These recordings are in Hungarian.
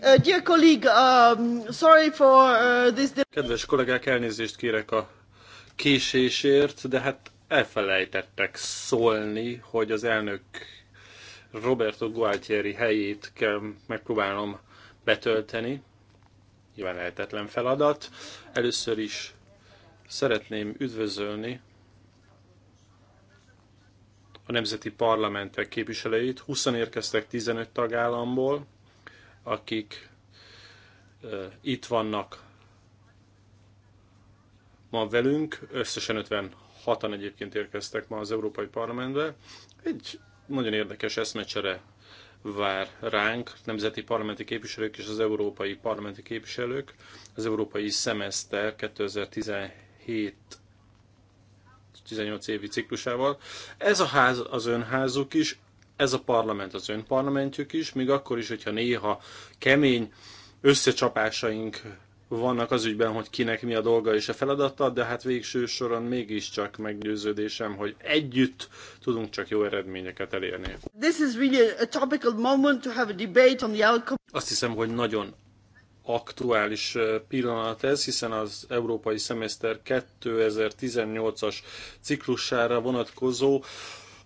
Uh, dear colleague, um, sorry for uh, this... Kedves kollégák, elnézést kérek a késésért, de hát elfelejtettek szólni, hogy az elnök Roberto Gualtieri helyét kell megpróbálnom betölteni. Nyilván lehetetlen feladat. Először is szeretném üdvözölni a nemzeti parlamentek képviselőit. 20 érkeztek 15 tagállamból, akik itt vannak ma velünk, összesen 56-an egyébként érkeztek ma az Európai Parlamentbe. Egy nagyon érdekes eszmecsere vár ránk, nemzeti parlamenti képviselők és az európai parlamenti képviselők. Az európai szemeszter 2017 18 évi ciklusával. Ez a ház az önházuk is, ez a parlament az ön parlamentjük is, még akkor is, hogyha néha kemény összecsapásaink vannak az ügyben, hogy kinek mi a dolga és a feladata, de hát végső soron mégiscsak meggyőződésem, hogy együtt tudunk csak jó eredményeket elérni. This is really a topical moment to have a debate on the outcome. Azt hiszem, hogy nagyon aktuális pillanat ez, hiszen az európai szemeszter 2018-as ciklusára vonatkozó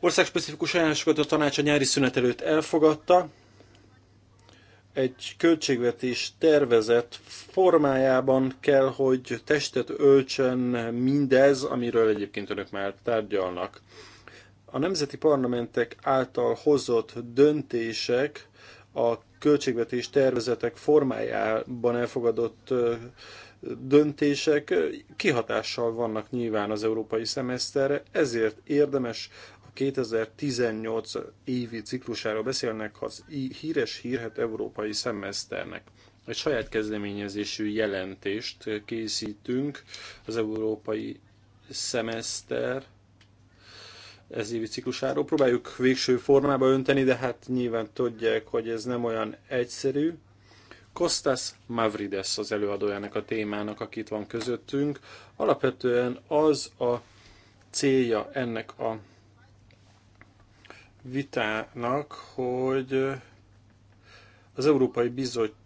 Országspecifikus ajánlásokat a tanács a nyári szünet előtt elfogadta, egy költségvetés tervezet formájában kell, hogy testet öltsen mindez, amiről egyébként önök már tárgyalnak. A nemzeti parlamentek által hozott döntések a költségvetés tervezetek formájában elfogadott döntések kihatással vannak nyilván az európai szemeszterre, ezért érdemes 2018 évi ciklusáról beszélnek az híres hírhet európai szemeszternek. Egy saját kezdeményezésű jelentést készítünk az európai szemeszter ez évi ciklusáról. Próbáljuk végső formába önteni, de hát nyilván tudják, hogy ez nem olyan egyszerű. Kostas Mavrides az előadójának a témának, akit van közöttünk. Alapvetően az a célja ennek a vitának, hogy az Európai Bizottság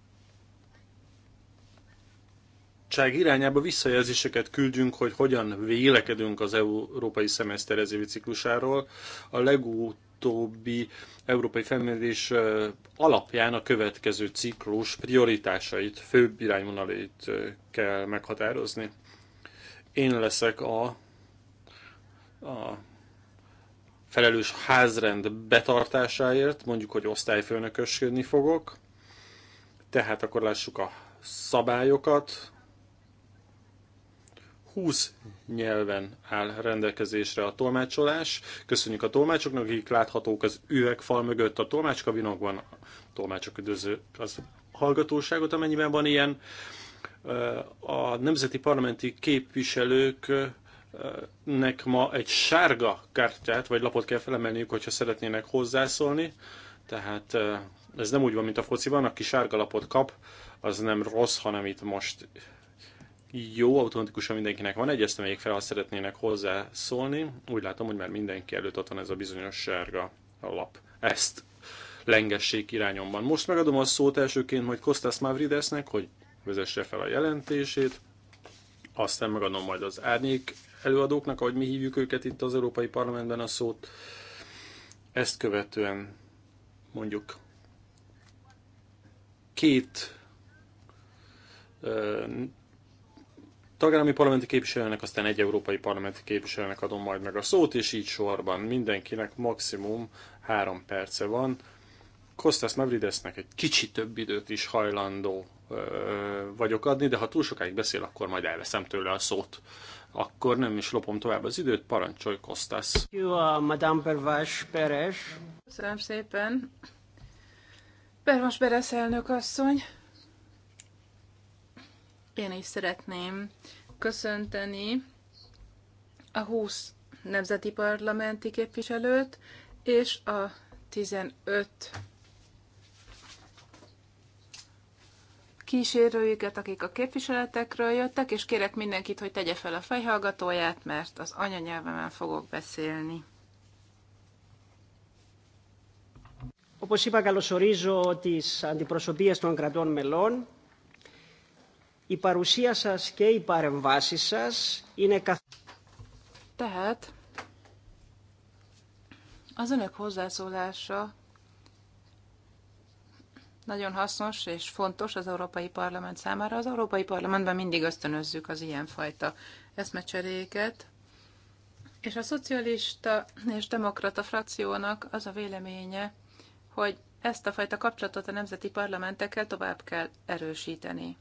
irányába visszajelzéseket küldjünk, hogy hogyan vélekedünk az európai szemeszter ezévi ciklusáról. A legutóbbi európai felmérés alapján a következő ciklus prioritásait, főbb irányvonalait kell meghatározni. Én leszek a, a felelős házrend betartásáért, mondjuk, hogy osztályfőnökösködni fogok, tehát akkor lássuk a szabályokat. 20 nyelven áll rendelkezésre a tolmácsolás. Köszönjük a tolmácsoknak, akik láthatók az üvegfal mögött a tolmácskabinokban. A tolmácsok üdvözlő az hallgatóságot, amennyiben van ilyen. A nemzeti parlamenti képviselők nek ma egy sárga kártyát vagy lapot kell felemelniük, hogyha szeretnének hozzászólni. Tehát ez nem úgy van, mint a fociban, aki sárga lapot kap, az nem rossz, hanem itt most jó, automatikusan mindenkinek van egy, ezt emeljék fel, ha szeretnének hozzászólni. Úgy látom, hogy már mindenki előtt ott van ez a bizonyos sárga lap. Ezt lengessék irányomban. Most megadom a szót elsőként majd Kostas Mavridesnek, hogy vezesse fel a jelentését, aztán megadom majd az árnyék előadóknak, ahogy mi hívjuk őket itt az Európai Parlamentben a szót, ezt követően mondjuk két tagállami parlamenti képviselőnek, aztán egy európai parlamenti képviselőnek adom majd meg a szót, és így sorban mindenkinek maximum három perce van. Kostas Mavridesnek egy kicsit több időt is hajlandó ö, vagyok adni, de ha túl sokáig beszél, akkor majd elveszem tőle a szót. Akkor nem is lopom tovább az időt, parancsolj, Kostas. Jó, a uh, Madame Pervás Peres. Köszönöm szépen. Pervas Peres elnök asszony. Én is szeretném köszönteni a 20 nemzeti parlamenti képviselőt és a 15 kísérőjüket, akik a képviseletekről jöttek, és kérek mindenkit, hogy tegye fel a fejhallgatóját, mert az anyanyelvemen fogok beszélni. Όπως είπα, καλωσορίζω τις αντιπροσωπείες των κρατών μελών. Η παρουσία σας και οι παρεμβάσεις σας είναι καθ... Tehát az önök hozzászólása nagyon hasznos és fontos az Európai Parlament számára. Az Európai Parlamentben mindig ösztönözzük az ilyenfajta eszmecseréket, és a szocialista és demokrata frakciónak az a véleménye, hogy ezt a fajta kapcsolatot a nemzeti parlamentekkel tovább kell erősíteni.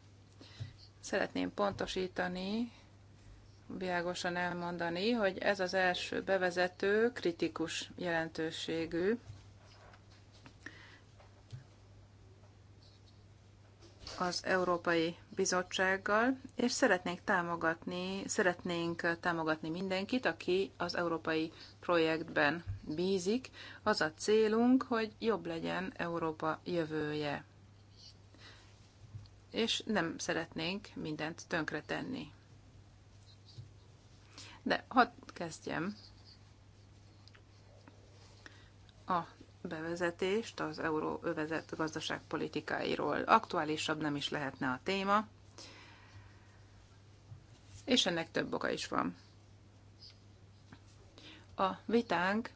Szeretném pontosítani, világosan elmondani, hogy ez az első bevezető kritikus jelentőségű, az Európai Bizottsággal, és szeretnénk támogatni, szeretnénk támogatni mindenkit, aki az európai projektben bízik. Az a célunk, hogy jobb legyen Európa jövője. És nem szeretnénk mindent tönkretenni. De hadd kezdjem a bevezetést az euróövezet gazdaságpolitikáiról. Aktuálisabb nem is lehetne a téma, és ennek több oka is van. A vitánk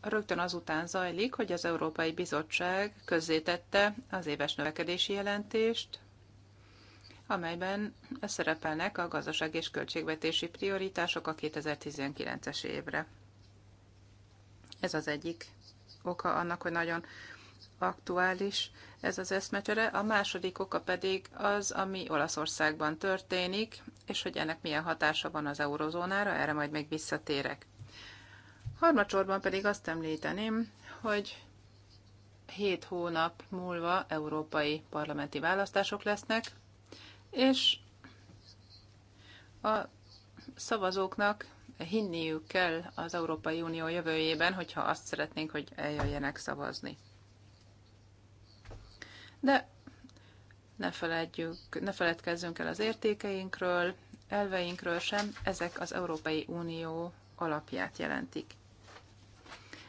rögtön azután zajlik, hogy az Európai Bizottság közzétette az éves növekedési jelentést, amelyben szerepelnek a gazdaság és költségvetési prioritások a 2019-es évre. Ez az egyik oka annak, hogy nagyon aktuális ez az eszmecsere. A második oka pedig az, ami Olaszországban történik, és hogy ennek milyen hatása van az eurozónára, erre majd még visszatérek. Harmadsorban pedig azt említeném, hogy 7 hónap múlva európai parlamenti választások lesznek, és a szavazóknak hinniük kell az Európai Unió jövőjében, hogyha azt szeretnénk, hogy eljöjjenek szavazni. De ne, feledjük, ne feledkezzünk el az értékeinkről, elveinkről sem, ezek az Európai Unió alapját jelentik.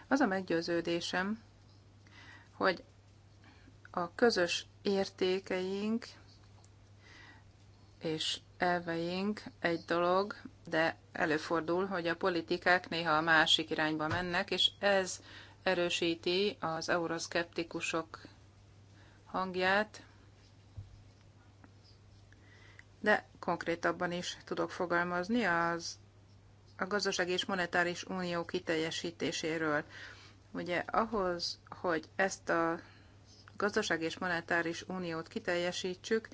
Az a meggyőződésem, hogy a közös értékeink és elveink egy dolog, de előfordul, hogy a politikák néha a másik irányba mennek, és ez erősíti az euroszkeptikusok hangját, de konkrétabban is tudok fogalmazni az a gazdasági és monetáris unió kiteljesítéséről. Ugye ahhoz, hogy ezt a gazdasági és monetáris uniót kiteljesítsük,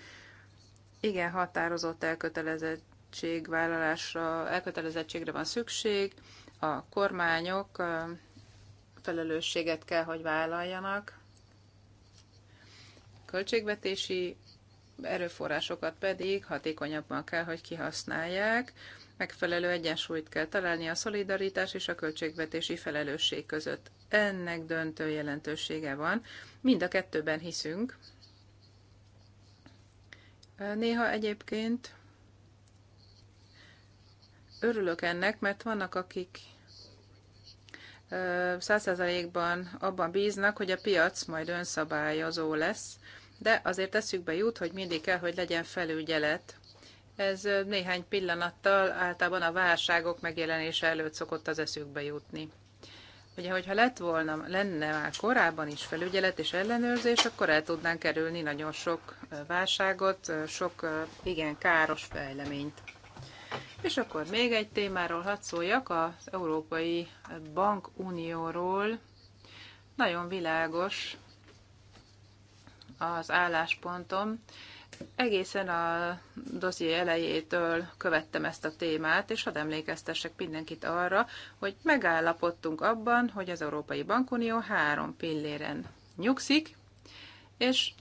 igen határozott elkötelezettségvállalásra, elkötelezettségre van szükség, a kormányok felelősséget kell, hogy vállaljanak, költségvetési erőforrásokat pedig hatékonyabban kell, hogy kihasználják, megfelelő egyensúlyt kell találni a szolidaritás és a költségvetési felelősség között. Ennek döntő jelentősége van. Mind a kettőben hiszünk, Néha egyébként örülök ennek, mert vannak, akik százszerzalékban abban bíznak, hogy a piac majd önszabályozó lesz, de azért eszükbe jut, hogy mindig kell, hogy legyen felügyelet. Ez néhány pillanattal általában a válságok megjelenése előtt szokott az eszükbe jutni. Ugye, hogyha lett volna, lenne már korábban is felügyelet és ellenőrzés, akkor el tudnánk kerülni nagyon sok válságot, sok igen káros fejleményt. És akkor még egy témáról hadd szóljak, az Európai Bankunióról. Nagyon világos az álláspontom. Egészen a dosszié elejétől követtem ezt a témát, és hadd emlékeztessek mindenkit arra, hogy megállapodtunk abban, hogy az Európai Bankunió három pilléren nyugszik, és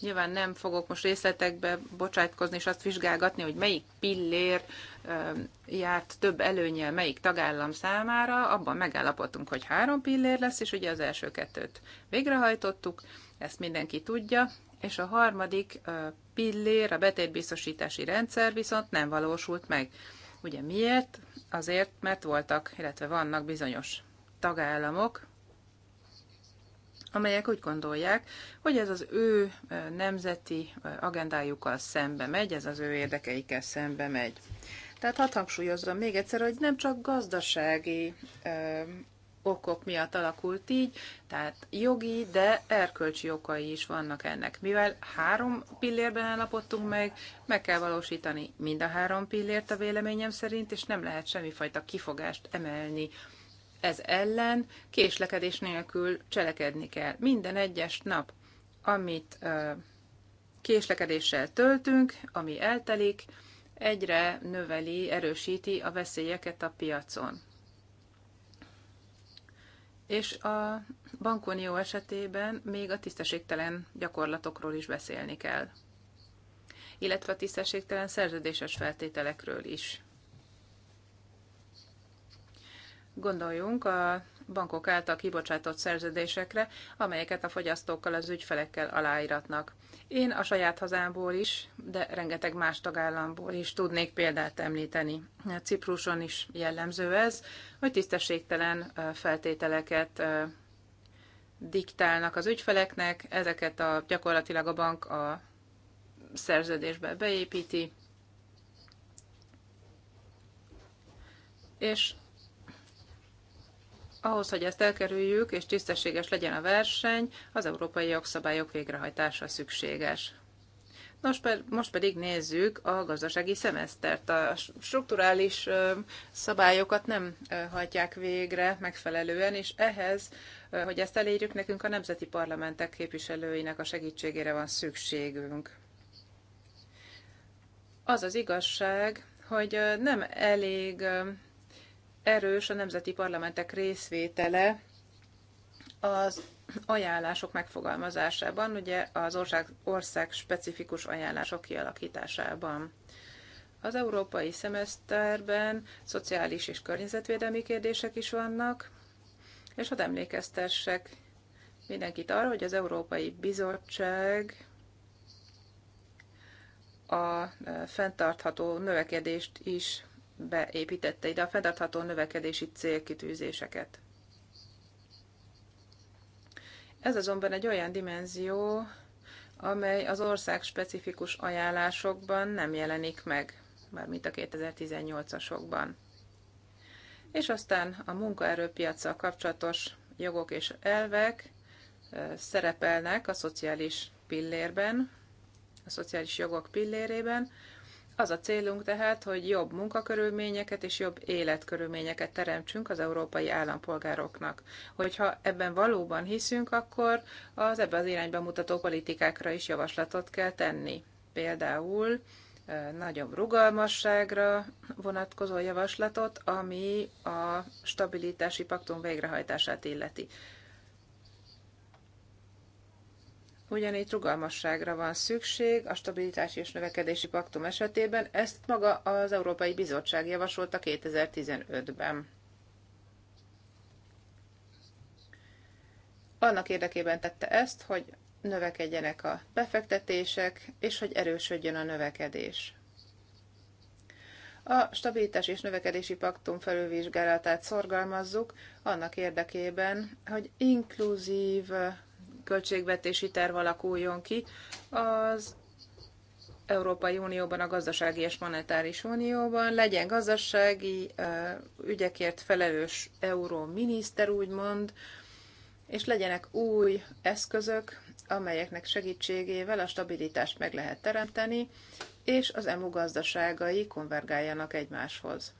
Nyilván nem fogok most részletekbe bocsátkozni és azt vizsgálgatni, hogy melyik pillér járt több előnyel melyik tagállam számára. Abban megállapodtunk, hogy három pillér lesz, és ugye az első kettőt végrehajtottuk, ezt mindenki tudja, és a harmadik pillér, a betétbiztosítási rendszer viszont nem valósult meg. Ugye miért? Azért, mert voltak, illetve vannak bizonyos tagállamok, amelyek úgy gondolják, hogy ez az ő nemzeti agendájukkal szembe megy, ez az ő érdekeikkel szembe megy. Tehát hadd hangsúlyozzam még egyszer, hogy nem csak gazdasági ö, okok miatt alakult így, tehát jogi, de erkölcsi okai is vannak ennek. Mivel három pillérben állapodtunk meg, meg kell valósítani mind a három pillért a véleményem szerint, és nem lehet semmifajta kifogást emelni ez ellen késlekedés nélkül cselekedni kell. Minden egyes nap, amit késlekedéssel töltünk, ami eltelik, egyre növeli, erősíti a veszélyeket a piacon. És a bankunió esetében még a tisztességtelen gyakorlatokról is beszélni kell, illetve a tisztességtelen szerződéses feltételekről is. Gondoljunk a bankok által kibocsátott szerződésekre, amelyeket a fogyasztókkal, az ügyfelekkel aláíratnak. Én a saját hazámból is, de rengeteg más tagállamból is tudnék példát említeni. Cipruson is jellemző ez, hogy tisztességtelen feltételeket diktálnak az ügyfeleknek, ezeket a, gyakorlatilag a bank a szerződésbe beépíti, és ahhoz, hogy ezt elkerüljük, és tisztességes legyen a verseny, az európai jogszabályok végrehajtása szükséges. Nos, most pedig nézzük a gazdasági szemesztert. A strukturális szabályokat nem hajtják végre megfelelően, és ehhez, hogy ezt elérjük, nekünk a nemzeti parlamentek képviselőinek a segítségére van szükségünk. Az az igazság, hogy nem elég erős a nemzeti parlamentek részvétele az ajánlások megfogalmazásában, ugye az ország, ország specifikus ajánlások kialakításában. Az európai szemeszterben szociális és környezetvédelmi kérdések is vannak, és hadd emlékeztessek mindenkit arra, hogy az Európai Bizottság a fenntartható növekedést is beépítette ide a fenntartható növekedési célkitűzéseket. Ez azonban egy olyan dimenzió, amely az ország specifikus ajánlásokban nem jelenik meg, mármint a 2018-asokban. És aztán a munkaerőpiacsal kapcsolatos jogok és elvek szerepelnek a szociális pillérben, a szociális jogok pillérében, az a célunk tehát, hogy jobb munkakörülményeket és jobb életkörülményeket teremtsünk az európai állampolgároknak. Hogyha ebben valóban hiszünk, akkor az ebbe az irányba mutató politikákra is javaslatot kell tenni. Például nagyobb rugalmasságra vonatkozó javaslatot, ami a stabilitási paktum végrehajtását illeti. Ugyanígy rugalmasságra van szükség a stabilitási és növekedési paktum esetében, ezt maga az Európai Bizottság javasolta 2015-ben. Annak érdekében tette ezt, hogy növekedjenek a befektetések, és hogy erősödjön a növekedés. A stabilitás és növekedési paktum felülvizsgálatát szorgalmazzuk annak érdekében, hogy inkluzív költségvetési terv alakuljon ki az Európai Unióban, a Gazdasági és Monetáris Unióban, legyen gazdasági ügyekért felelős euróminiszter, úgymond, és legyenek új eszközök, amelyeknek segítségével a stabilitást meg lehet teremteni, és az EMU gazdaságai konvergáljanak egymáshoz.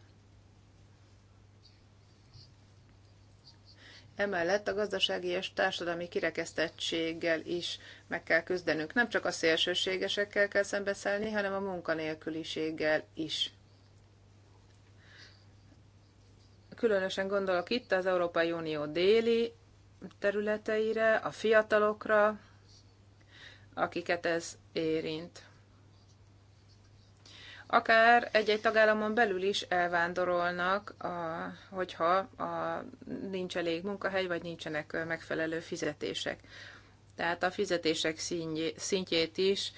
emellett a gazdasági és társadalmi kirekesztettséggel is meg kell küzdenünk. Nem csak a szélsőségesekkel kell szembeszállni, hanem a munkanélküliséggel is. Különösen gondolok itt az Európai Unió déli területeire, a fiatalokra, akiket ez érint akár egy-egy tagállamon belül is elvándorolnak, a, hogyha a, nincs elég munkahely, vagy nincsenek megfelelő fizetések. Tehát a fizetések szintjét is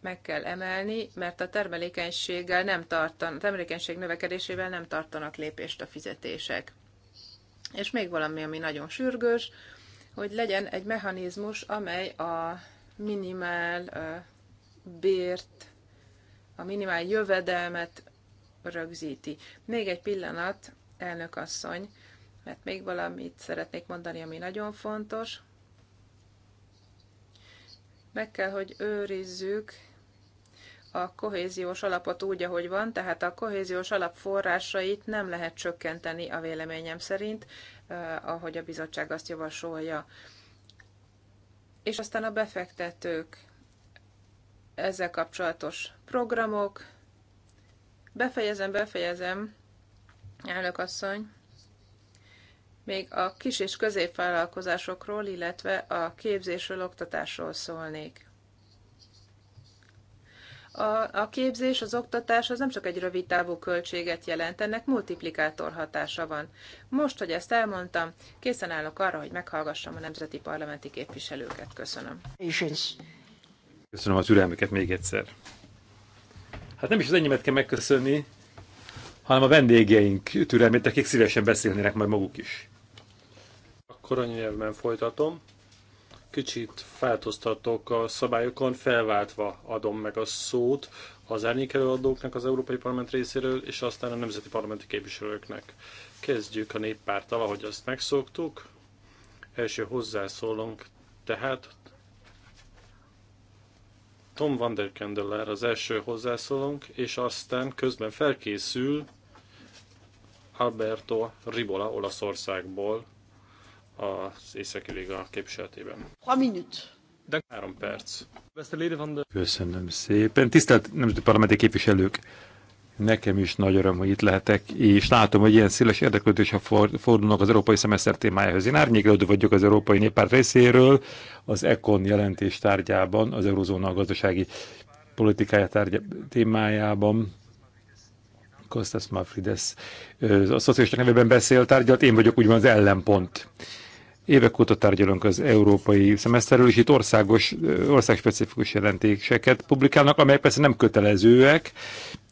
meg kell emelni, mert a termelékenységgel nem tartan, a termelékenység növekedésével nem tartanak lépést a fizetések. És még valami, ami nagyon sürgős, hogy legyen egy mechanizmus, amely a minimál bért a minimál jövedelmet rögzíti. Még egy pillanat, elnök asszony, mert még valamit szeretnék mondani, ami nagyon fontos. Meg kell, hogy őrizzük a kohéziós alapot úgy, ahogy van, tehát a kohéziós alap forrásait nem lehet csökkenteni a véleményem szerint, eh, ahogy a bizottság azt javasolja. És aztán a befektetők ezzel kapcsolatos programok. Befejezem, befejezem, elnök asszony. Még a kis és középvállalkozásokról, illetve a képzésről, oktatásról szólnék. A, a képzés, az oktatás az nem csak egy rövid távú költséget jelent, ennek multiplikátor hatása van. Most, hogy ezt elmondtam, készen állok arra, hogy meghallgassam a nemzeti parlamenti képviselőket. Köszönöm. Köszönöm az ürelmüket még egyszer. Hát nem is az enyémet kell megköszönni, hanem a vendégeink türelmét, akik szívesen beszélnének majd maguk is. Akkor a nyelven folytatom. Kicsit változtatok a szabályokon, felváltva adom meg a szót az árnyékelőadóknak az Európai Parlament részéről, és aztán a nemzeti parlamenti képviselőknek. Kezdjük a néppárttal, ahogy azt megszoktuk. Első hozzászólunk tehát Tom van der az első hozzászólónk, és aztán közben felkészül Alberto Ribola Olaszországból az Északi Liga képviseletében. 3 minut. De három perc. Köszönöm szépen. Tisztelt nemzeti parlamenti képviselők! Nekem is nagy öröm, hogy itt lehetek, és látom, hogy ilyen széles érdeklődésre fordulnak az európai szemeszter témájához. Én árnyékelődő vagyok az Európai Néppárt részéről, az ECON jelentés tárgyában, az eurózóna gazdasági politikája tárgya, témájában. Kostas Mafrides a szociális nevében beszél, tárgyat, én vagyok úgymond az ellenpont. Évek óta tárgyalunk az európai szemeszterről, és itt országos, országspecifikus jelentéseket publikálnak, amelyek persze nem kötelezőek.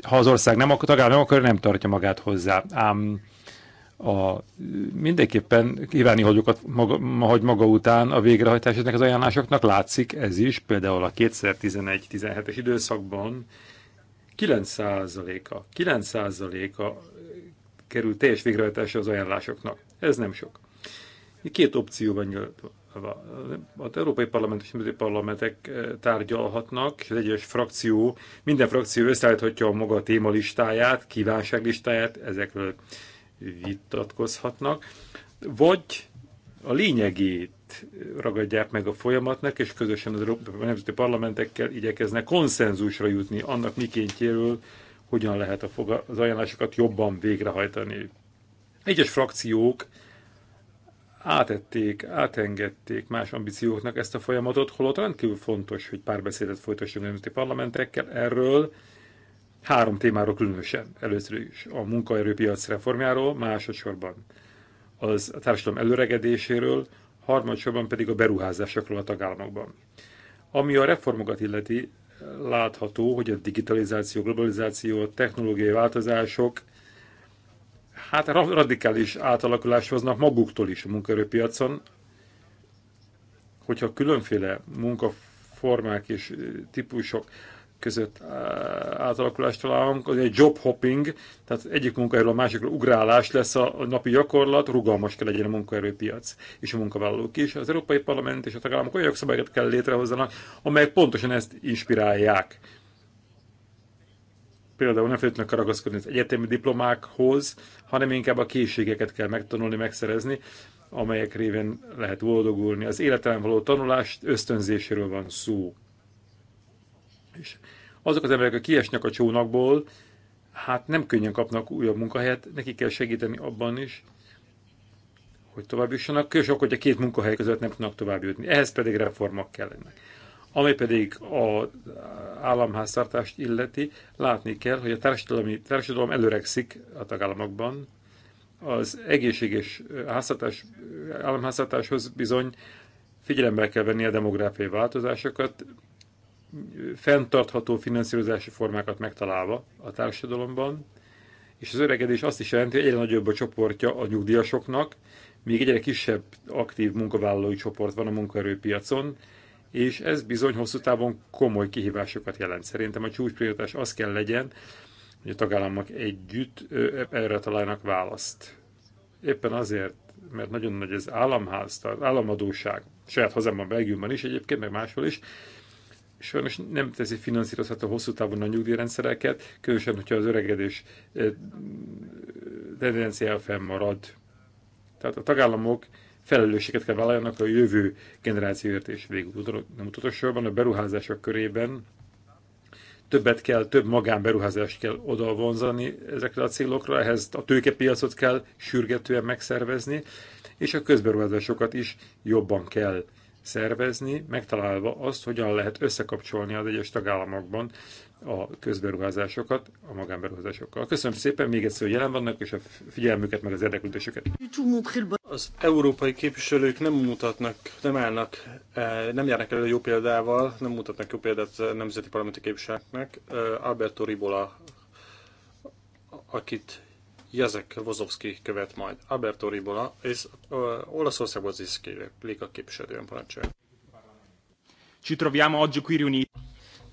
Ha az ország nem akar, tagállam nem akar, nem tartja magát hozzá. Ám a, mindenképpen kívánni hagyokat maga, hogy maga után a végrehajtás ezeknek az ajánlásoknak látszik ez is, például a 2011-17-es időszakban 9%-a, 9%-a kerül teljes végrehajtása az ajánlásoknak. Ez nem sok. Két opció van Az Európai Parlament és Nemzeti Parlamentek eh, tárgyalhatnak, és az egyes frakció, minden frakció összeállíthatja a maga témalistáját, kívánságlistáját, ezekről vitatkozhatnak, vagy a lényegét ragadják meg a folyamatnak, és közösen az Európai Nemzeti Parlamentekkel igyekeznek konszenzusra jutni annak mikéntjéről, hogyan lehet a az ajánlásokat jobban végrehajtani. Egyes frakciók átették, átengedték más ambícióknak ezt a folyamatot, holott rendkívül fontos, hogy párbeszédet folytassunk a nemzeti parlamentekkel erről, három témáról különösen. Először is a munkaerőpiac reformjáról, másodszorban az a társadalom előregedéséről, harmadsorban pedig a beruházásokról a tagállamokban. Ami a reformokat illeti, látható, hogy a digitalizáció, globalizáció, a technológiai változások hát radikális átalakulás hoznak maguktól is a munkaerőpiacon, hogyha különféle munkaformák és típusok között átalakulást találunk, az egy job hopping, tehát egyik munkaerőről a másikra ugrálás lesz a napi gyakorlat, rugalmas kell legyen a munkaerőpiac és a munkavállalók is. Az Európai Parlament és a tagállamok olyan jogszabályokat kell létrehozzanak, amelyek pontosan ezt inspirálják például nem feltétlenül ragaszkodni az egyetemi diplomákhoz, hanem inkább a készségeket kell megtanulni, megszerezni, amelyek révén lehet boldogulni. Az életelen való tanulást ösztönzéséről van szó. És azok az emberek, akik kiesnek a csónakból, hát nem könnyen kapnak újabb munkahelyet, Nekik kell segíteni abban is, hogy tovább jussanak, és akkor, hogy a két munkahely között nem tudnak tovább jutni. Ehhez pedig reformok kellene. Ami pedig az államháztartást illeti, látni kell, hogy a társadalmi, társadalom előregszik a tagállamokban. Az egészséges háztartás, államháztartáshoz bizony figyelembe kell venni a demográfiai változásokat, fenntartható finanszírozási formákat megtalálva a társadalomban, és az öregedés azt is jelenti, hogy egyre nagyobb a csoportja a nyugdíjasoknak, még egyre kisebb aktív munkavállalói csoport van a munkaerőpiacon, és ez bizony hosszú távon komoly kihívásokat jelent. Szerintem a csúcsprioritás az kell legyen, hogy a tagállamok együtt e- erre találnak választ. Éppen azért, mert nagyon nagy az államház, az államadóság, saját hazámban, Belgiumban is egyébként, meg máshol is, sajnos nem teszi finanszírozható hosszú távon a nyugdíjrendszereket, különösen, hogyha az öregedés tendenciája fennmarad. Tehát a tagállamok felelősséget kell vállaljanak a jövő generációért és végül nem utolsóban a beruházások körében többet kell, több magánberuházást kell oda vonzani ezekre a célokra, ehhez a tőkepiacot kell sürgetően megszervezni, és a közberuházásokat is jobban kell szervezni, megtalálva azt, hogyan lehet összekapcsolni az egyes tagállamokban a közberuházásokat a magánberuházásokkal. Köszönöm szépen még egyszer, hogy jelen vannak, és a figyelmüket, meg az érdeklődésüket. Az európai képviselők nem mutatnak, nem állnak, eh, nem járnak elő jó példával, nem mutatnak jó példát a nemzeti parlamenti képviselőknek. Eh, Alberto Ribola, akit Jezek Vozovski követ majd. Alberto Ribola, és eh, Olaszországban az Iszkéve, a képviselően parancsolja. Ci troviamo oggi qui riuniti.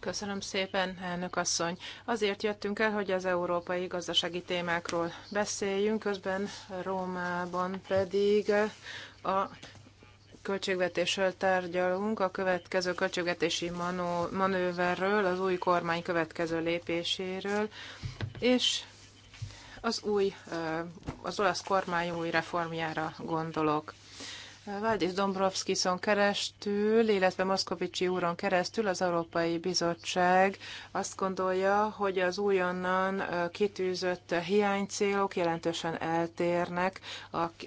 Köszönöm szépen, elnök asszony. Azért jöttünk el, hogy az európai gazdasági témákról beszéljünk, közben Rómában pedig a költségvetésről tárgyalunk, a következő költségvetési manó, manőverről, az új kormány következő lépéséről, és az új, az olasz kormány új reformjára gondolok. Valdis Dombrovskiszon keresztül, illetve Moszkovicsi úron keresztül az Európai Bizottság azt gondolja, hogy az újonnan kitűzött hiánycélok jelentősen eltérnek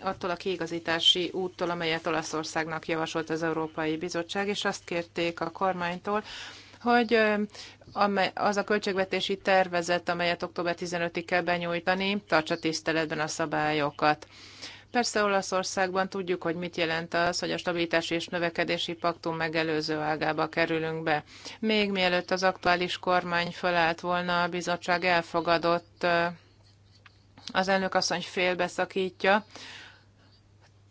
attól a kiigazítási úttól, amelyet Olaszországnak javasolt az Európai Bizottság, és azt kérték a kormánytól, hogy az a költségvetési tervezet, amelyet október 15-ig kell benyújtani, tartsa tiszteletben a szabályokat. Persze Olaszországban tudjuk, hogy mit jelent az, hogy a stabilitási és növekedési paktum megelőző ágába kerülünk be. Még mielőtt az aktuális kormány felállt volna, a bizottság elfogadott, az elnök asszony félbeszakítja,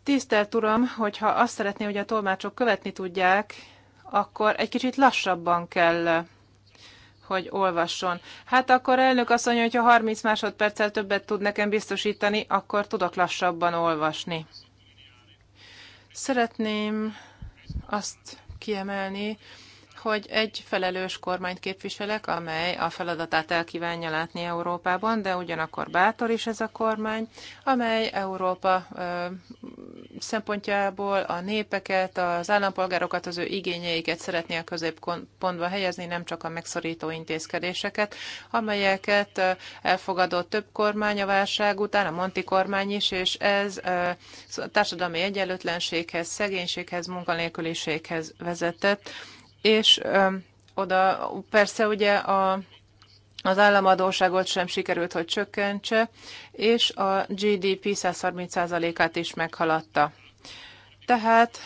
Tisztelt Uram, hogyha azt szeretné, hogy a tolmácsok követni tudják, akkor egy kicsit lassabban kell hogy olvasson. Hát akkor elnök azt mondja, hogy ha 30 másodperccel többet tud nekem biztosítani, akkor tudok lassabban olvasni. Szeretném azt kiemelni, hogy egy felelős kormányt képviselek, amely a feladatát elkívánja látni Európában, de ugyanakkor bátor is ez a kormány, amely Európa szempontjából a népeket, az állampolgárokat, az ő igényeiket szeretné a középpontba helyezni, nem csak a megszorító intézkedéseket, amelyeket elfogadott több kormány a válság után, a Monti kormány is, és ez társadalmi egyenlőtlenséghez, szegénységhez, munkanélküliséghez vezetett és oda persze ugye a az államadóságot sem sikerült, hogy csökkentse, és a GDP 130%-át is meghaladta. Tehát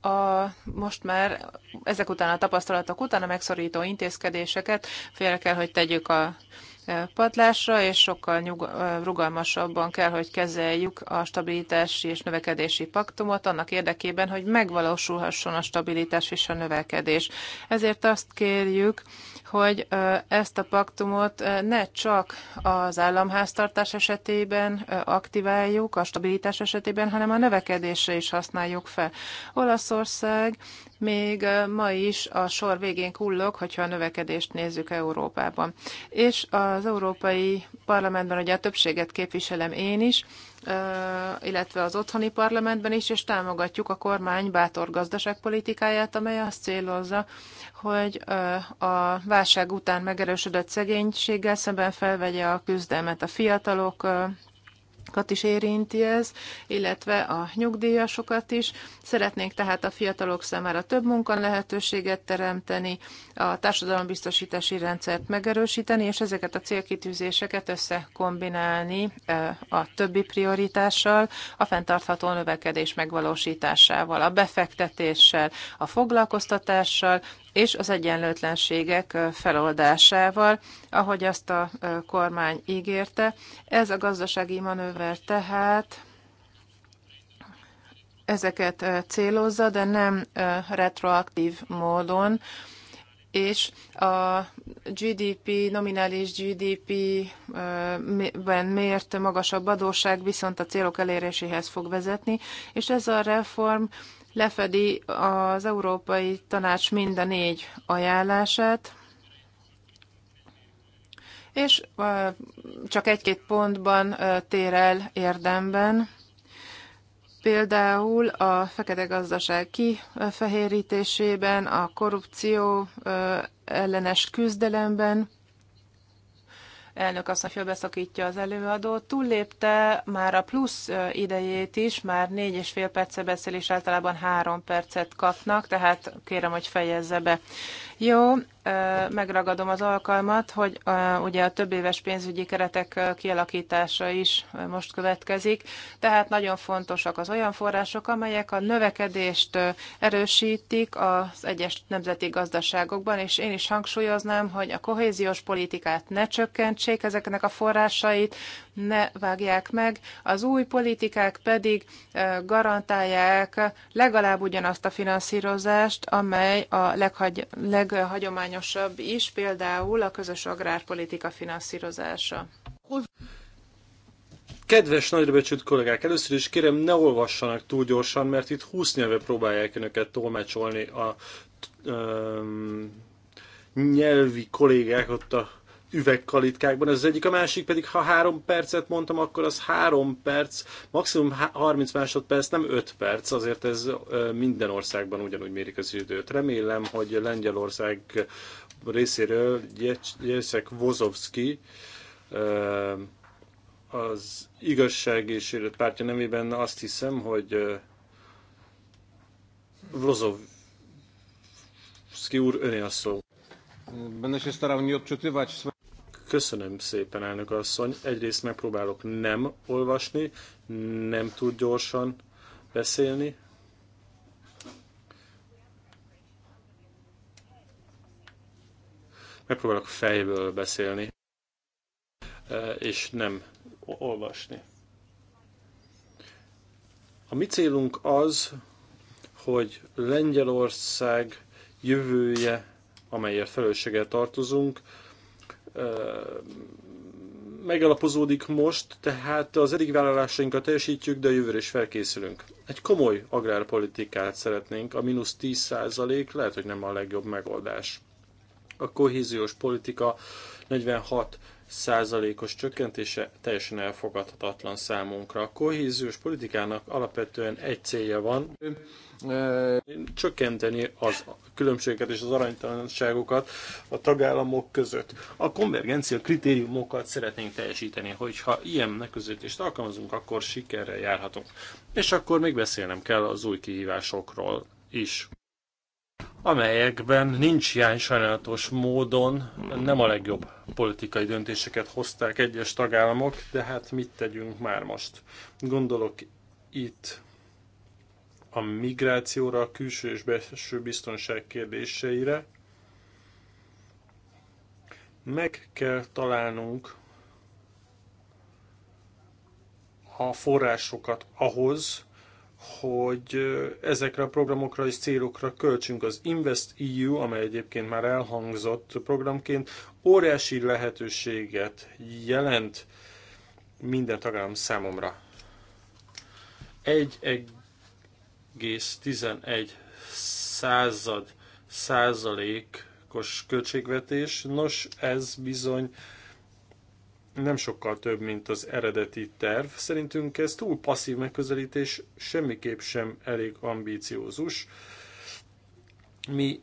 a, most már ezek után a tapasztalatok után a megszorító intézkedéseket félre kell, hogy tegyük a padlásra, és sokkal nyug- rugalmasabban kell, hogy kezeljük a stabilitási és növekedési paktumot annak érdekében, hogy megvalósulhasson a stabilitás és a növekedés. Ezért azt kérjük, hogy ezt a paktumot ne csak az államháztartás esetében aktiváljuk, a stabilitás esetében, hanem a növekedésre is használjuk fel. Olaszország még ma is a sor végén kullog, hogyha a növekedést nézzük Európában. És az Európai Parlamentben ugye a többséget képviselem én is, illetve az otthoni parlamentben is, és támogatjuk a kormány bátor gazdaságpolitikáját, amely azt célozza, hogy a válság után megerősödött szegénységgel szemben felvegye a küzdelmet a fiatalok kat is érinti ez, illetve a nyugdíjasokat is. Szeretnénk tehát a fiatalok számára több munkan lehetőséget teremteni, a társadalombiztosítási rendszert megerősíteni, és ezeket a célkitűzéseket összekombinálni e, a többi prioritással, a fenntartható növekedés megvalósításával, a befektetéssel, a foglalkoztatással, és az egyenlőtlenségek feloldásával, ahogy azt a kormány ígérte. Ez a gazdasági manőver tehát ezeket célozza, de nem retroaktív módon, és a GDP, nominális GDP-ben mért magasabb adósság viszont a célok eléréséhez fog vezetni, és ez a reform lefedi az Európai Tanács mind a négy ajánlását, és csak egy-két pontban tér el érdemben. Például a fekete gazdaság kifehérítésében, a korrupció ellenes küzdelemben, elnök asszony fölbeszakítja az előadót. Túllépte már a plusz idejét is, már négy és fél perce beszél, és általában három percet kapnak, tehát kérem, hogy fejezze be. Jó, megragadom az alkalmat, hogy ugye a több éves pénzügyi keretek kialakítása is most következik, tehát nagyon fontosak az olyan források, amelyek a növekedést erősítik az egyes nemzeti gazdaságokban, és én is hangsúlyoznám, hogy a kohéziós politikát ne csökkentsék ezeknek a forrásait, ne vágják meg, az új politikák pedig garantálják legalább ugyanazt a finanszírozást, amely a leghagy, leghagyományosabb is, például a közös agrárpolitika finanszírozása. Kedves nagyrebecsült kollégák, először is kérem ne olvassanak túl gyorsan, mert itt 20 nyelve próbálják önöket tolmácsolni a um, nyelvi kollégák ott a üvegkalitkákban, ez az egyik, a másik pedig, ha három percet mondtam, akkor az három perc, maximum 30 másodperc, nem 5 perc, azért ez minden országban ugyanúgy mérik az időt. Remélem, hogy Lengyelország részéről Jacek Vozovski, az igazság és élet pártja nemében azt hiszem, hogy Vozovski úr, öné a szó. Będę się starał nie odczytywać w Köszönöm szépen, elnök asszony. Egyrészt megpróbálok nem olvasni, nem tud gyorsan beszélni. Megpróbálok fejből beszélni, e, és nem olvasni. A mi célunk az, hogy Lengyelország jövője, amelyért felelősséggel tartozunk, megalapozódik most, tehát az eddig vállalásainkat teljesítjük, de a jövőre is felkészülünk. Egy komoly agrárpolitikát szeretnénk, a mínusz 10% lehet, hogy nem a legjobb megoldás. A kohéziós politika 46 százalékos csökkentése teljesen elfogadhatatlan számunkra. A kohéziós politikának alapvetően egy célja van, csökkenteni az különbségeket és az aranytalanságokat a tagállamok között. A konvergencia kritériumokat szeretnénk teljesíteni, hogyha ilyen megközelítést alkalmazunk, akkor sikerrel járhatunk. És akkor még beszélnem kell az új kihívásokról is amelyekben nincs hiány sajnálatos módon, nem a legjobb politikai döntéseket hozták egyes tagállamok, de hát mit tegyünk már most? Gondolok itt a migrációra, a külső és belső biztonság kérdéseire. Meg kell találnunk a forrásokat ahhoz, hogy ezekre a programokra és célokra költsünk. Az Invest EU, amely egyébként már elhangzott programként, óriási lehetőséget jelent minden tagállam számomra. 1,11 század százalékos költségvetés. Nos, ez bizony nem sokkal több, mint az eredeti terv. Szerintünk ez túl passzív megközelítés, semmiképp sem elég ambíciózus. Mi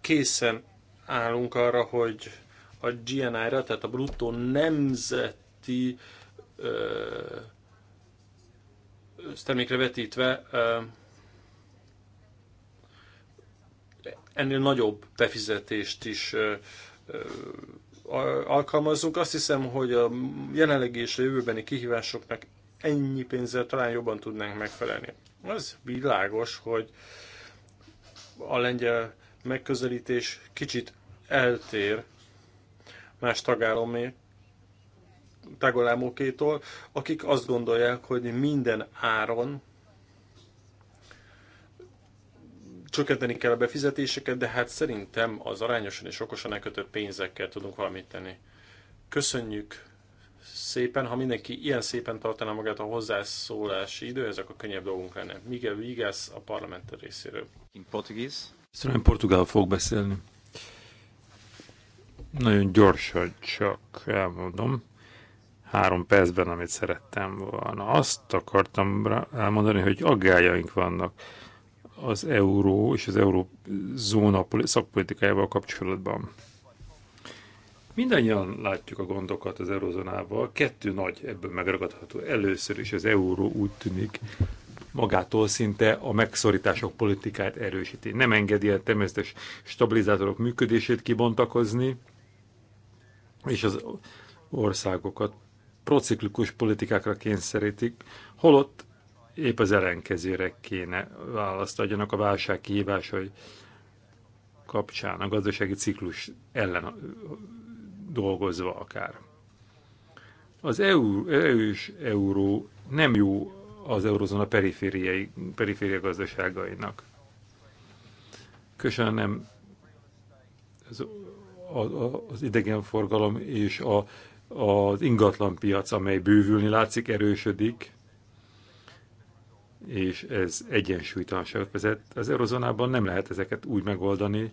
készen állunk arra, hogy a GNI-ra, tehát a bruttó nemzeti termékre vetítve ö, ennél nagyobb befizetést is ö, ö, alkalmazzunk. Azt hiszem, hogy a jelenlegi és a jövőbeni kihívásoknak ennyi pénzzel talán jobban tudnánk megfelelni. Az világos, hogy a lengyel megközelítés kicsit eltér más tagállami tagolámokétól, akik azt gondolják, hogy minden áron csökkenteni kell a befizetéseket, de hát szerintem az arányosan és okosan elkötött pénzekkel tudunk valamit tenni. Köszönjük szépen, ha mindenki ilyen szépen tartaná magát a hozzászólási ezek a könnyebb dolgunk lenne. Miguel Vigas a parlament részéről. In Portuguese. Szerintem portugál fog beszélni. Nagyon gyorsan csak elmondom. Három percben, amit szerettem volna. Azt akartam elmondani, hogy aggájaink vannak az euró és az eurózóna szakpolitikájával kapcsolatban. Mindannyian látjuk a gondokat az eurozónával, kettő nagy ebből megragadható. Először is az euró úgy tűnik magától szinte a megszorítások politikát erősíti. Nem engedi a természetes stabilizátorok működését kibontakozni, és az országokat prociklikus politikákra kényszerítik, holott épp az ellenkezőre kéne választ adjanak a válság kihívásai kapcsán, a gazdasági ciklus ellen dolgozva akár. Az EU, eu és euró nem jó az eurozóna perifériai, periféria gazdaságainak. Köszönöm nem az, a, az idegenforgalom és a, az ingatlanpiac, amely bővülni látszik, erősödik, és ez egyensúlytalanságot vezet. Az eurozónában nem lehet ezeket úgy megoldani,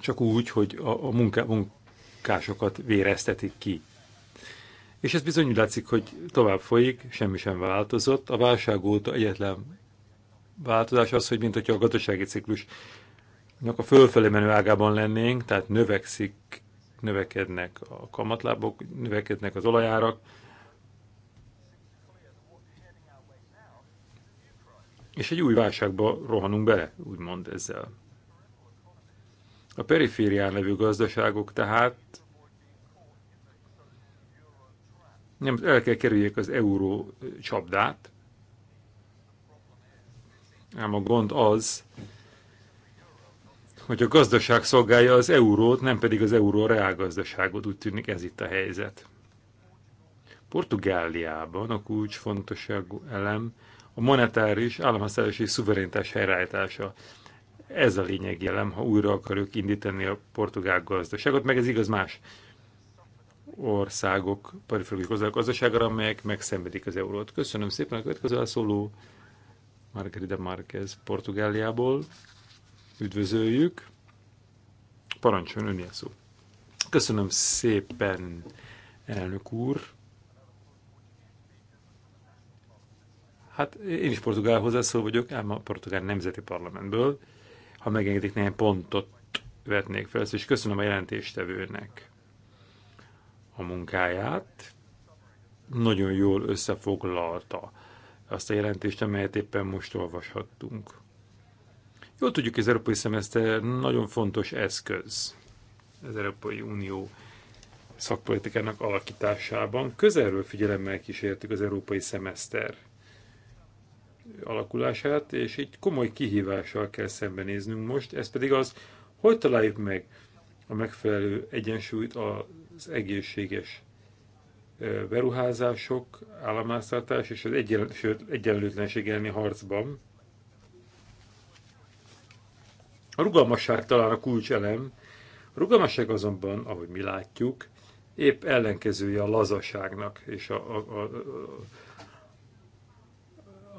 csak úgy, hogy a, a munká, munkásokat véreztetik ki. És ez bizony látszik, hogy tovább folyik, semmi sem változott. A válság óta egyetlen változás az, hogy mint a gazdasági ciklusnak a fölfelé menő ágában lennénk, tehát növekszik, növekednek a kamatlábok, növekednek az olajárak, és egy új válságba rohanunk bele, úgymond ezzel. A periférián levő gazdaságok tehát nem, el kell kerüljék az euró csapdát, ám a gond az, hogy a gazdaság szolgálja az eurót, nem pedig az euró reálgazdaságot, úgy tűnik ez itt a helyzet. Portugáliában a kulcsfontosságú elem a monetáris és szuverenitás helyreállítása. Ez a lényeg jelen, ha újra akarjuk indítani a portugál gazdaságot, meg ez igaz más országok periférikus gazdaságra, amelyek megszenvedik az eurót. Köszönöm szépen a következő elszóló Margarida Marquez Portugáliából. Üdvözöljük. Parancsoljon, ön szó. Köszönöm szépen, elnök úr. Hát én is portugálhoz szó vagyok, ám a portugál nemzeti parlamentből. Ha megengedik, néhány pontot vetnék fel, és szóval köszönöm a jelentéstevőnek a munkáját. Nagyon jól összefoglalta azt a jelentést, amelyet éppen most olvashattunk. Jól tudjuk, az európai szemeszter nagyon fontos eszköz az Európai Unió szakpolitikának alakításában. Közelről figyelemmel kísértük az európai szemeszter alakulását, és egy komoly kihívással kell szembenéznünk most, ez pedig az, hogy találjuk meg a megfelelő egyensúlyt az egészséges beruházások, államháztartás és az egyenlőtlenség elleni harcban. A rugalmasság talán a kulcselem, a rugalmasság azonban, ahogy mi látjuk, épp ellenkezője a lazaságnak és a, a, a, a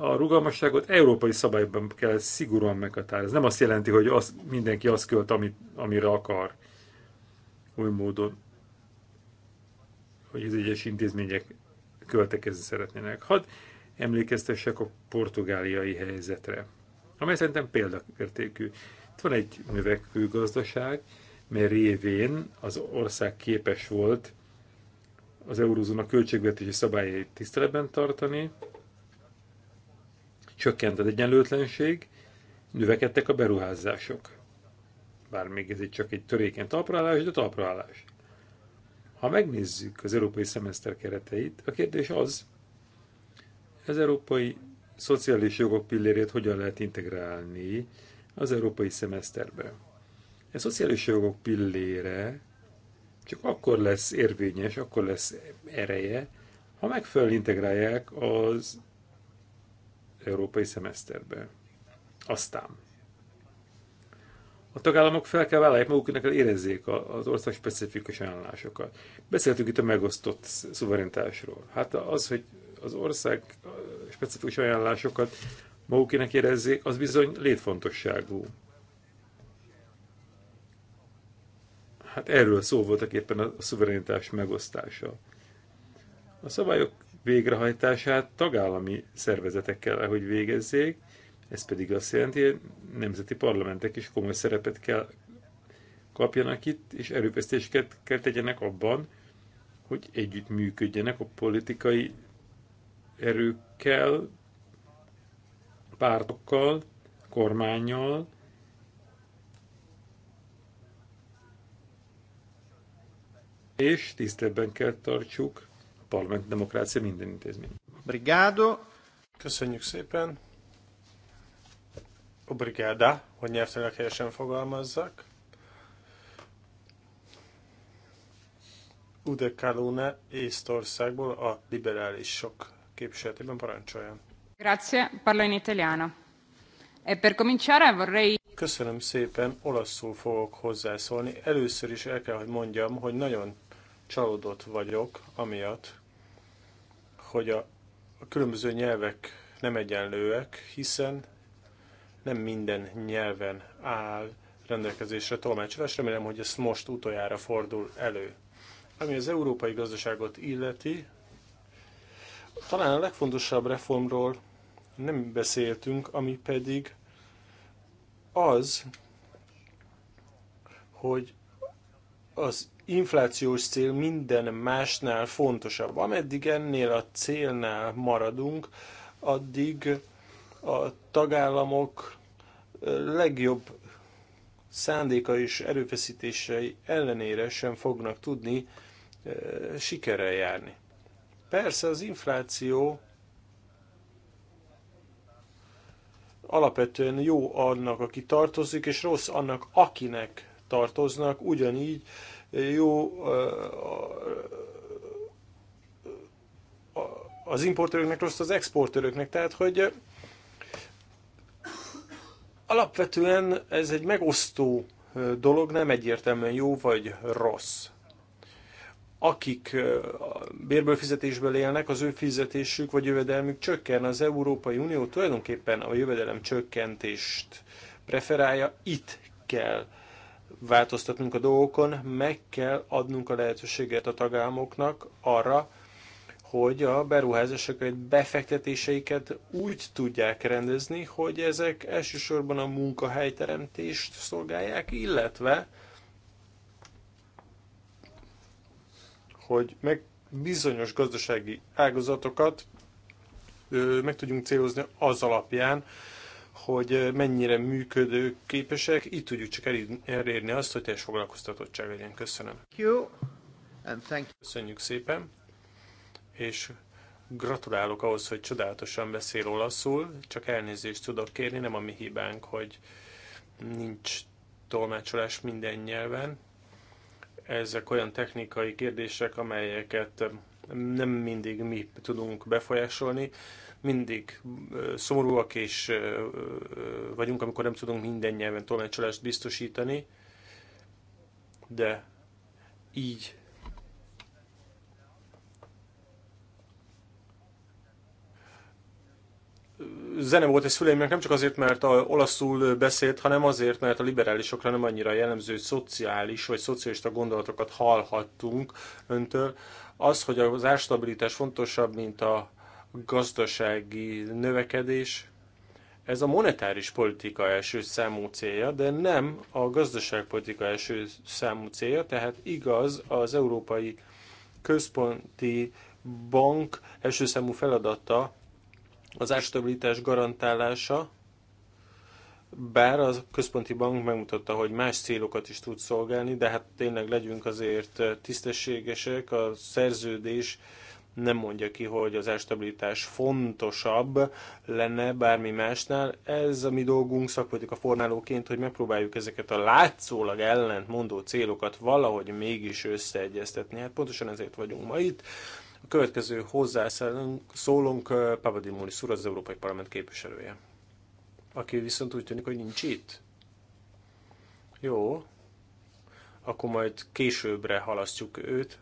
a rugalmasságot európai szabályban kell szigorúan meghatározni. Nem azt jelenti, hogy az, mindenki azt költ, amit, amire akar. Új módon, hogy az egyes intézmények költekezni szeretnének. Hadd emlékeztessek a portugáliai helyzetre, amely szerintem példaértékű. Itt van egy növekvő gazdaság, mert révén az ország képes volt az eurózóna költségvetési szabályait tiszteletben tartani, csökkent az egyenlőtlenség, növekedtek a beruházások. Bár még ez egy csak egy törékeny talpraállás, de talpraállás. Ha megnézzük az európai szemeszter kereteit, a kérdés az, az európai szociális jogok pillérét hogyan lehet integrálni az európai szemeszterbe. A e szociális jogok pillére csak akkor lesz érvényes, akkor lesz ereje, ha megfelelően integrálják az európai szemeszterbe. Aztán a tagállamok fel kell vállalják maguknak, érezzék az ország specifikus ajánlásokat. Beszéltünk itt a megosztott szuverenitásról. Hát az, hogy az ország specifikus ajánlásokat magukének érezzék, az bizony létfontosságú. Hát erről szó voltak éppen a szuverenitás megosztása. A szabályok végrehajtását tagállami szervezetekkel hogy végezzék, ez pedig azt jelenti, hogy nemzeti parlamentek is komoly szerepet kell kapjanak itt, és erőfeszítéseket kell tegyenek abban, hogy együtt működjenek a politikai erőkkel, pártokkal, kormányjal, és tiszteletben kell tartsuk parlament demokrácia minden intézmény. Brigado. Köszönjük szépen. A hogy nyelvtelenek helyesen fogalmazzak. Ude Kalune Észtországból a liberálisok képviseletében parancsoljon. Grazie, parlo in italiano. E per cominciare vorrei... Köszönöm szépen, olaszul fogok hozzászólni. Először is el kell, hogy mondjam, hogy nagyon csalódott vagyok, amiatt, hogy a, a különböző nyelvek nem egyenlőek, hiszen nem minden nyelven áll rendelkezésre tolmácsolás. Remélem, hogy ez most utoljára fordul elő. Ami az európai gazdaságot illeti, talán a legfontosabb reformról nem beszéltünk, ami pedig az, hogy az inflációs cél minden másnál fontosabb. Ameddig ennél a célnál maradunk, addig a tagállamok legjobb szándéka és erőfeszítései ellenére sem fognak tudni sikerrel járni. Persze az infláció alapvetően jó annak, aki tartozik, és rossz annak, akinek tartoznak, ugyanígy jó az importőröknek, rossz az exportőröknek. Tehát, hogy alapvetően ez egy megosztó dolog, nem egyértelműen jó vagy rossz. Akik bérből fizetésből élnek, az ő fizetésük vagy jövedelmük csökken. Az Európai Unió tulajdonképpen a jövedelem csökkentést preferálja. Itt kell változtatnunk a dolgokon, meg kell adnunk a lehetőséget a tagállamoknak arra, hogy a egy befektetéseiket úgy tudják rendezni, hogy ezek elsősorban a munkahelyteremtést szolgálják, illetve hogy meg bizonyos gazdasági ágazatokat meg tudjunk célozni az alapján, hogy mennyire működőképesek, így tudjuk csak elérni azt, hogy teljes foglalkoztatottság legyen. Köszönöm. Köszönjük szépen, és gratulálok ahhoz, hogy csodálatosan beszél olaszul, csak elnézést tudok kérni, nem a mi hibánk, hogy nincs tolmácsolás minden nyelven. Ezek olyan technikai kérdések, amelyeket nem mindig mi tudunk befolyásolni mindig szomorúak és vagyunk, amikor nem tudunk minden nyelven tolmácsolást biztosítani, de így zene volt egy szüleimnek nem csak azért, mert a olaszul beszélt, hanem azért, mert a liberálisokra nem annyira jellemző szociális vagy szocialista gondolatokat hallhattunk öntől. Az, hogy az árstabilitás fontosabb, mint a gazdasági növekedés, ez a monetáris politika első számú célja, de nem a gazdaságpolitika első számú célja, tehát igaz az Európai Központi Bank első számú feladata az árstabilitás garantálása, bár a központi bank megmutatta, hogy más célokat is tud szolgálni, de hát tényleg legyünk azért tisztességesek, a szerződés nem mondja ki, hogy az elstabilitás fontosabb lenne bármi másnál. Ez a mi dolgunk szakpolitika formálóként, hogy megpróbáljuk ezeket a látszólag ellentmondó célokat valahogy mégis összeegyeztetni. Hát pontosan ezért vagyunk ma itt. A következő hozzászólónk uh, Papadimulis úr, az Európai Parlament képviselője. Aki viszont úgy tűnik, hogy nincs itt. Jó. Akkor majd későbbre halasztjuk őt.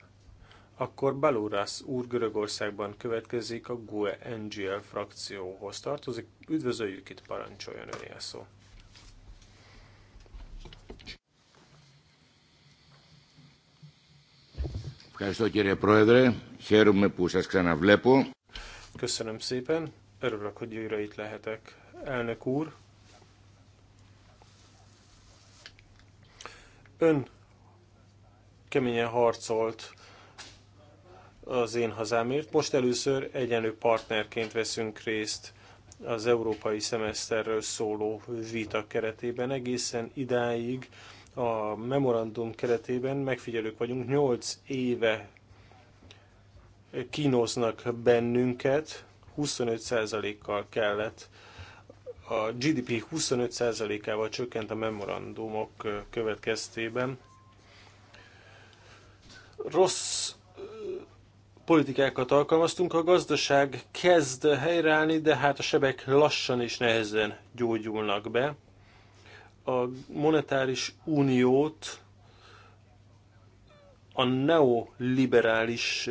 Akkor Balúrász úr Görögországban következik, a GUE NGL frakcióhoz tartozik. Üdvözöljük itt, parancsoljon öné a szó. Köszönöm szépen, örülök, hogy újra itt lehetek. Elnök úr, ön keményen harcolt az én hazámért. Most először egyenlő partnerként veszünk részt az európai szemeszterről szóló vita keretében. Egészen idáig a memorandum keretében megfigyelők vagyunk, 8 éve kínoznak bennünket, 25%-kal kellett, a GDP 25%-ával csökkent a memorandumok következtében. Rossz politikákat alkalmaztunk, a gazdaság kezd helyreállni, de hát a sebek lassan és nehezen gyógyulnak be. A monetáris uniót a neoliberális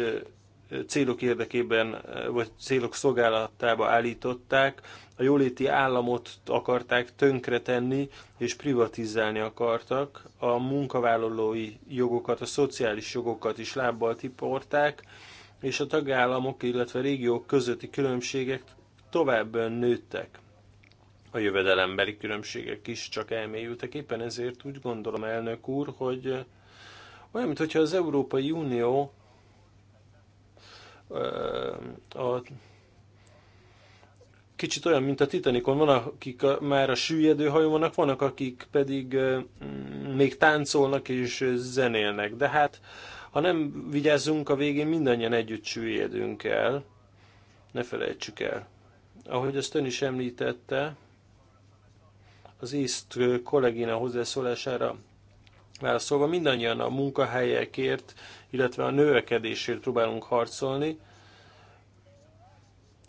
célok érdekében, vagy célok szolgálatába állították, a jóléti államot akarták tönkretenni és privatizálni akartak, a munkavállalói jogokat, a szociális jogokat is lábbal tiporták, és a tagállamok, illetve régiók közötti különbségek tovább nőttek. A jövedelembeli különbségek is csak elmélyültek. Éppen ezért úgy gondolom, elnök úr, hogy olyan, mintha az Európai Unió a kicsit olyan, mint a Titanicon, van, akik már a süllyedő hajón vannak, vannak, akik pedig még táncolnak és zenélnek, de hát ha nem vigyázzunk, a végén mindannyian együtt süllyedünk el. Ne felejtsük el. Ahogy azt ön is említette, az ISZT kollégina hozzászólására válaszolva, mindannyian a munkahelyekért, illetve a növekedésért próbálunk harcolni,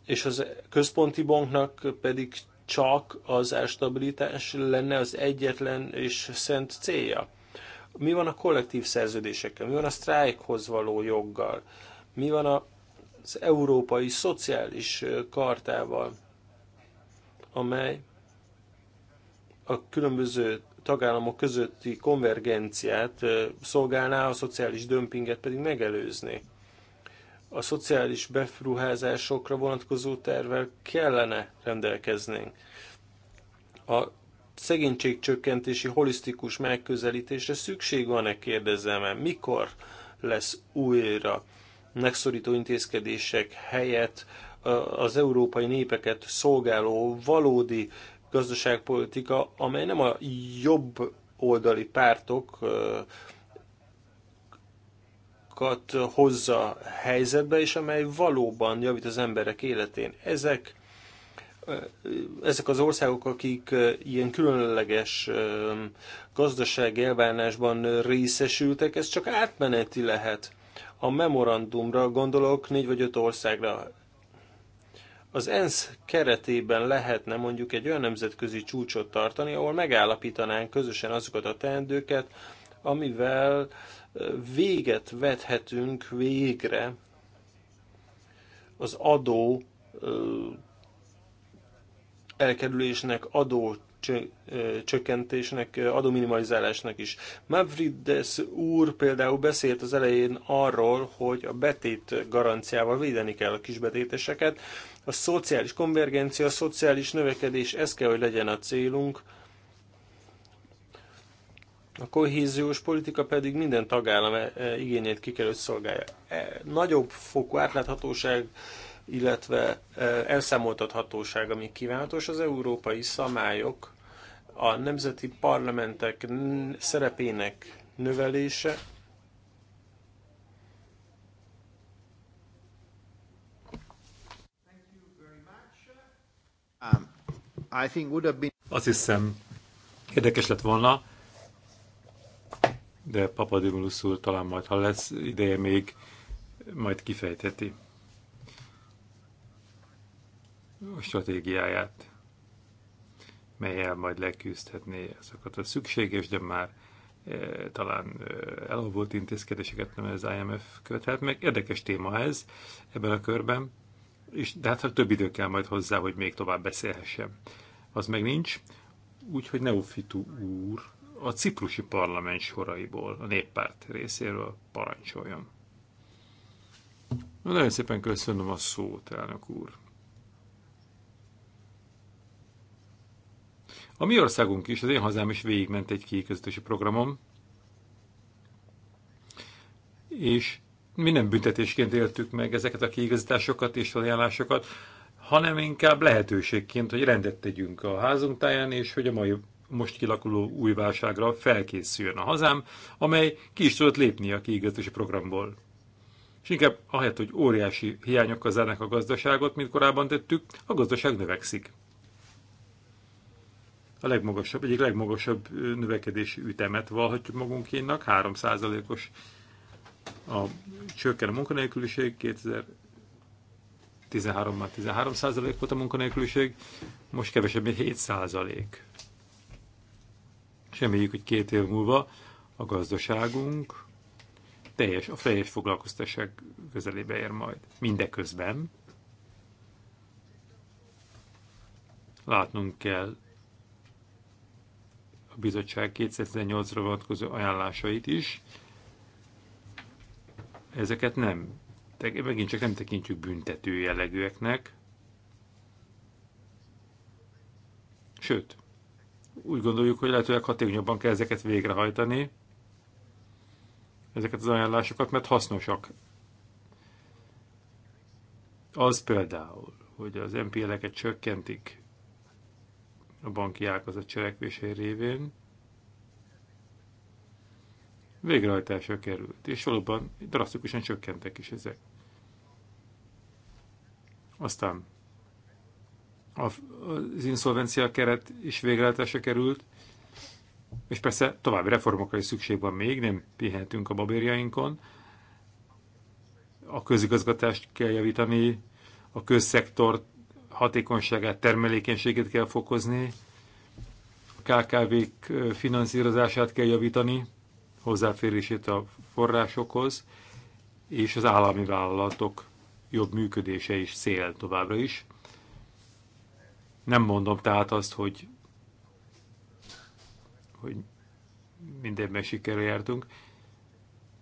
és az központi banknak pedig csak az árstabilitás lenne az egyetlen és szent célja. Mi van a kollektív szerződésekkel? Mi van a sztrájkhoz való joggal? Mi van az európai szociális kartával, amely a különböző tagállamok közötti konvergenciát szolgálná, a szociális dömpinget pedig megelőzni. A szociális befruházásokra vonatkozó tervel kellene rendelkeznénk. A szegénységcsökkentési holisztikus megközelítésre szükség van-e, kérdezem -e, mikor lesz újra megszorító intézkedések helyett az európai népeket szolgáló valódi gazdaságpolitika, amely nem a jobb oldali pártokat hozza helyzetbe, és amely valóban javít az emberek életén. Ezek ezek az országok, akik ilyen különleges gazdasági elvárásban részesültek, ez csak átmeneti lehet. A memorandumra gondolok négy vagy öt országra. Az ENSZ keretében lehetne mondjuk egy olyan nemzetközi csúcsot tartani, ahol megállapítanánk közösen azokat a teendőket, amivel véget vethetünk végre az adó elkerülésnek, adó csökkentésnek, adóminimalizálásnak is. Mavrides úr például beszélt az elején arról, hogy a betét garanciával védeni kell a kisbetéteseket. A szociális konvergencia, a szociális növekedés, ez kell, hogy legyen a célunk. A kohéziós politika pedig minden tagállam igényét ki kell, hogy szolgálja. E, nagyobb fokú átláthatóság illetve e, elszámoltathatóság, ami kívánatos, az európai szamályok, a nemzeti parlamentek szerepének növelése, um, Azt hiszem, érdekes lett volna, de Papadimulus úr talán majd, ha lesz ideje még, majd kifejteti a stratégiáját, melyel majd leküzdhetné ezeket a szükséges, de már e, talán eh, elavult intézkedéseket nem az IMF követhet meg. Érdekes téma ez ebben a körben, és de hát ha több idő kell majd hozzá, hogy még tovább beszélhessem. Az meg nincs, úgyhogy Neofitu úr a ciprusi parlament soraiból, a néppárt részéről parancsoljon. Na, nagyon szépen köszönöm a szót, elnök úr. A mi országunk is, az én hazám is végigment egy kiiközítési programom, és mi nem büntetésként éltük meg ezeket a kiigazításokat és ajánlásokat, hanem inkább lehetőségként, hogy rendet tegyünk a házunk táján, és hogy a mai most kilakuló új válságra felkészüljön a hazám, amely ki is tudott lépni a kiigazítási programból. És inkább ahelyett, hogy óriási hiányokkal zárnak a gazdaságot, mint korábban tettük, a gazdaság növekszik a legmagasabb, egyik legmagasabb növekedési ütemet valhatjuk magunkénak, 3%-os a csökken a munkanélküliség, 2013-ban 13% volt a munkanélküliség, most kevesebb, mint 7%. És reméljük, hogy két év múlva a gazdaságunk teljes, a teljes foglalkoztatások közelébe ér majd. Mindeközben látnunk kell bizottság 2018-ra vonatkozó ajánlásait is. Ezeket nem, megint csak nem tekintjük büntető jellegűeknek. Sőt, úgy gondoljuk, hogy lehetőleg hatékonyabban kell ezeket végrehajtani, ezeket az ajánlásokat, mert hasznosak. Az például, hogy az MPL-eket csökkentik, a banki ágazat cselekvésé révén végrehajtásra került, és valóban drasztikusan csökkentek is ezek. Aztán az inszolvencia keret is végrehajtásra került, és persze további reformokra is szükség van még, nem pihentünk a babérjainkon. A közigazgatást kell javítani, a közszektort hatékonyságát, termelékenységét kell fokozni, a KKV-k finanszírozását kell javítani, hozzáférését a forrásokhoz, és az állami vállalatok jobb működése is cél továbbra is. Nem mondom tehát azt, hogy, hogy mindenben sikerre jártunk,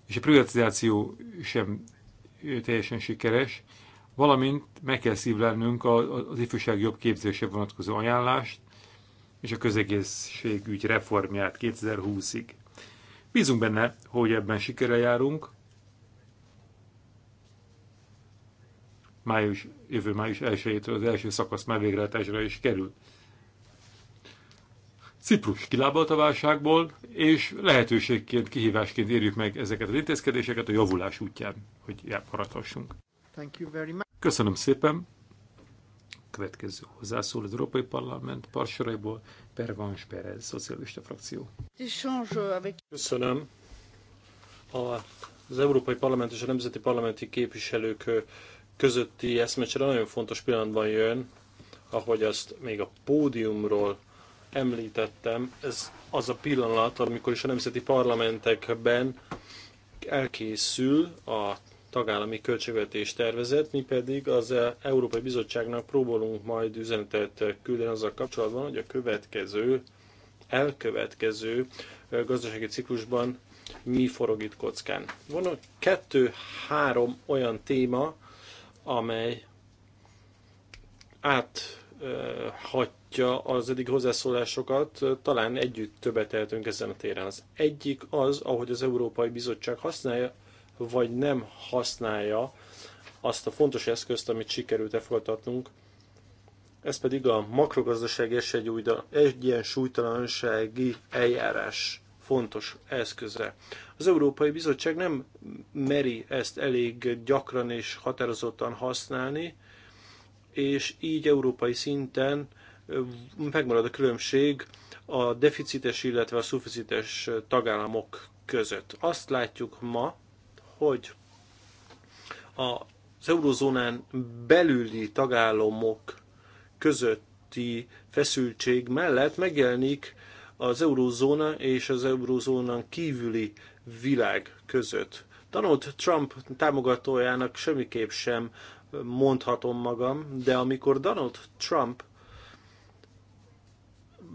és a privatizáció sem teljesen sikeres, valamint meg kell szívlelnünk az ifjúság jobb képzése vonatkozó ajánlást és a közegészségügy reformját 2020-ig. Bízunk benne, hogy ebben sikere járunk. Május, jövő május 1-től az első szakasz már végrehajtásra is kerül. Ciprus kilábalt a válságból, és lehetőségként, kihívásként érjük meg ezeket az intézkedéseket a javulás útján, hogy maradhassunk. Thank you very much. Köszönöm szépen. Következő hozzászól az Európai Parlament parsoraiból Pervans Perez, Szocialista Frakció. Köszönöm. Az Európai Parlament és a Nemzeti Parlamenti Képviselők közötti eszmecsere nagyon fontos pillanatban jön, ahogy azt még a pódiumról említettem, ez az a pillanat, amikor is a nemzeti parlamentekben elkészül a tagállami költségvetés tervezet, mi pedig az eh, Európai Bizottságnak próbálunk majd üzenetet eh, küldeni azzal kapcsolatban, hogy a következő, elkövetkező eh, gazdasági ciklusban mi forog itt kockán. Van kettő-három olyan téma, amely áthatja az eddig hozzászólásokat, talán együtt többet tehetünk ezen a téren. Az egyik az, ahogy az Európai Bizottság használja vagy nem használja azt a fontos eszközt, amit sikerült elfogadhatnunk. ez pedig a makrogazdasági egyensúlytalansági eljárás fontos eszköze. Az Európai Bizottság nem meri ezt elég gyakran és határozottan használni, és így európai szinten megmarad a különbség a deficites, illetve a szuficites tagállamok között. Azt látjuk ma, hogy az eurozónán belüli tagállamok közötti feszültség mellett megjelenik az eurozóna és az eurozónán kívüli világ között. Donald Trump támogatójának semmiképp sem mondhatom magam, de amikor Donald Trump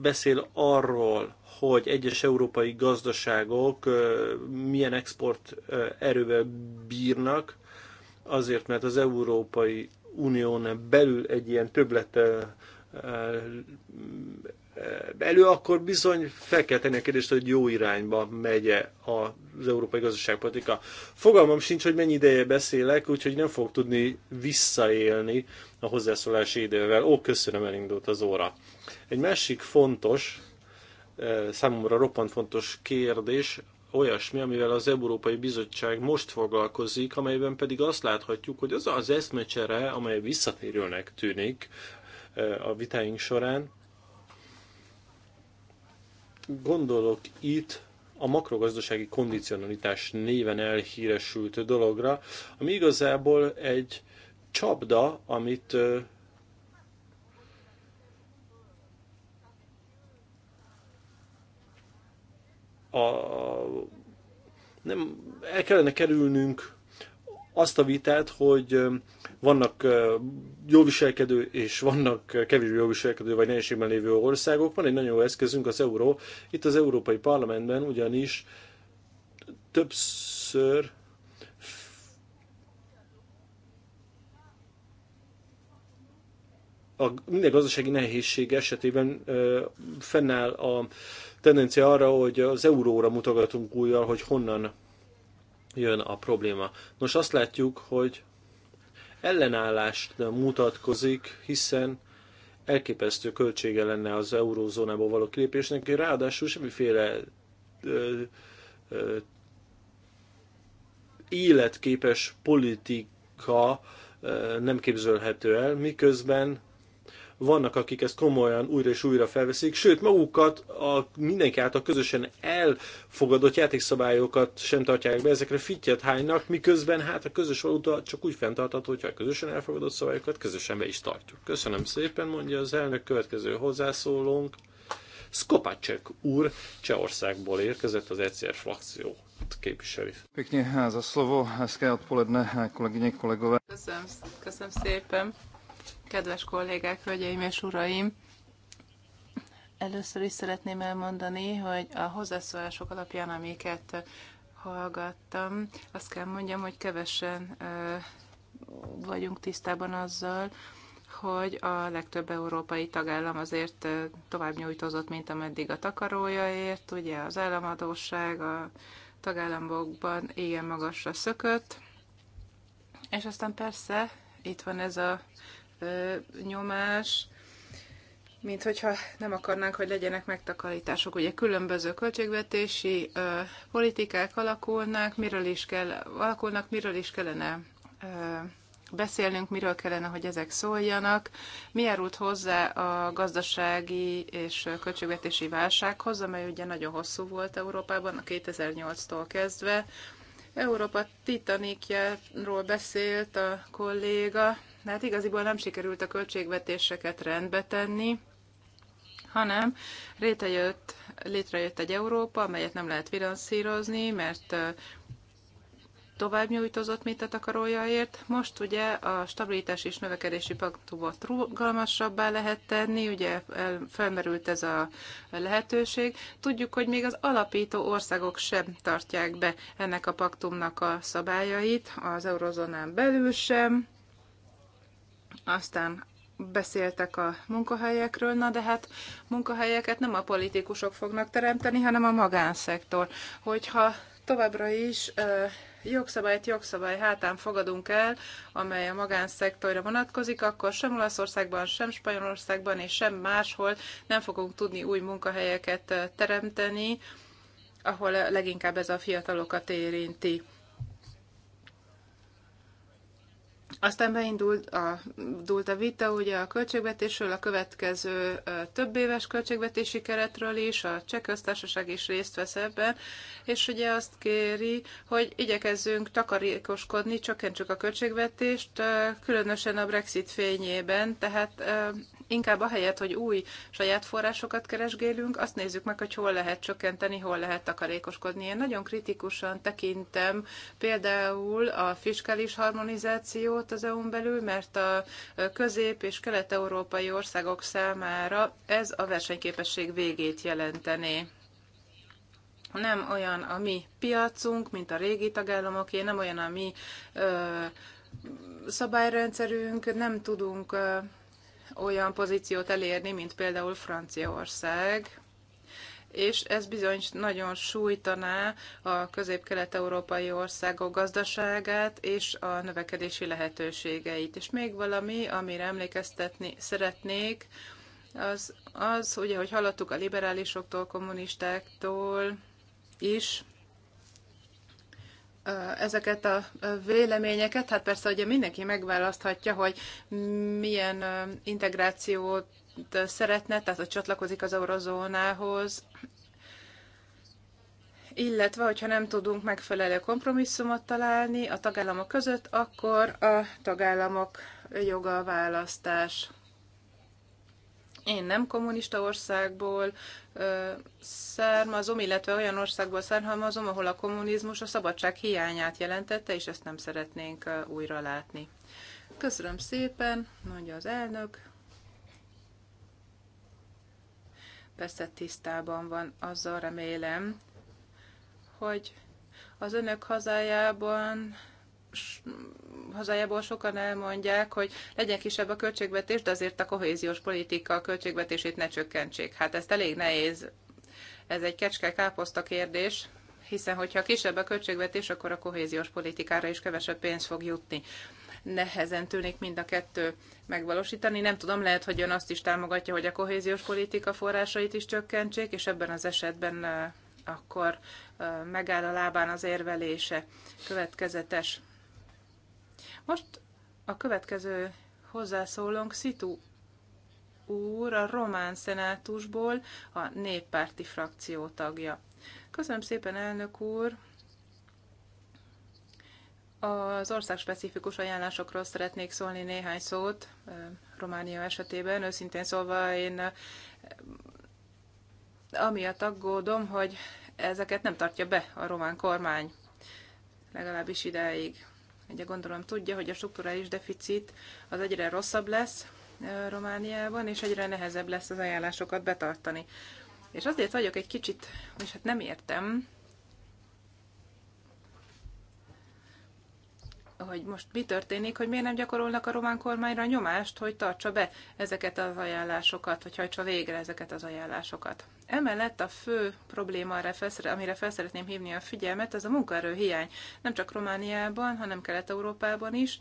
beszél arról, hogy egyes európai gazdaságok milyen export erővel bírnak, azért, mert az Európai Unión belül egy ilyen többlet elő, akkor bizony fel kell tenni a kérdést, hogy jó irányba megye az európai gazdaságpolitika. Fogalmam sincs, hogy mennyi ideje beszélek, úgyhogy nem fog tudni visszaélni a hozzászólási idővel. Ó, köszönöm, elindult az óra. Egy másik fontos számomra roppant fontos kérdés, olyasmi, amivel az Európai Bizottság most foglalkozik, amelyben pedig azt láthatjuk, hogy az az eszmecsere, amely visszatérőnek tűnik a vitáink során, gondolok itt a makrogazdasági kondicionalitás néven elhíresült dologra, ami igazából egy csapda, amit a, nem, el kellene kerülnünk azt a vitát, hogy vannak jó viselkedő és vannak kevésbé jó viselkedő vagy nehézségben lévő országok. Van egy nagyon jó eszközünk, az euró. Itt az Európai Parlamentben ugyanis többször a minden gazdasági nehézség esetében fennáll a tendencia arra, hogy az euróra mutogatunk újra, hogy honnan jön a probléma. Nos, azt látjuk, hogy ellenállást mutatkozik, hiszen elképesztő költsége lenne az eurózónából való kilépésnek, ráadásul semmiféle ö, ö, életképes politika ö, nem képzelhető el, miközben vannak, akik ezt komolyan újra és újra felveszik, sőt magukat a, mindenki által közösen elfogadott játékszabályokat sem tartják be, ezekre fittyet hánynak, miközben hát a közös valuta csak úgy fenntartható, hogyha a közösen elfogadott szabályokat közösen be is tartjuk. Köszönöm szépen, mondja az elnök következő hozzászólónk. Skopacek úr Csehországból érkezett, az ECR frakció képviseli. Pěkně za slovo, hezké odpoledne, kolegyně, kolegové. Köszönöm, köszönöm szépen. Kedves kollégák, hölgyeim és uraim! Először is szeretném elmondani, hogy a hozzászólások alapján, amiket hallgattam, azt kell mondjam, hogy kevesen vagyunk tisztában azzal, hogy a legtöbb európai tagállam azért tovább nyújtozott, mint ameddig a takarójaért. Ugye az államadóság a tagállamokban igen magasra szökött, és aztán persze itt van ez a nyomás, mint hogyha nem akarnánk, hogy legyenek megtakarítások. Ugye különböző költségvetési ö, politikák alakulnak, miről is kell, alakulnak, miről is kellene ö, beszélnünk, miről kellene, hogy ezek szóljanak. Mi járult hozzá a gazdasági és költségvetési válsághoz, amely ugye nagyon hosszú volt Európában, a 2008-tól kezdve. Európa titanikjáról beszélt a kolléga, de hát igaziból nem sikerült a költségvetéseket rendbe tenni, hanem létrejött, létrejött egy Európa, amelyet nem lehet finanszírozni, mert tovább nyújtozott, mint a takarójaért. Most ugye a stabilitás és növekedési paktumot rugalmasabbá lehet tenni, ugye felmerült ez a lehetőség. Tudjuk, hogy még az alapító országok sem tartják be ennek a paktumnak a szabályait, az eurozónán belül sem, aztán beszéltek a munkahelyekről, na de hát munkahelyeket nem a politikusok fognak teremteni, hanem a magánszektor. Hogyha továbbra is jogszabályt jogszabály hátán fogadunk el, amely a magánszektorra vonatkozik, akkor sem Olaszországban, sem Spanyolországban és sem máshol nem fogunk tudni új munkahelyeket teremteni, ahol leginkább ez a fiatalokat érinti. Aztán beindult a, dult a vita ugye a költségvetésről, a következő több éves költségvetési keretről is, a cseh is részt vesz ebben, és ugye azt kéri, hogy igyekezzünk takarékoskodni, csökkentsük a költségvetést, különösen a Brexit fényében, tehát Inkább ahelyett, hogy új saját forrásokat keresgélünk, azt nézzük meg, hogy hol lehet csökkenteni, hol lehet takarékoskodni. Én nagyon kritikusan tekintem például a fiskális harmonizációt az EU-n belül, mert a közép- és kelet-európai országok számára ez a versenyképesség végét jelentené nem olyan a mi piacunk, mint a régi tagállamoké, nem olyan a mi ö, szabályrendszerünk, nem tudunk ö, olyan pozíciót elérni, mint például Franciaország, és ez bizony nagyon sújtaná a közép-kelet-európai országok gazdaságát és a növekedési lehetőségeit. És még valami, amire emlékeztetni szeretnék, az, az ugye, hogy hallottuk a liberálisoktól, kommunistáktól is, ezeket a véleményeket, hát persze ugye mindenki megválaszthatja, hogy milyen integrációt szeretne, tehát hogy csatlakozik az eurozónához, illetve hogyha nem tudunk megfelelő kompromisszumot találni a tagállamok között, akkor a tagállamok joga a választás. Én nem kommunista országból ö, származom, illetve olyan országból származom, ahol a kommunizmus a szabadság hiányát jelentette, és ezt nem szeretnénk ö, újra látni. Köszönöm szépen, mondja az elnök. Persze tisztában van, azzal remélem, hogy az önök hazájában hazájából sokan elmondják, hogy legyen kisebb a költségvetés, de azért a kohéziós politika költségvetését ne csökkentsék. Hát ezt elég nehéz. Ez egy kecske-káposzta kérdés, hiszen hogyha kisebb a költségvetés, akkor a kohéziós politikára is kevesebb pénz fog jutni. Nehezen tűnik mind a kettő megvalósítani. Nem tudom, lehet, hogy ön azt is támogatja, hogy a kohéziós politika forrásait is csökkentsék, és ebben az esetben akkor megáll a lábán az érvelése. Következetes most a következő hozzászólónk Szitu úr a román szenátusból a néppárti frakció tagja. Köszönöm szépen, elnök úr! Az országspecifikus ajánlásokról szeretnék szólni néhány szót Románia esetében. Őszintén szólva én amiatt aggódom, hogy ezeket nem tartja be a román kormány, legalábbis ideig. Ugye gondolom tudja, hogy a strukturális deficit az egyre rosszabb lesz Romániában, és egyre nehezebb lesz az ajánlásokat betartani. És azért vagyok egy kicsit, és hát nem értem, hogy most mi történik, hogy miért nem gyakorolnak a román kormányra nyomást, hogy tartsa be ezeket az ajánlásokat, vagy hajtsa végre ezeket az ajánlásokat. Emellett a fő probléma, amire fel szeretném hívni a figyelmet, az a munkaerő hiány. Nem csak Romániában, hanem Kelet-Európában is.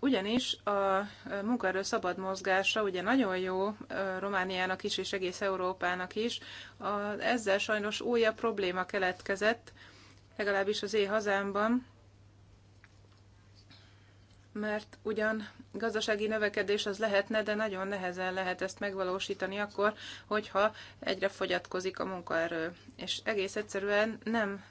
Ugyanis a munkaerő szabad mozgása ugye nagyon jó Romániának is és egész Európának is. A, ezzel sajnos újabb probléma keletkezett, legalábbis az én hazámban, mert ugyan gazdasági növekedés az lehetne, de nagyon nehezen lehet ezt megvalósítani akkor, hogyha egyre fogyatkozik a munkaerő. És egész egyszerűen nem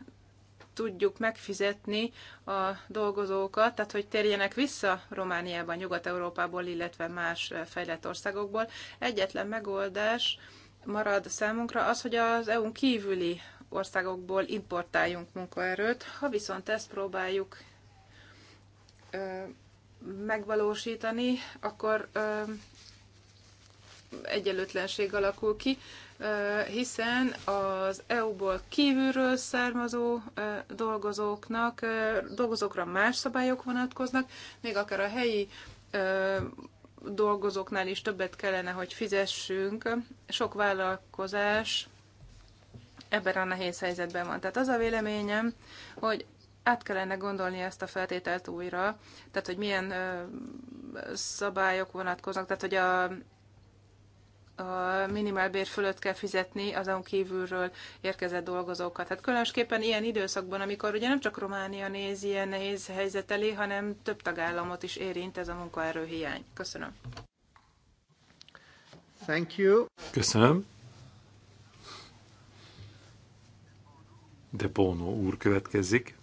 tudjuk megfizetni a dolgozókat, tehát hogy térjenek vissza Romániába, Nyugat-Európából, illetve más eh, fejlett országokból. Egyetlen megoldás marad számunkra az, hogy az EU-n kívüli országokból importáljunk munkaerőt. Ha viszont ezt próbáljuk eh, megvalósítani, akkor egyenlőtlenség alakul ki, hiszen az EU-ból kívülről származó dolgozóknak, dolgozókra más szabályok vonatkoznak, még akár a helyi dolgozóknál is többet kellene, hogy fizessünk. Sok vállalkozás ebben a nehéz helyzetben van. Tehát az a véleményem, hogy át kellene gondolni ezt a feltételt újra, tehát hogy milyen szabályok vonatkoznak, tehát hogy a, a minimálbér fölött kell fizetni azon kívülről érkezett dolgozókat. Tehát különösképpen ilyen időszakban, amikor ugye nem csak Románia néz ilyen nehéz helyzet elé, hanem több tagállamot is érint ez a munkaerőhiány. Köszönöm. Thank you. Köszönöm. De Bono úr következik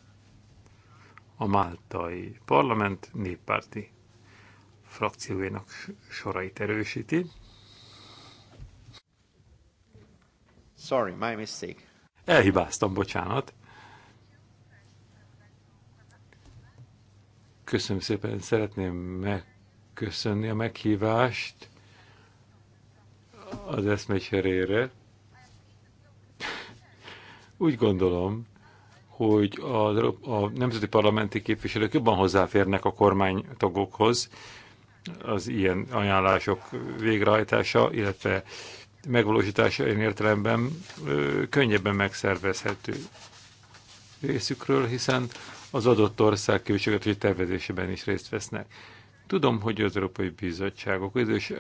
a máltai parlament néppárti frakciójának sorait erősíti. Sorry, my mistake. Elhibáztam, bocsánat. Köszönöm szépen, szeretném megköszönni a meghívást az eszmecserére. Úgy gondolom, hogy a, a nemzeti parlamenti képviselők jobban hozzáférnek a kormánytagokhoz az ilyen ajánlások végrehajtása, illetve megvalósítása én értelemben ö, könnyebben megszervezhető részükről, hiszen az adott ország költségvetési tervezésében is részt vesznek. Tudom, hogy az Európai Bizottságok idős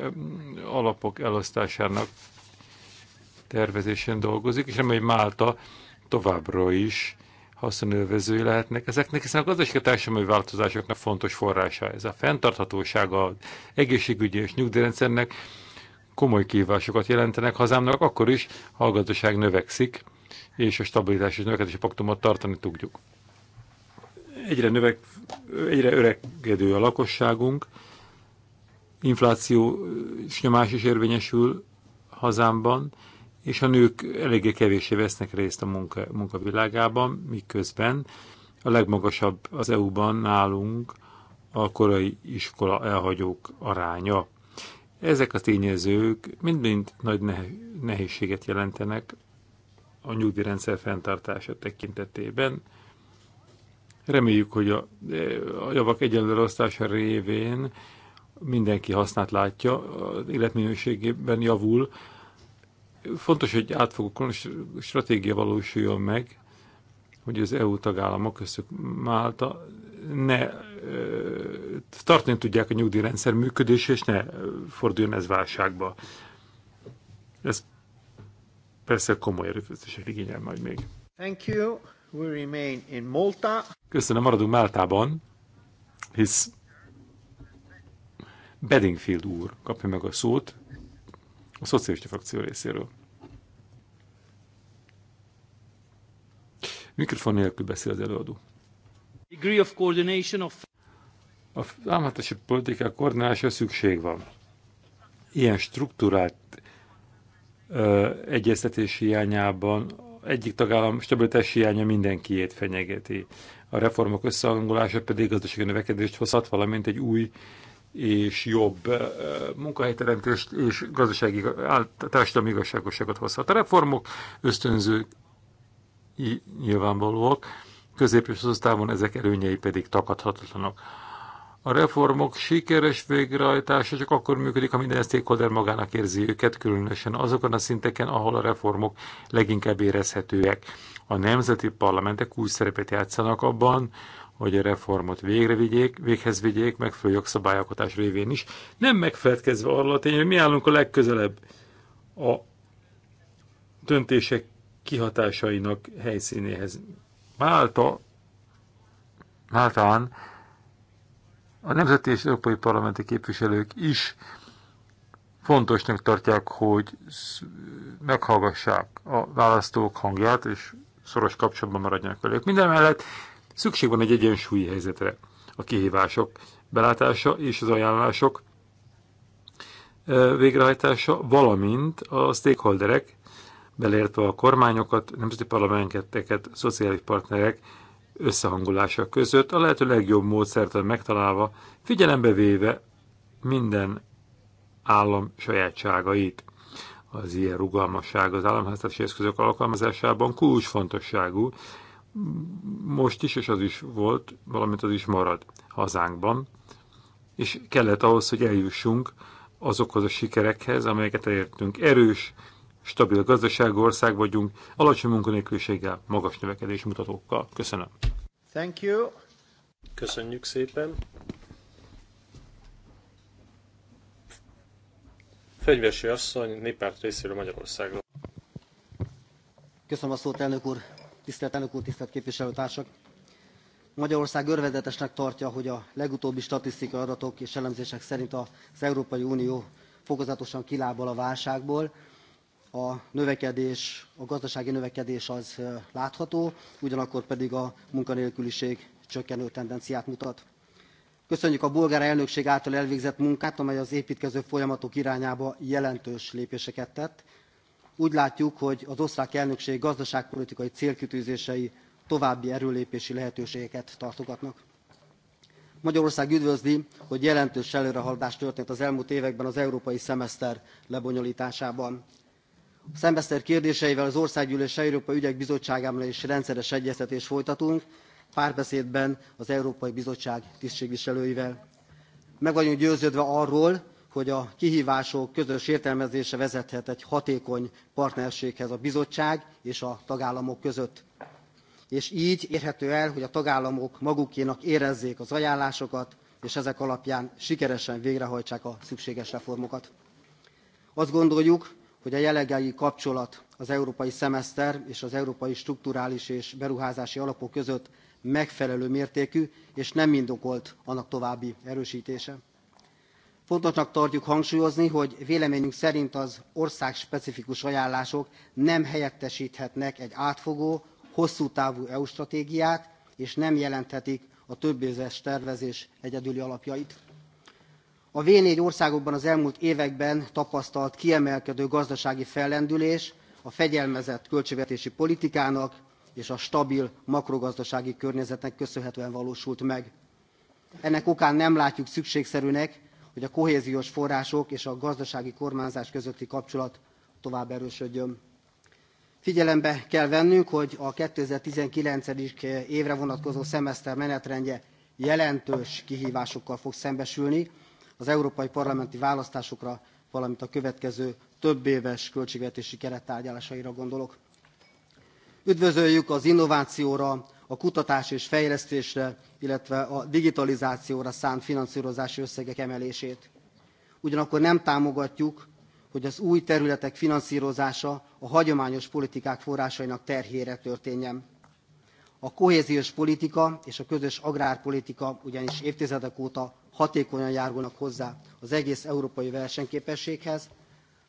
alapok elosztásának tervezésen dolgozik, és nem hogy Málta továbbra is haszonélvezői lehetnek ezeknek, hiszen a gazdasági társadalmi változásoknak fontos forrása ez. A fenntarthatósága az egészségügyi és nyugdíjrendszernek komoly kívásokat jelentenek hazámnak, akkor is, ha a gazdaság növekszik, és a stabilitás és növekedési paktumot tartani tudjuk. Egyre, növek, egyre öregedő a lakosságunk, infláció nyomás is érvényesül hazámban, és a nők eléggé kevéssé vesznek részt a munka, munkavilágában, miközben a legmagasabb az EU-ban nálunk a korai iskola elhagyók aránya. Ezek a tényezők mind-mind nagy nehézséget jelentenek a nyugdíjrendszer fenntartása tekintetében. Reméljük, hogy a, a javak egyenlőrosztása révén mindenki hasznát látja, életminőségében javul Fontos, hogy átfogó stratégia valósuljon meg, hogy az EU tagállamok köztük Málta ne tartani tudják a nyugdíjrendszer működését, és ne forduljon ez válságba. Ez persze komoly erőfeszítések igényel majd még. Thank you. We remain in Malta. Köszönöm, maradunk Máltában, hisz Bedingfield úr kapja meg a szót, a szocialista frakció részéről. Mikrofon nélkül beszél az előadó. A államhatási politikák koordinálása szükség van. Ilyen struktúrát ö, egyeztetés hiányában egyik tagállam stabilitás hiánya mindenkiét fenyegeti. A reformok összehangolása pedig gazdasági növekedést hozhat, valamint egy új és jobb munkahelyteremtést és gazdasági társadalmi igazságosságot hozhat. A reformok ösztönző nyilvánvalóak, közép és osztávon ezek előnyei pedig takadhatatlanok. A reformok sikeres végrehajtása csak akkor működik, ha minden stakeholder magának érzi őket, különösen azokon a szinteken, ahol a reformok leginkább érezhetőek. A nemzeti parlamentek új szerepet játszanak abban, hogy a reformot végre vigyék, véghez vigyék, megfelelő jogszabályalkotás révén is, nem megfeledkezve arról a tény, hogy mi állunk a legközelebb a döntések kihatásainak helyszínéhez. Málta, Máltán a nemzeti és európai parlamenti képviselők is fontosnak tartják, hogy meghallgassák a választók hangját, és szoros kapcsolatban maradjanak velük. Minden mellett Szükség van egy egyensúlyi helyzetre. A kihívások belátása és az ajánlások végrehajtása, valamint a stakeholderek, beleértve a kormányokat, nemzeti parlamenteket, szociális partnerek összehangolása között a lehető legjobb módszert megtalálva, figyelembe véve minden állam sajátságait. Az ilyen rugalmasság az államháztási eszközök alkalmazásában kulcsfontosságú, most is, és az is volt, valamint az is marad hazánkban, és kellett ahhoz, hogy eljussunk azokhoz a sikerekhez, amelyeket elértünk. Erős, stabil gazdasági ország vagyunk, alacsony munkanélküliséggel, magas növekedés mutatókkal. Köszönöm. Thank you. Köszönjük szépen. Fegyversi asszony, néppárt részéről Magyarországról. Köszönöm a szót, elnök úr tisztelt elnök úr tisztelt képviselőtársak! magyarország örvendetesnek tartja hogy a legutóbbi statisztikai adatok és elemzések szerint az európai unió fokozatosan kilábal a válságból a növekedés a gazdasági növekedés az látható ugyanakkor pedig a munkanélküliség csökkenő tendenciát mutat. köszönjük a bolgár elnökség által elvégzett munkát amely az éptkező folyamatok irányába jelentős lépéseket tett. Úgy látjuk, hogy az osztrák elnökség gazdaságpolitikai célkitűzései további erőlépési lehetőségeket tartogatnak. Magyarország üdvözli, hogy jelentős előrehaladás történt az elmúlt években az európai szemeszter lebonyolításában. A szemeszter kérdéseivel az Országgyűlés Európai Ügyek Bizottságában is rendszeres egyeztetést folytatunk, párbeszédben az Európai Bizottság tisztségviselőivel. Meg vagyunk győződve arról, hogy a kihívások közös értelmezése vezethet egy hatékony partnerséghez a bizottság és a tagállamok között. És így érhető el, hogy a tagállamok magukénak érezzék az ajánlásokat, és ezek alapján sikeresen végrehajtsák a szükséges reformokat. Azt gondoljuk, hogy a jelenlegi kapcsolat az európai szemeszter és az európai strukturális és beruházási alapok között megfelelő mértékű, és nem indokolt annak további erősítése fontosnak tartjuk hangsúlyozni hogy véleményünk szerint az országspecifikus ajánlások nem helyettesthetnek egy átfogó hosszú távú eu stratégiát és nem jelenthetik a többéves tervezés egyedüli alapjait. a v four országokban az elmúlt években tapasztalt kiemelkedő gazdasági fellendülés a fegyelmezett költségvetési politikának és a stabil makrogazdasági környezetnek köszönhetően valósult meg. ennek okán nem látjuk szükségszerűnek hogy a kohéziós források és a gazdasági kormányzás közötti kapcsolat tovább erősödjön. Figyelembe kell vennünk, hogy a 2019. évre vonatkozó szemeszter menetrendje jelentős kihívásokkal fog szembesülni az európai parlamenti választásokra, valamint a következő több éves költségvetési kerettárgyalásaira gondolok. Üdvözöljük az innovációra, a kutatás és fejlesztésre, illetve a digitalizációra szánt finanszírozási összegek emelését. Ugyanakkor nem támogatjuk, hogy az új területek finanszírozása a hagyományos politikák forrásainak terhére történjen. A kohéziós politika és a közös agrárpolitika ugyanis évtizedek óta hatékonyan járulnak hozzá az egész európai versenyképességhez,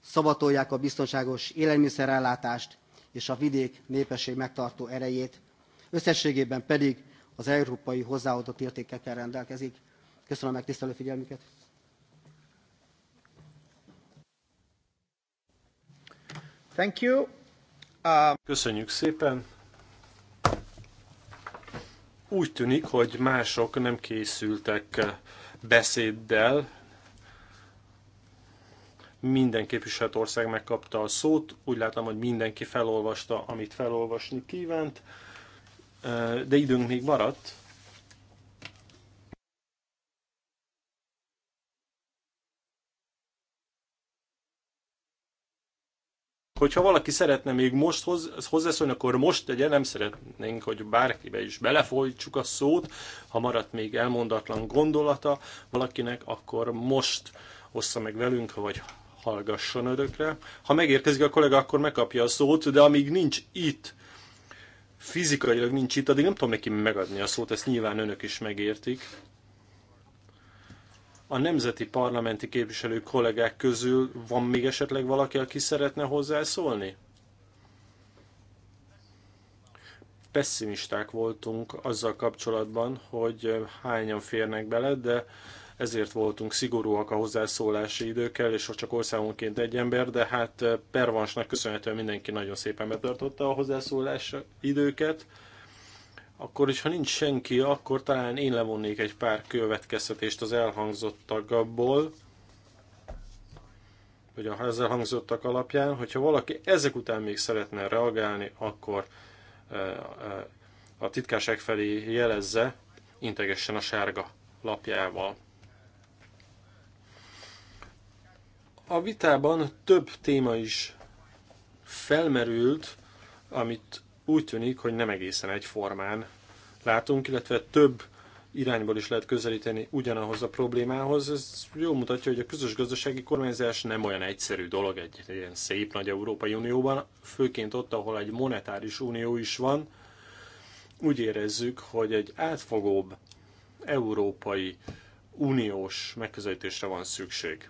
szavatolják a biztonságos élelmiszerellátást és a vidék népesség megtartó erejét, összességében pedig az európai hozzáadott értékekkel rendelkezik. Köszönöm a megtisztelő figyelmüket. Thank you. Um... Köszönjük szépen. Úgy tűnik, hogy mások nem készültek beszéddel. Minden képviselt ország megkapta a szót. Úgy látom, hogy mindenki felolvasta, amit felolvasni kívánt de időnk még maradt. Hogyha valaki szeretne még most hoz, hozzászólni, akkor most tegye, nem szeretnénk, hogy bárkibe is belefolytsuk a szót. Ha maradt még elmondatlan gondolata valakinek, akkor most hozza meg velünk, vagy hallgasson örökre. Ha megérkezik a kollega, akkor megkapja a szót, de amíg nincs itt, fizikailag nincs itt, addig nem tudom neki megadni a szót, ezt nyilván önök is megértik. A nemzeti parlamenti képviselő kollégák közül van még esetleg valaki, aki szeretne hozzászólni? Pessimisták voltunk azzal kapcsolatban, hogy hányan férnek bele, de ezért voltunk szigorúak a hozzászólási időkkel, és csak országonként egy ember, de hát eh, pervansnak köszönhetően mindenki nagyon szépen betartotta a hozzászólás időket. Akkor is, ha nincs senki, akkor talán én levonnék egy pár következtetést az elhangzottakból, vagy a ezzel hangzottak alapján, hogyha valaki ezek után még szeretne reagálni, akkor eh, eh, a titkárság felé jelezze, integessen a sárga lapjával. A vitában több téma is felmerült, amit úgy tűnik, hogy nem egészen egyformán látunk, illetve több irányból is lehet közelíteni ugyanahoz a problémához. Ez jól mutatja, hogy a közös gazdasági kormányzás nem olyan egyszerű dolog egy ilyen szép nagy Európai Unióban, főként ott, ahol egy monetáris unió is van. Úgy érezzük, hogy egy átfogóbb európai uniós megközelítésre van szükség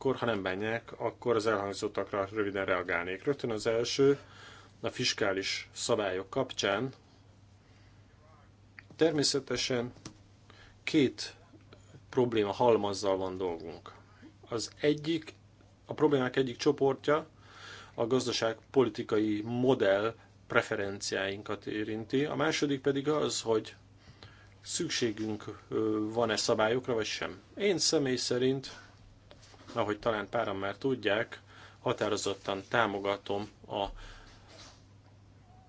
akkor, ha nem bánják, akkor az elhangzottakra röviden reagálnék. Rögtön az első, a fiskális szabályok kapcsán természetesen két probléma halmazzal van dolgunk. Az egyik, a problémák egyik csoportja a gazdaságpolitikai modell preferenciáinkat érinti, a második pedig az, hogy szükségünk van-e szabályokra, vagy sem. Én személy szerint ahogy talán páran már tudják, határozottan támogatom a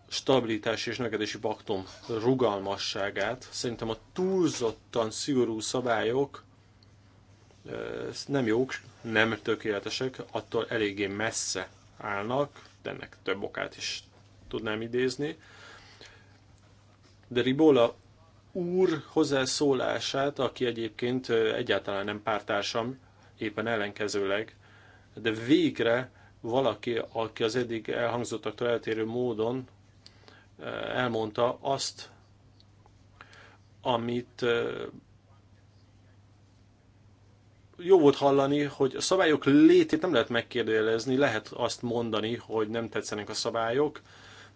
stabilitási és növekedési paktum rugalmasságát. Szerintem a túlzottan szigorú szabályok nem jók, nem tökéletesek, attól eléggé messze állnak, de ennek több okát is tudnám idézni. De Ribola úr hozzászólását, aki egyébként egyáltalán nem pártársam, éppen ellenkezőleg, de végre valaki, aki az eddig elhangzottaktól eltérő módon eh, elmondta azt, amit eh, jó volt hallani, hogy a szabályok létét nem lehet megkérdőjelezni, lehet azt mondani, hogy nem tetszenek a szabályok,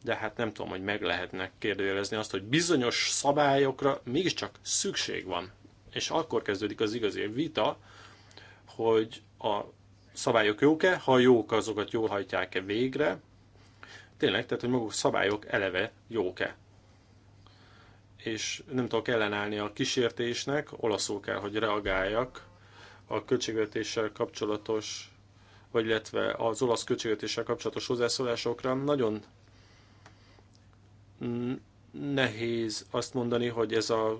de hát nem tudom, hogy meg lehetnek kérdőjelezni azt, hogy bizonyos szabályokra mégiscsak szükség van. És akkor kezdődik az igazi vita, hogy a szabályok jók-e, ha jók, azokat jól hajtják-e végre. Tényleg, tehát, hogy maguk szabályok eleve jók-e. És nem tudok ellenállni a kísértésnek, olaszul kell, hogy reagáljak a költségvetéssel kapcsolatos, vagy illetve az olasz költségvetéssel kapcsolatos hozzászólásokra. Nagyon nehéz azt mondani, hogy ez a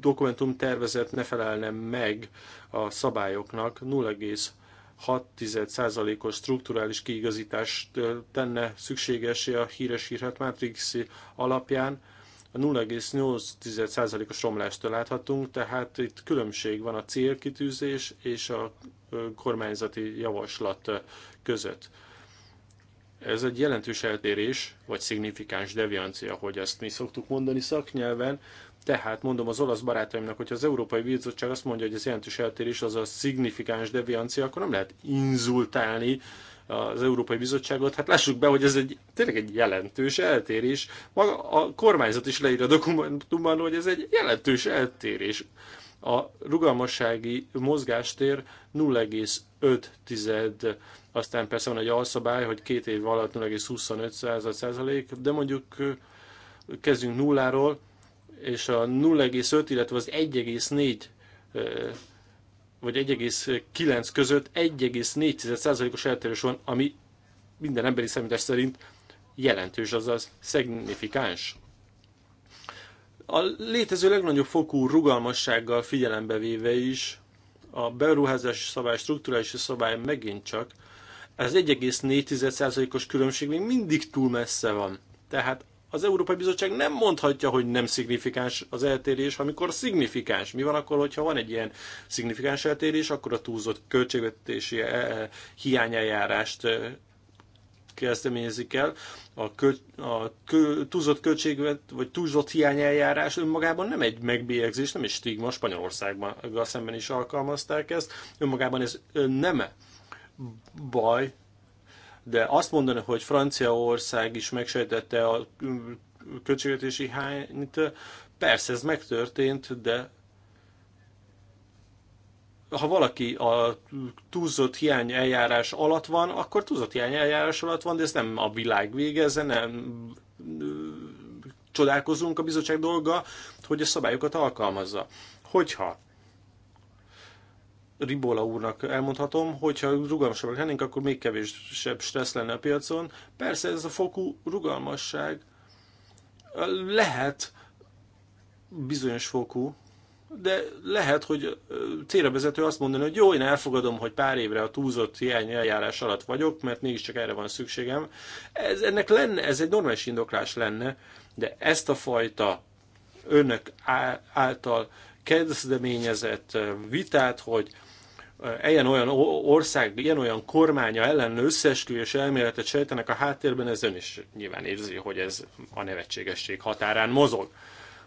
dokumentum tervezet ne felelne meg a szabályoknak, 0,6%-os strukturális kiigazítást tenne szükségesé a híres hírhet Matrix alapján, a 0,8%-os romlástól láthatunk, tehát itt különbség van a célkitűzés és a kormányzati javaslat között. Ez egy jelentős eltérés, vagy szignifikáns deviancia, hogy ezt mi szoktuk mondani szaknyelven, tehát mondom az olasz barátaimnak, hogy az Európai Bizottság azt mondja, hogy ez jelentős eltérés, az a szignifikáns deviancia, akkor nem lehet inzultálni az Európai Bizottságot. Hát lássuk be, hogy ez egy, tényleg egy jelentős eltérés. Maga a kormányzat is leír a dokumentumban, hogy ez egy jelentős eltérés. A rugalmassági mozgástér 0,5 aztán persze van egy alszabály, hogy két év alatt 0,25 százalék, de mondjuk kezdjünk nulláról, és a 0,5, illetve az 1,4 vagy 1,9 között 1,4%-os eltérés van, ami minden emberi számítás szerint jelentős, azaz szignifikáns. A létező legnagyobb fokú rugalmassággal figyelembe véve is a beruházási szabály, strukturális szabály megint csak az 1,4%-os különbség még mindig túl messze van. Tehát az Európai Bizottság nem mondhatja, hogy nem szignifikáns az eltérés, amikor szignifikáns. Mi van akkor, hogyha van egy ilyen szignifikáns eltérés, akkor a túlzott költségvetési eh, eh, hiányeljárást eh, kezdeményezik el. A, kö, a kö, túlzott költségvet, vagy túlzott hiányeljárás önmagában nem egy megbélyegzés, nem egy stigma, Spanyolországban szemben is alkalmazták ezt. Önmagában ez nem baj, de azt mondani, hogy Franciaország is megsejtette a mm, költségvetési hányt, persze ez megtörtént, de ha valaki a túlzott hiány eljárás alatt van, akkor túlzott hiány eljárás alatt van, de ez nem a világ vége, ez nem mm, csodálkozunk a bizottság dolga, hogy a szabályokat alkalmazza. Hogyha Ribola úrnak elmondhatom, hogyha rugalmasabbak lennénk, akkor még kevésebb stressz lenne a piacon. Persze ez a fokú rugalmasság lehet bizonyos fokú, de lehet, hogy célra vezető azt mondani, hogy jó, én elfogadom, hogy pár évre a túlzott hiány eljárás alatt vagyok, mert mégiscsak erre van szükségem. Ez, ennek lenne, ez egy normális indoklás lenne, de ezt a fajta önök által kezdeményezett vitát, hogy ilyen-olyan ország, ilyen-olyan kormánya ellen összeesküvés elméletet sejtenek a háttérben, ez ön is nyilván érzi, hogy ez a nevetségesség határán mozog.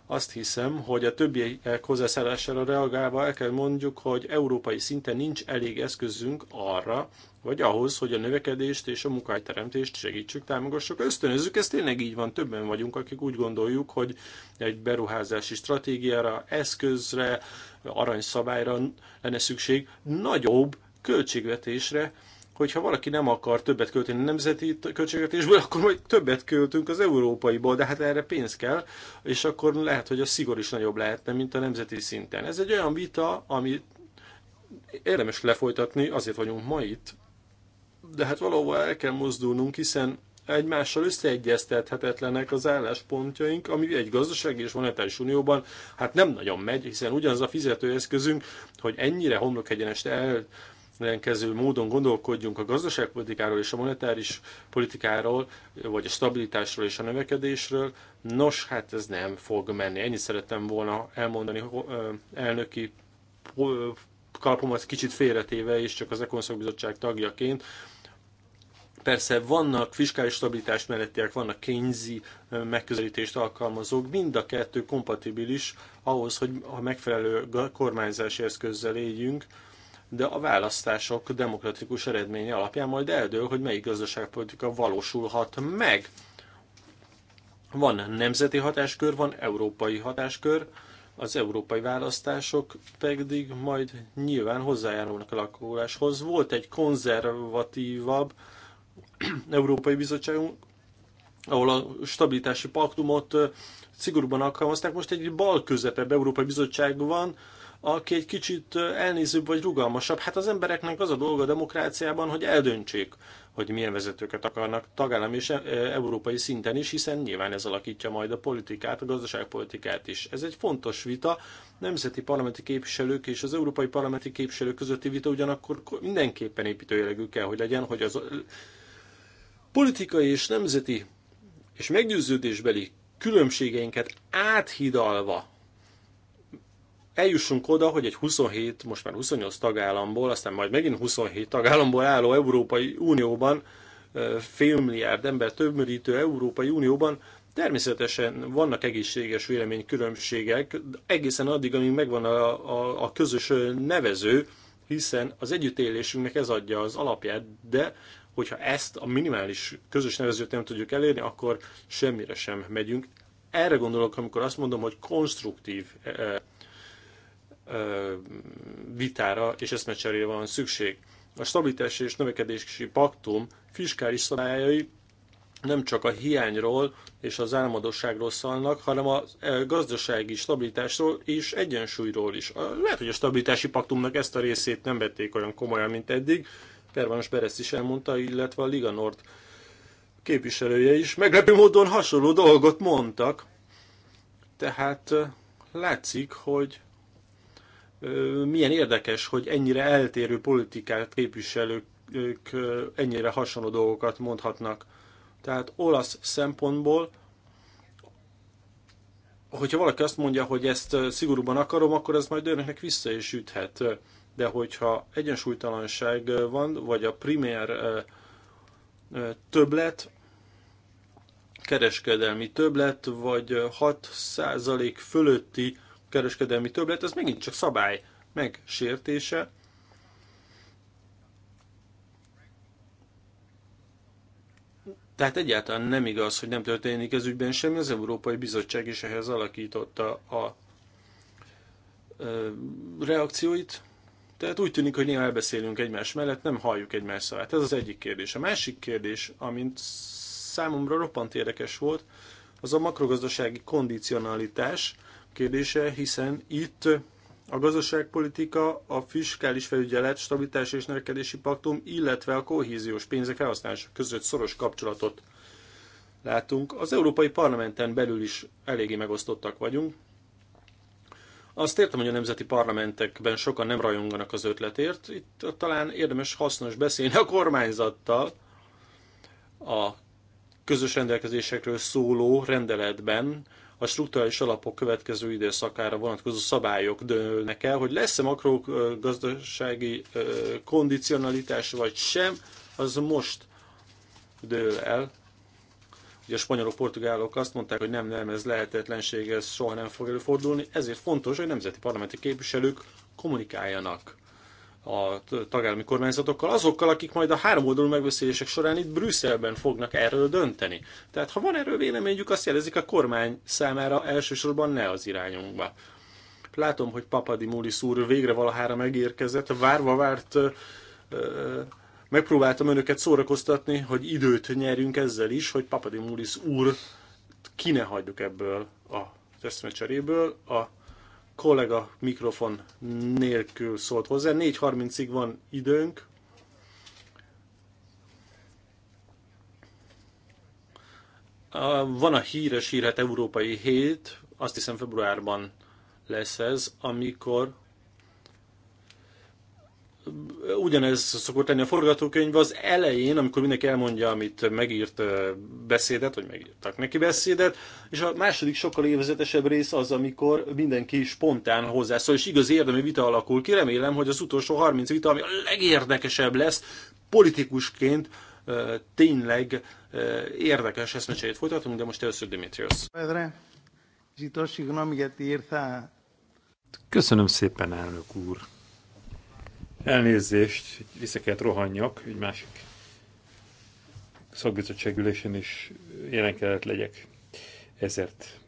Azt hiszem, hogy a többiek hozzászállására reagálva el kell mondjuk, hogy európai szinten nincs elég eszközünk arra, vagy ahhoz, hogy a növekedést és a munkahelyteremtést segítsük, támogassuk, ösztönözzük. Ez tényleg így van, többen vagyunk, akik úgy gondoljuk, hogy egy beruházási stratégiára, eszközre, aranyszabályra lenne szükség, nagyobb költségvetésre, hogyha valaki nem akar többet költeni nemzeti költségvetésből, akkor majd többet költünk az európaiból, de hát erre pénz kell, és akkor lehet, hogy a szigor is nagyobb lehetne, mint a nemzeti szinten. Ez egy olyan vita, ami érdemes lefolytatni, azért vagyunk ma itt, de hát valahol el kell mozdulnunk, hiszen egymással összeegyeztethetetlenek az álláspontjaink, ami egy gazdasági és monetáris unióban hát nem nagyon megy, hiszen ugyanaz a fizetőeszközünk, hogy ennyire egyenest el ellenkező módon gondolkodjunk a gazdaságpolitikáról és a monetáris politikáról, vagy a stabilitásról és a növekedésről, nos, hát ez nem fog menni. Ennyit szerettem volna elmondani elnöki kalapomat kicsit félretéve, és csak az Ekonszak Bizottság tagjaként. Persze vannak fiskális stabilitás mellettiek, vannak kényzi megközelítést alkalmazók, mind a kettő kompatibilis ahhoz, hogy a megfelelő kormányzási eszközzel éljünk, de a választások demokratikus eredménye alapján majd eldől, hogy melyik gazdaságpolitika valósulhat meg. Van nemzeti hatáskör, van európai hatáskör, az európai választások pedig majd nyilván hozzájárulnak a lakuláshoz. Volt egy konzervatívabb Európai Bizottságunk, ahol a stabilitási paktumot szigorúban alkalmazták. Most egy bal közepebb Európai Bizottság van, aki egy kicsit elnézőbb vagy rugalmasabb. Hát az embereknek az a dolga a demokráciában, hogy eldöntsék, hogy milyen vezetőket akarnak tagállam és e, e, európai szinten is, hiszen nyilván ez alakítja majd a politikát, a gazdaságpolitikát is. Ez egy fontos vita, nemzeti parlamenti képviselők és az európai parlamenti képviselők közötti vita ugyanakkor mindenképpen építőjelegű kell, hogy legyen, hogy az politikai és nemzeti és meggyőződésbeli különbségeinket áthidalva eljussunk oda, hogy egy 27, most már 28 tagállamból, aztán majd megint 27 tagállamból álló Európai Unióban, félmilliárd ember többmörítő Európai Unióban természetesen vannak egészséges véleménykülönbségek, egészen addig, amíg megvan a, a, a közös nevező, hiszen az együttélésünknek ez adja az alapját, de hogyha ezt a minimális közös nevezőt nem tudjuk elérni, akkor semmire sem megyünk. Erre gondolok, amikor azt mondom, hogy konstruktív vitára és eszmecserére van szükség. A stabilitási és növekedési paktum fiskális szabályai nem csak a hiányról és az álmodosságról szólnak, hanem a gazdasági stabilitásról és egyensúlyról is. Lehet, hogy a stabilitási paktumnak ezt a részét nem vették olyan komolyan, mint eddig. Pervanos Bereszt is elmondta, illetve a Liga Nord képviselője is. Meglepő módon hasonló dolgot mondtak. Tehát látszik, hogy milyen érdekes, hogy ennyire eltérő politikát képviselők ennyire hasonló dolgokat mondhatnak. Tehát olasz szempontból, hogyha valaki azt mondja, hogy ezt szigorúban akarom, akkor ez majd önöknek vissza is üthet. De hogyha egyensúlytalanság van, vagy a primér többlet, kereskedelmi többlet, vagy 6% fölötti kereskedelmi többlet, az megint csak szabály megsértése. Tehát egyáltalán nem igaz, hogy nem történik ez ügyben semmi. Az Európai Bizottság is ehhez alakította a reakcióit. Tehát úgy tűnik, hogy néha elbeszélünk egymás mellett, nem halljuk egymás szavát. Ez az egyik kérdés. A másik kérdés, amint számomra roppant érdekes volt, az a makrogazdasági kondicionalitás, kérdése, hiszen itt a gazdaságpolitika, a fiskális felügyelet, stabilitás és növekedési paktum, illetve a kohéziós pénzek felhasználása között szoros kapcsolatot látunk. Az Európai Parlamenten belül is eléggé megosztottak vagyunk. Azt értem, hogy a nemzeti parlamentekben sokan nem rajonganak az ötletért. Itt talán érdemes hasznos beszélni a kormányzattal a közös rendelkezésekről szóló rendeletben, a strukturális alapok következő időszakára vonatkozó szabályok dőlnek el, hogy lesz-e makrogazdasági kondicionalitás vagy sem, az most dől el. Ugye a spanyolok, portugálok azt mondták, hogy nem, nem, ez lehetetlenség, ez soha nem fog előfordulni, ezért fontos, hogy nemzeti parlamenti képviselők kommunikáljanak a tagállami kormányzatokkal, azokkal, akik majd a háromoldalú megbeszélések során itt Brüsszelben fognak erről dönteni. Tehát ha van erről véleményük, azt jelezik a kormány számára elsősorban ne az irányunkba. Látom, hogy Papadimulis úr végre valahára megérkezett, várva várt ö, ö, megpróbáltam önöket szórakoztatni, hogy időt nyerjünk ezzel is, hogy Papadimulis úr ki ne hagyjuk ebből a teszmecseréből. A kollega mikrofon nélkül szólt hozzá. 4.30-ig van időnk. Van a híres hírhet Európai Hét, azt hiszem februárban lesz ez, amikor ugyanez szokott lenni a forgatókönyv az elején, amikor mindenki elmondja, amit megírt beszédet, vagy megírtak neki beszédet, és a második sokkal évezetesebb rész az, amikor mindenki spontán hozzászól, és igaz érdemi vita alakul ki. Remélem, hogy az utolsó 30 vita, ami a legérdekesebb lesz politikusként, tényleg érdekes eszmecseit folytatunk, de most először Dimitrios. Köszönöm szépen, elnök úr. Elnézést, vissza kellett rohanjak, egy másik szakbizottságülésen is jelen kellett legyek. Ezért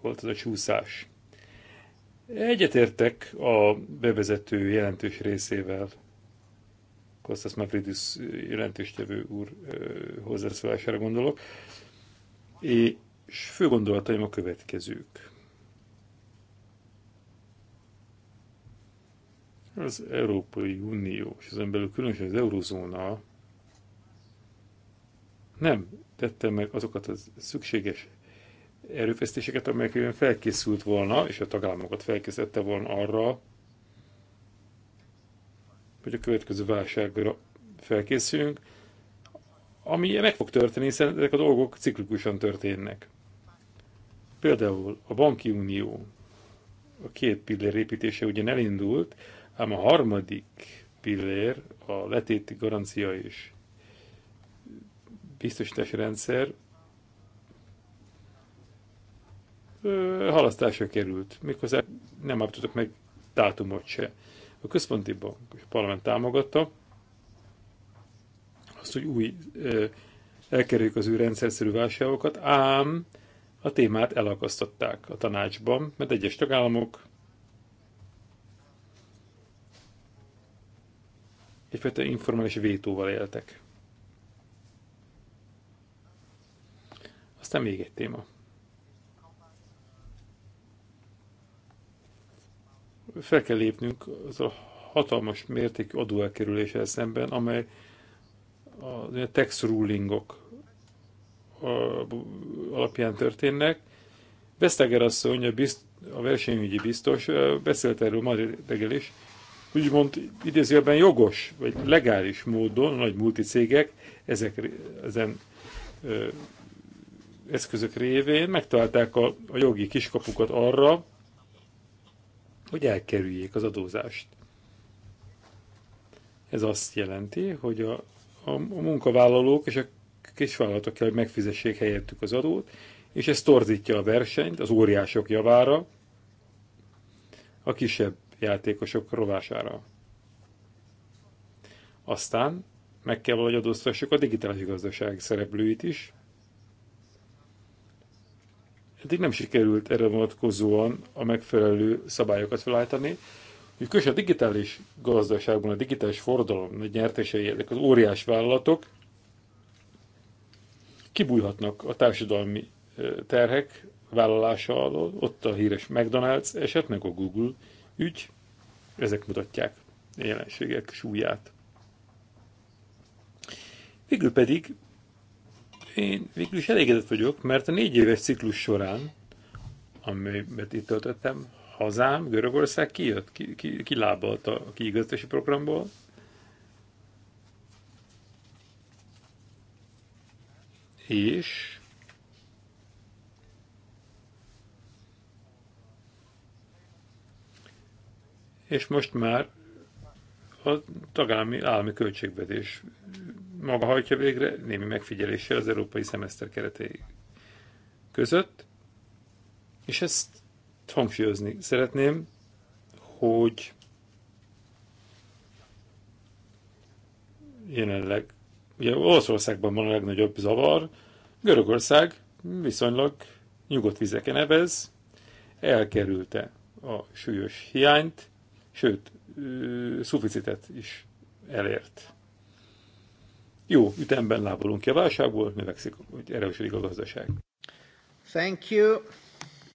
volt az a csúszás. Egyetértek a bevezető jelentős részével, Kostas Mavridis jelentéstevő úr hozzászólására gondolok, és fő gondolataim a következők. Az Európai Unió, és ezen belül különösen az Eurozóna nem tette meg azokat a az szükséges erőfeszítéseket, amelyekben felkészült volna, és a tagállamokat felkészítette volna arra, hogy a következő válságra felkészüljünk, ami meg fog történni, hiszen ezek a dolgok ciklikusan történnek. Például a banki unió, a két pillér építése ugyan elindult, Ám a harmadik pillér, a letéti garancia és biztosítási rendszer halasztásra került, méghozzá nem adottak meg dátumot se. A központi bank és a parlament támogatta azt, hogy új elkerüljük az ő rendszerszerű válságokat, ám a témát elakasztották a tanácsban, mert egyes tagállamok egyfajta informális vétóval éltek. Aztán még egy téma. Fel kell lépnünk az a hatalmas mértékű adóelkerüléssel szemben, amely a tax rulingok alapján történnek. Veszteger asszony, a, a versenyügyi biztos beszélt erről ma reggel is, úgymond idézőben jogos, vagy legális módon nagy multicégek ezek, ezen ö, eszközök révén megtalálták a, a jogi kiskapukat arra, hogy elkerüljék az adózást. Ez azt jelenti, hogy a, a, a munkavállalók és a kisvállalatok kell, hogy megfizessék helyettük az adót, és ez torzítja a versenyt az óriások javára, a kisebb játékosok rovására. Aztán meg kell valahogy adóztassuk a digitális gazdaság szereplőit is. Eddig nem sikerült erre vonatkozóan a megfelelő szabályokat felállítani, hogy a digitális gazdaságban, a digitális forradalom nagy nyertesei, ezek az óriás vállalatok kibújhatnak a társadalmi eh, terhek vállalása alól, ott a híres McDonald's eset, meg a Google ügy, ezek mutatják a jelenségek súlyát. Végül pedig én végül is elégedett vagyok, mert a négy éves ciklus során, amelyet itt töltöttem, hazám, Görögország kijött, ki, ki, a kiigazítási programból. És és most már a tagállami állami költségvetés maga hajtja végre némi megfigyeléssel az európai szemeszter keretei között, és ezt hangsúlyozni szeretném, hogy jelenleg, ugye Olaszországban van a legnagyobb zavar, Görögország viszonylag nyugodt vizeken evez, elkerülte a súlyos hiányt, sőt, szuficitet is elért. Jó ütemben lábolunk ki a válságból, növekszik, hogy erősödik a gazdaság. Thank you.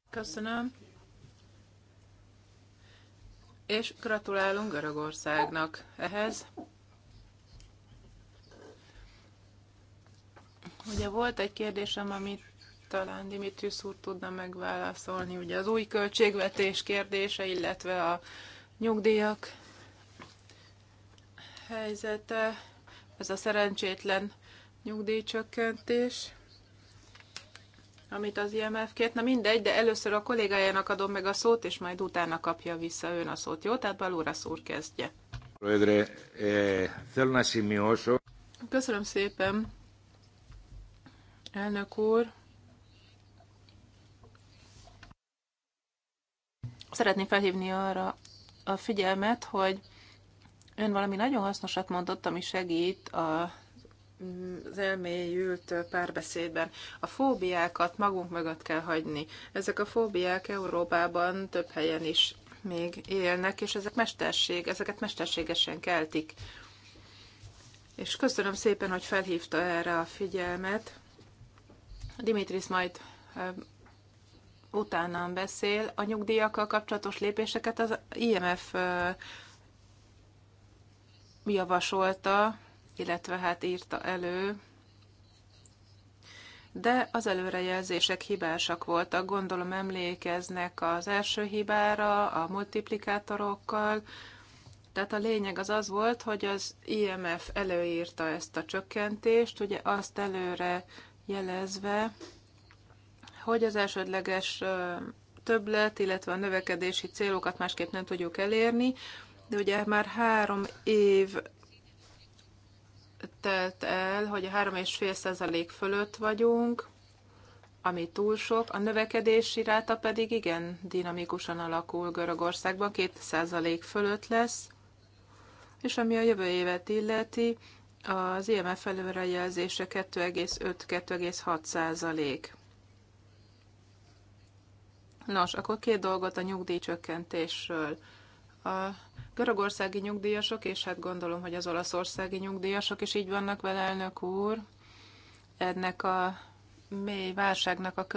Köszönöm. És gratulálunk Görögországnak ehhez. Ugye volt egy kérdésem, amit talán Dimitrius úr tudna megválaszolni, ugye az új költségvetés kérdése, illetve a nyugdíjak helyzete, ez a szerencsétlen nyugdíjcsökkentés, amit az IMF kért. Na mindegy, de először a kollégájának adom meg a szót, és majd utána kapja vissza ön a szót. Jó? Tehát Balúra szúr kezdje. Eh, Köszönöm szépen, elnök úr. Szeretném felhívni arra a figyelmet, hogy ön valami nagyon hasznosat mondott, ami segít a az elmélyült párbeszédben. A fóbiákat magunk mögött kell hagyni. Ezek a fóbiák Európában több helyen is még élnek, és ezek mesterség, ezeket mesterségesen keltik. És köszönöm szépen, hogy felhívta erre a figyelmet. Dimitris majd utána beszél. A nyugdíjakkal kapcsolatos lépéseket az IMF javasolta, illetve hát írta elő, de az előrejelzések hibásak voltak. Gondolom emlékeznek az első hibára, a multiplikátorokkal. Tehát a lényeg az az volt, hogy az IMF előírta ezt a csökkentést, ugye azt előre jelezve, hogy az elsődleges többlet, illetve a növekedési célokat másképp nem tudjuk elérni, de ugye már három év telt el, hogy a 3,5 százalék fölött vagyunk, ami túl sok, a növekedési ráta pedig igen dinamikusan alakul Görögországban, 2 százalék fölött lesz, és ami a jövő évet illeti, az IMF előrejelzése 2,5-2,6 százalék. Nos, akkor két dolgot a nyugdíjcsökkentésről. A görögországi nyugdíjasok, és hát gondolom, hogy az olaszországi nyugdíjasok is így vannak vele, elnök úr, ennek a mély válságnak a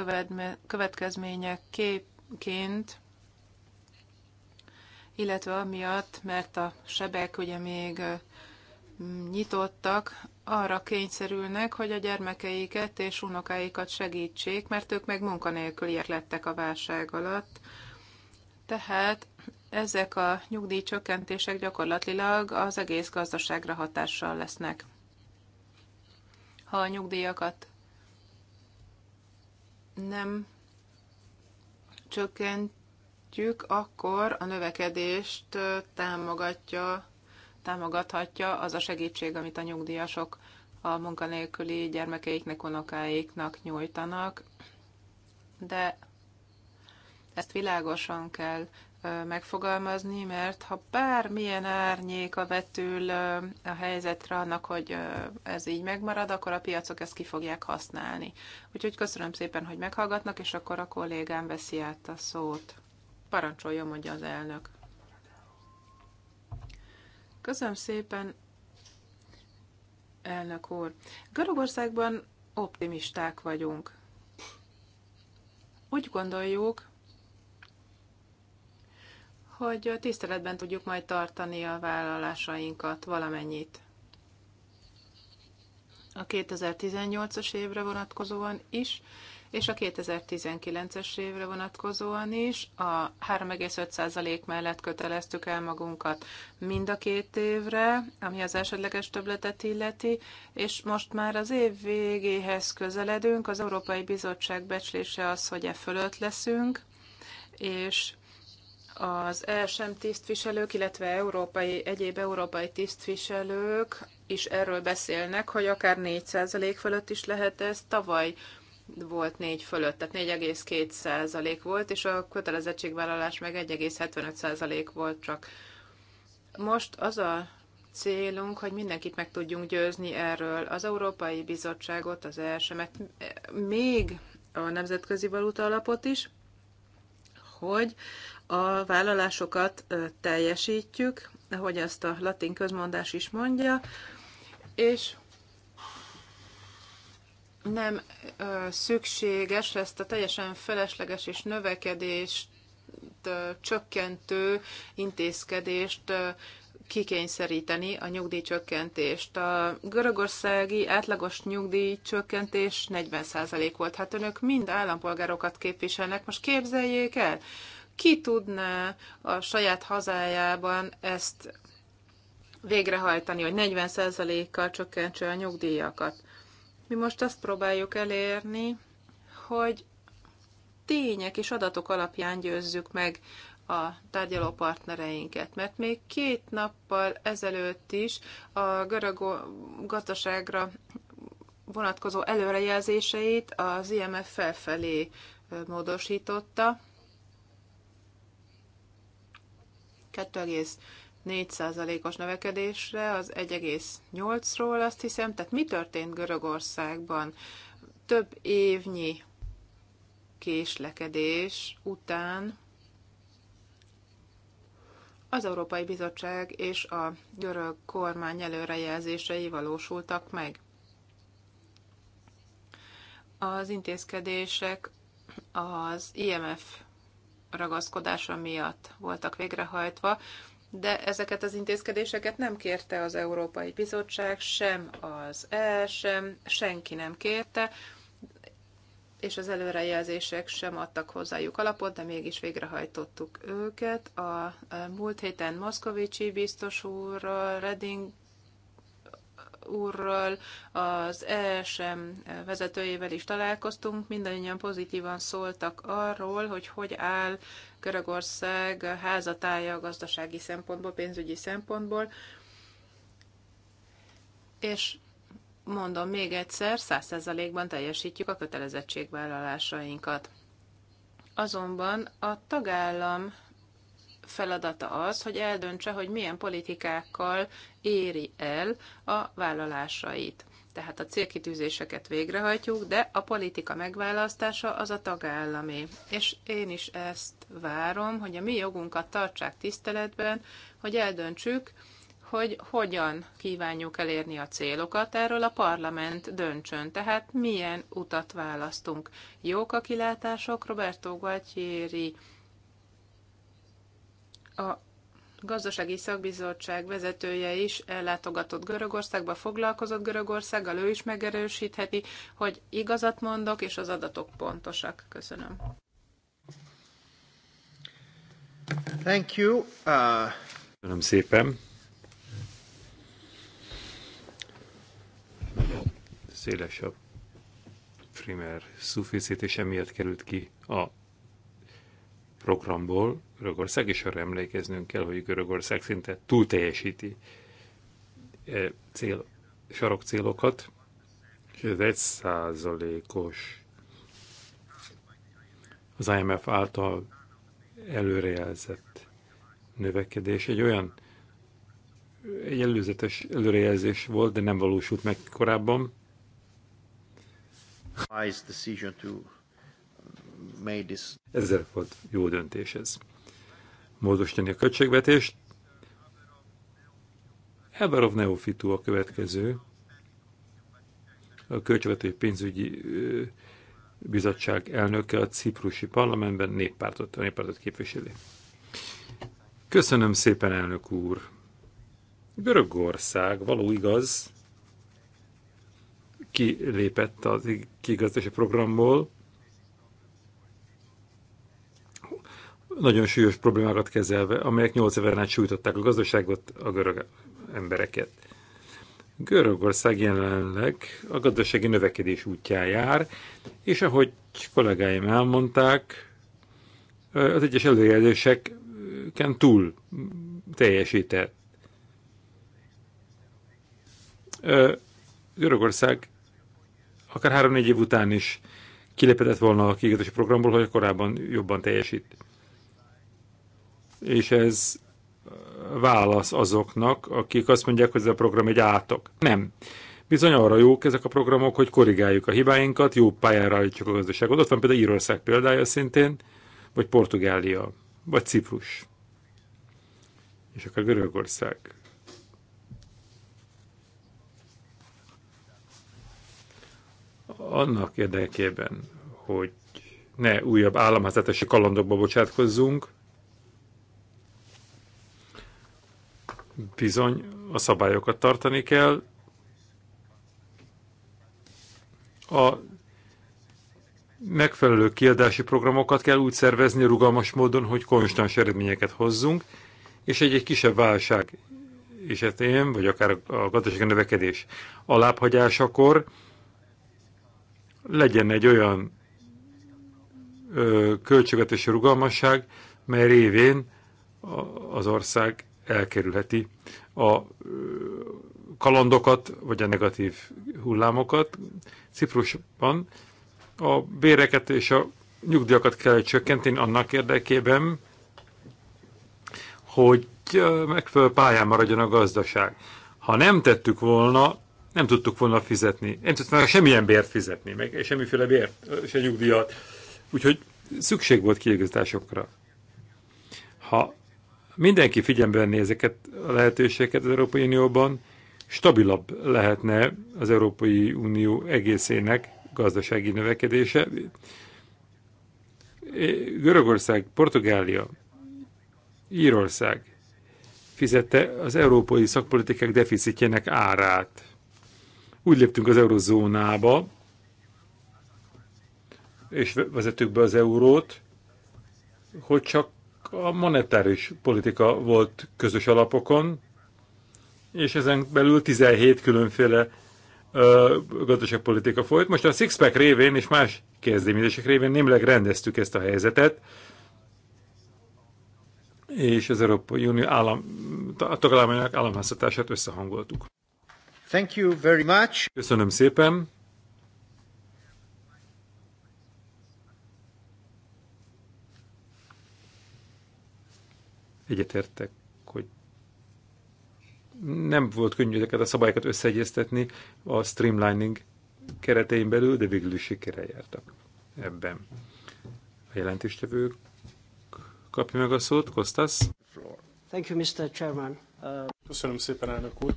következményeként, illetve amiatt, mert a sebek ugye még nyitottak, arra kényszerülnek, hogy a gyermekeiket és unokáikat segítsék, mert ők meg munkanélküliek lettek a válság alatt. Tehát ezek a nyugdíjcsökkentések gyakorlatilag az egész gazdaságra hatással lesznek. Ha a nyugdíjakat nem csökkentjük, akkor a növekedést támogatja támogathatja, az a segítség, amit a nyugdíjasok a munkanélküli gyermekeiknek, unokáiknak nyújtanak. De ezt világosan kell megfogalmazni, mert ha bármilyen a vetül a helyzetre annak, hogy ez így megmarad, akkor a piacok ezt ki fogják használni. Úgyhogy köszönöm szépen, hogy meghallgatnak, és akkor a kollégám veszi át a szót. Parancsoljon, mondja az elnök. Köszönöm szépen, elnök úr. Görögországban optimisták vagyunk. Úgy gondoljuk, hogy tiszteletben tudjuk majd tartani a vállalásainkat valamennyit. A 2018-as évre vonatkozóan is, és a 2019-es évre vonatkozóan is a 3,5% mellett köteleztük el magunkat mind a két évre, ami az elsődleges töbletet illeti, és most már az év végéhez közeledünk, az Európai Bizottság becslése az, hogy e fölött leszünk, és az ESM tisztviselők, illetve európai, egyéb európai tisztviselők is erről beszélnek, hogy akár 4% fölött is lehet ez. Tavaly volt 4 fölött, tehát 4,2 százalék volt, és a kötelezettségvállalás meg 1,75 százalék volt csak. Most az a célunk, hogy mindenkit meg tudjunk győzni erről. Az Európai Bizottságot, az első, et még a Nemzetközi Valuta Alapot is, hogy a vállalásokat teljesítjük, ahogy azt a latin közmondás is mondja, és nem ö, szükséges ezt a teljesen felesleges és növekedést ö, csökkentő intézkedést ö, kikényszeríteni a nyugdíjcsökkentést. A görögországi átlagos nyugdíjcsökkentés 40% volt. Hát önök mind állampolgárokat képviselnek, most képzeljék el, ki tudná a saját hazájában ezt végrehajtani, hogy 40%-kal csökkentse a nyugdíjakat. Mi most azt próbáljuk elérni, hogy tények és adatok alapján győzzük meg a tárgyaló partnereinket, mert még két nappal ezelőtt is a görög gazdaságra vonatkozó előrejelzéseit az IMF felfelé módosította. 4%-os növekedésre, az 1,8-ról azt hiszem. Tehát mi történt Görögországban? Több évnyi késlekedés után az Európai Bizottság és a görög kormány előrejelzései valósultak meg. Az intézkedések az IMF ragaszkodása miatt voltak végrehajtva, de ezeket az intézkedéseket nem kérte az Európai Bizottság, sem az E, sem senki nem kérte, és az előrejelzések sem adtak hozzájuk alapot, de mégis végrehajtottuk őket. A múlt héten Moszkovicsi biztos úrral, Reding úrral, az ESM vezetőjével is találkoztunk, mindannyian pozitívan szóltak arról, hogy hogy áll Görögország házatája a gazdasági szempontból, pénzügyi szempontból, és mondom még egyszer, száz százalékban teljesítjük a kötelezettségvállalásainkat. Azonban a tagállam feladata az, hogy eldöntse, hogy milyen politikákkal éri el a vállalásait. Tehát a célkitűzéseket végrehajtjuk, de a politika megválasztása az a tagállami. És én is ezt várom, hogy a mi jogunkat tartsák tiszteletben, hogy eldöntsük, hogy hogyan kívánjuk elérni a célokat, erről a parlament döntsön. Tehát milyen utat választunk. Jók a kilátások, Roberto Gualtieri a gazdasági szakbizottság vezetője is ellátogatott Görögországba, foglalkozott Görögországgal, ő is megerősítheti, hogy igazat mondok, és az adatok pontosak. Köszönöm. Thank you. Uh... Köszönöm szépen. Szélesebb primer szuficit, és emiatt került ki a programból Görögország, és arra emlékeznünk kell, hogy Görögország szinte túl teljesíti e, cél, sarok célokat, és ez egy százalékos az IMF által előrejelzett növekedés. Egy olyan egy előzetes előrejelzés volt, de nem valósult meg korábban. Ezért volt jó döntés ez. Módosítani a költségvetést. Eberov Neofitu a következő. A költségvetés pénzügyi bizottság elnöke a ciprusi parlamentben néppártot, a néppártot képviseli. Köszönöm szépen, elnök úr! Görögország, való igaz, kilépett az kigazdási programból, nagyon súlyos problémákat kezelve, amelyek 8 éven át sújtották a gazdaságot, a görög embereket. Görögország jelenleg a gazdasági növekedés útján jár, és ahogy kollégáim elmondták, az egyes előjelzéseken túl teljesített. Görögország akár három-négy év után is kilépedett volna a kiigatási programból, hogy korábban jobban teljesít és ez eh, válasz azoknak, akik azt mondják, hogy ez a program egy átok. Nem. Bizony arra jók ezek a programok, hogy korrigáljuk a hibáinkat, jó pályára állítjuk a gazdaságot. Ott van például Írország példája szintén, vagy Portugália, vagy Ciprus, és akár Görögország. Annak érdekében, hogy ne újabb államházatási kalandokba bocsátkozzunk, Bizony, a szabályokat tartani kell. A megfelelő kiadási programokat kell úgy szervezni rugalmas módon, hogy konstans eredményeket hozzunk, és egy, egy kisebb válság esetén, hát vagy akár a gazdasági növekedés alábbhagyásakor legyen egy olyan költségvetési rugalmasság, mely révén az ország elkerülheti a kalandokat, vagy a negatív hullámokat. Ciprusban a béreket és a nyugdíjakat kell csökkenteni annak érdekében, hogy megfelelő pályán maradjon a gazdaság. Ha nem tettük volna, nem tudtuk volna fizetni, nem tudtuk volna semmilyen bért fizetni, meg semmiféle bért, se nyugdíjat. Úgyhogy szükség volt kiigazításokra. Ha mindenki figyelembe nézeket ezeket a lehetőségeket az Európai Unióban, stabilabb lehetne az Európai Unió egészének gazdasági növekedése. Görögország, Portugália, Írország fizette az európai szakpolitikák deficitjének árát. Úgy léptünk az eurozónába, és vezetük be az eurót, hogy csak a monetáris politika volt közös alapokon, és ezen belül 17 különféle gazdaságpolitika folyt. Most a Sixpack révén és más kezdeményezések révén némileg rendeztük ezt a helyzetet, és az Európai Unió állam, a tagállamának államháztatását összehangoltuk. Thank you very much. Köszönöm szépen. Egyetértek, hogy nem volt könnyű ezeket a szabályokat összeegyeztetni a streamlining keretein belül, de végül is sikere jártak ebben. A jelentéstevő kapja meg a szót, Kostas. Thank you, Mr. Chairman. Uh... Köszönöm szépen, elnök úr.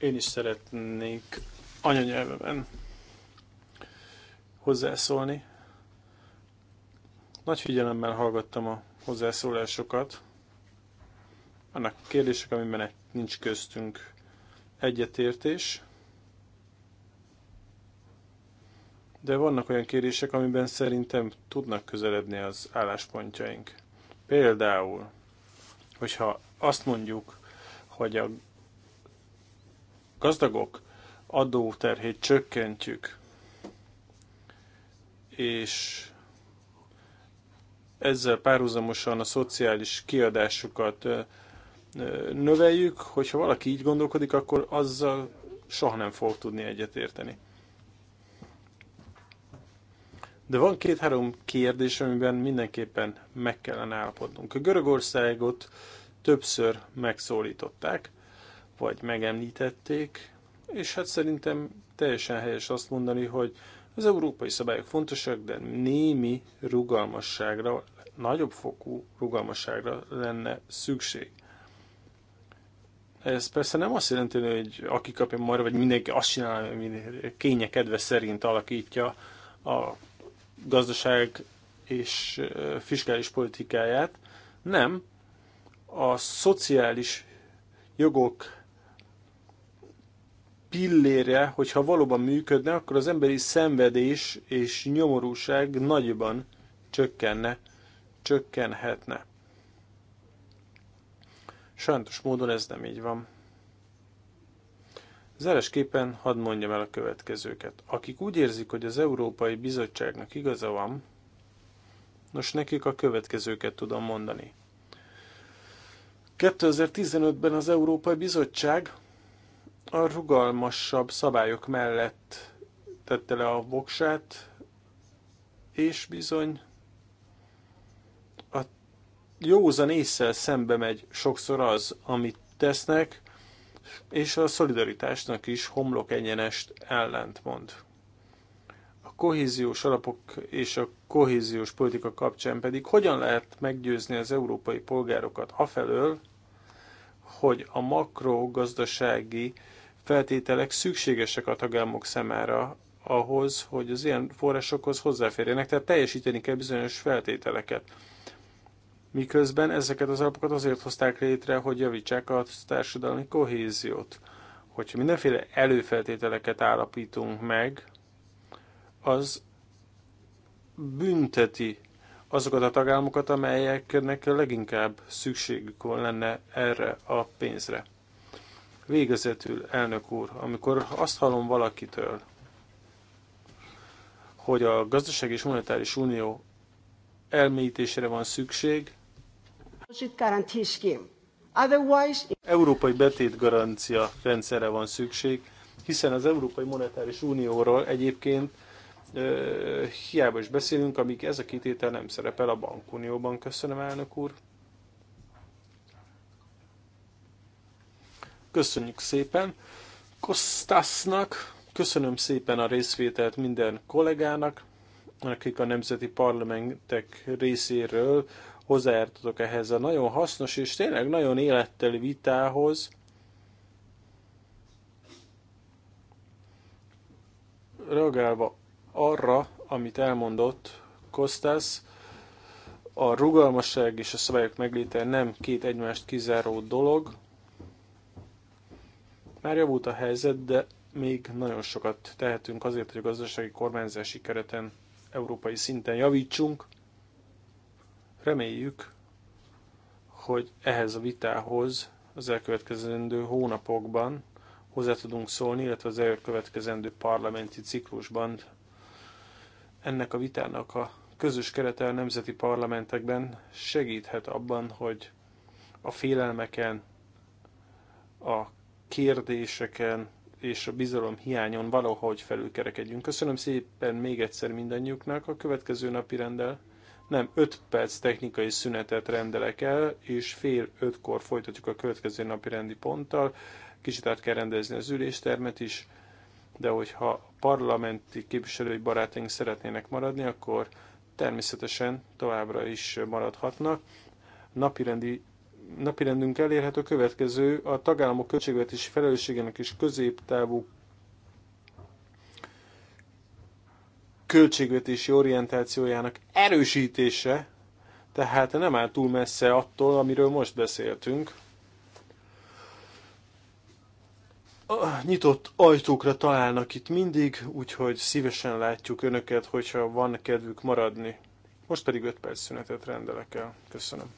Én is szeretnék anyanyelvemen hozzászólni nagy figyelemmel hallgattam a hozzászólásokat. Annak kérdések, amiben nincs köztünk egyetértés. De vannak olyan kérdések, amiben szerintem tudnak közeledni az álláspontjaink. Például, hogyha azt mondjuk, hogy a gazdagok adóterhét csökkentjük, és ezzel párhuzamosan a szociális kiadásukat növeljük, hogyha valaki így gondolkodik, akkor azzal soha nem fog tudni egyetérteni. De van két-három kérdés, amiben mindenképpen meg kellene állapodnunk. A Görögországot többször megszólították, vagy megemlítették, és hát szerintem teljesen helyes azt mondani, hogy az európai szabályok fontosak, de némi rugalmasságra, nagyobb fokú rugalmasságra lenne szükség. Ez persze nem azt jelenti, hogy aki kapja marra, vagy mindenki azt csinál, ami kénye kedve szerint alakítja a gazdaság és fiskális politikáját. Nem. A szociális jogok pillérje, hogyha valóban működne, akkor az emberi szenvedés és nyomorúság nagyban csökkenne, csökkenhetne. Sajnos módon ez nem így van. Zárásképpen hadd mondjam el a következőket. Akik úgy érzik, hogy az Európai Bizottságnak igaza van, nos nekik a következőket tudom mondani. 2015-ben az Európai Bizottság a rugalmasabb szabályok mellett tette le a voksát, és bizony a józan észsel szembe megy sokszor az, amit tesznek, és a szolidaritásnak is homlok egyenest ellentmond. A kohéziós alapok és a kohéziós politika kapcsán pedig hogyan lehet meggyőzni az európai polgárokat afelől, hogy a makrogazdasági feltételek szükségesek a tagállamok számára ahhoz, hogy az ilyen forrásokhoz hozzáférjenek, tehát teljesíteni kell bizonyos feltételeket. Miközben ezeket az alapokat azért hozták létre, hogy javítsák a társadalmi kohéziót. Hogyha mindenféle előfeltételeket állapítunk meg, az bünteti azokat a tagállamokat, amelyeknek leginkább szükségük lenne erre a pénzre. Végezetül, elnök úr, amikor azt hallom valakitől, hogy a gazdaság és monetáris unió elmélyítésére van szükség, Európai betétgarancia rendszerre van szükség, hiszen az Európai Monetáris Unióról egyébként hiába is beszélünk, amíg ez a kitétel nem szerepel a bankunióban. Köszönöm, elnök úr. Köszönjük szépen Kostasnak, köszönöm szépen a részvételt minden kollégának, akik a nemzeti parlamentek részéről hozzájártatok ehhez a nagyon hasznos és tényleg nagyon életteli vitához. Reagálva arra, amit elmondott Kostas, a rugalmasság és a szabályok megléte nem két egymást kizáró dolog, már javult a helyzet, de még nagyon sokat tehetünk azért, hogy a gazdasági kormányzási kereten európai szinten javítsunk. Reméljük, hogy ehhez a vitához az elkövetkezendő hónapokban hozzá tudunk szólni, illetve az elkövetkezendő parlamenti ciklusban ennek a vitának a közös kerete a nemzeti parlamentekben segíthet abban, hogy a félelmeken, a kérdéseken és a bizalom hiányon valahogy felülkerekedjünk. Köszönöm szépen még egyszer mindannyiuknak a következő napi rendel. Nem, 5 perc technikai szünetet rendelek el, és fél ötkor folytatjuk a következő napi rendi ponttal. Kicsit át kell rendezni az üléstermet is, de hogyha parlamenti képviselői barátaink szeretnének maradni, akkor természetesen továbbra is maradhatnak. Napirendi napirendünk elérhető következő, a tagállamok költségvetési felelősségének és középtávú költségvetési orientációjának erősítése, tehát nem áll túl messze attól, amiről most beszéltünk. A nyitott ajtókra találnak itt mindig, úgyhogy szívesen látjuk Önöket, hogyha van kedvük maradni. Most pedig 5 perc szünetet rendelek el. Köszönöm.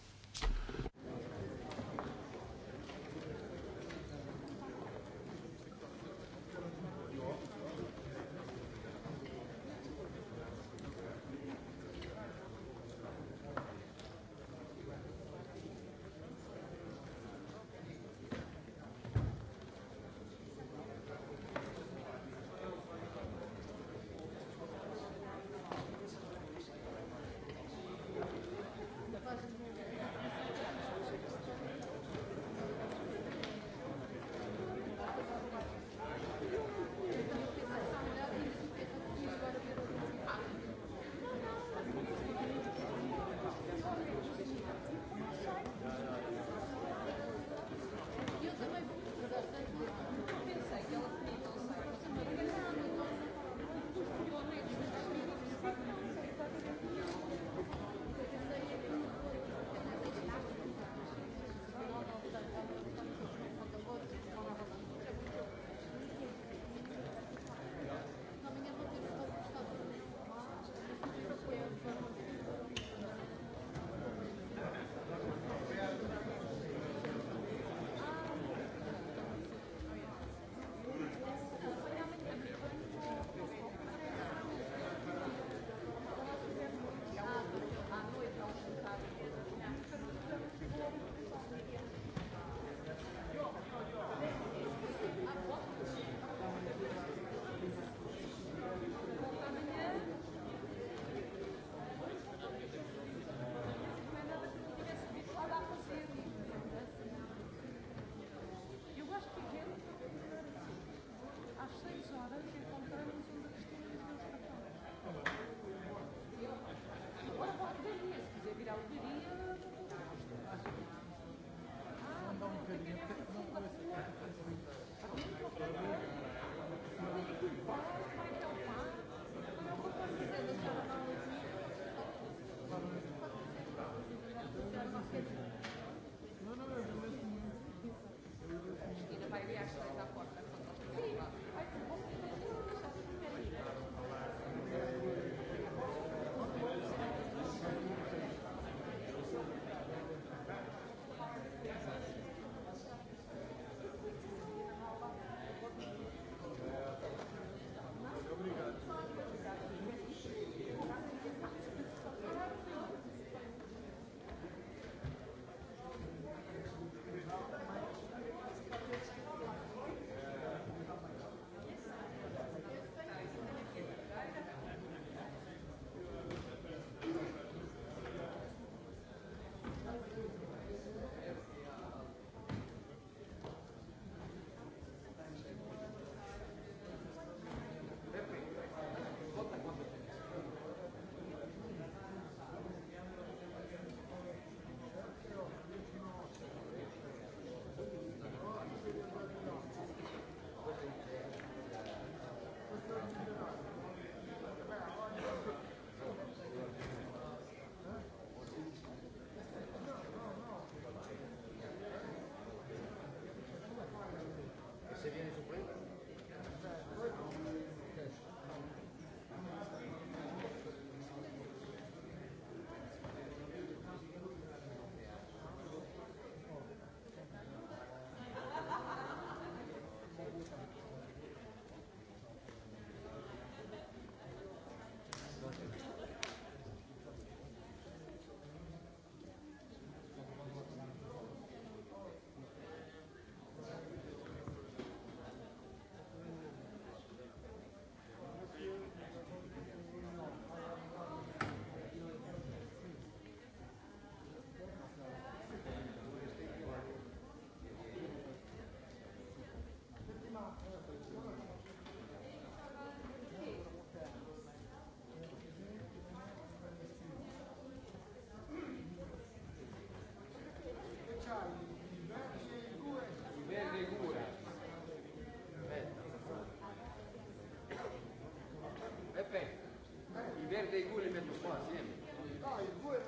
qua assieme. No, i due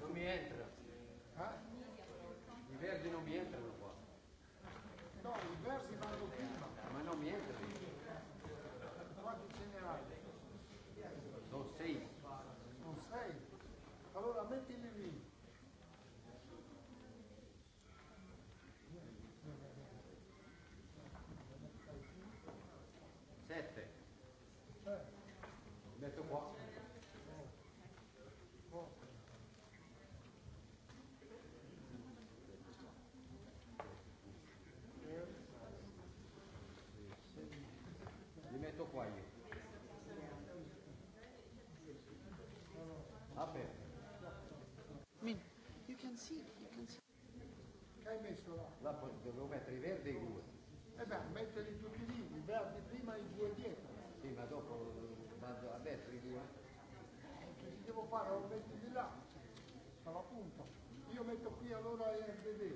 non entra. Eh? I verdi non mi entrano qua. No, dovevo mettere i verdi e i due. Eh beh, metterli tutti lì, i verdi prima e i due dietro. Sì, ma dopo vado a destra i due. Eh, che li devo fare? Lo metti di là. alla punta. io metto qui allora e vedere.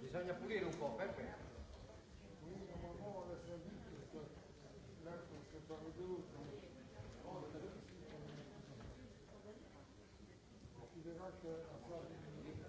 bisogna pulire un po', Peppe. Quindi non ho le servizio, l'altro che fa vedere que,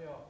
Yeah.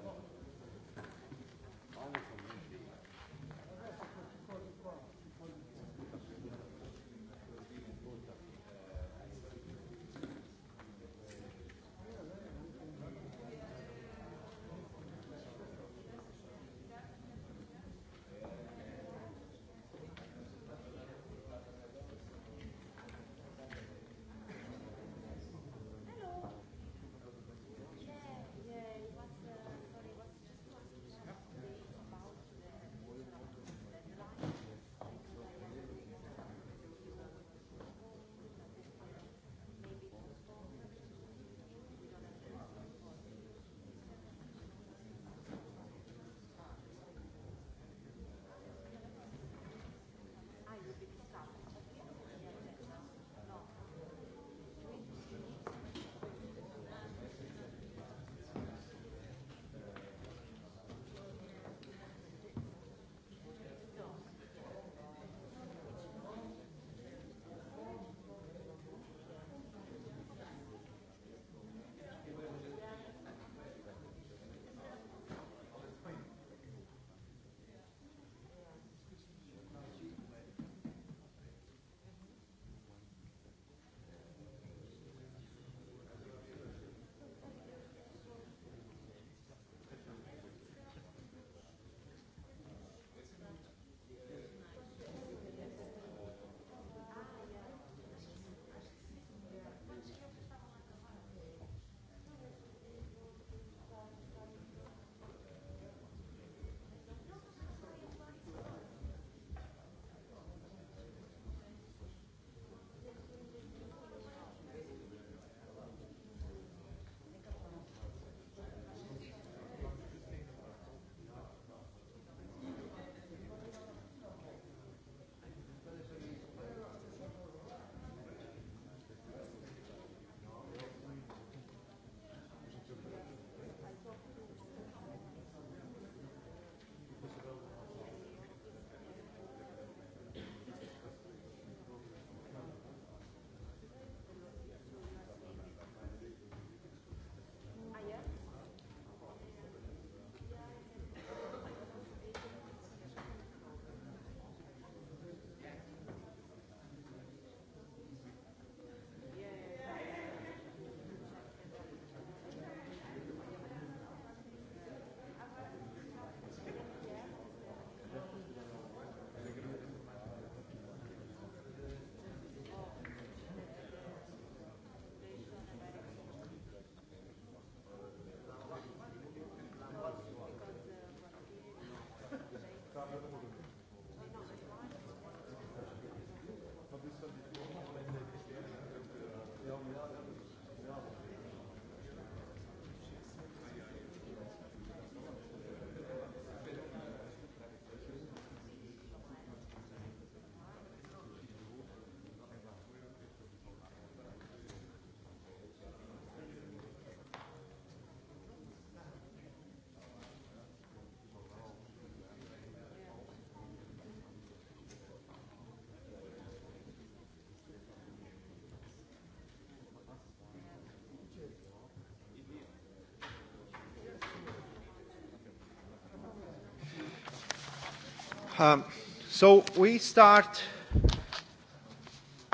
Um, so we start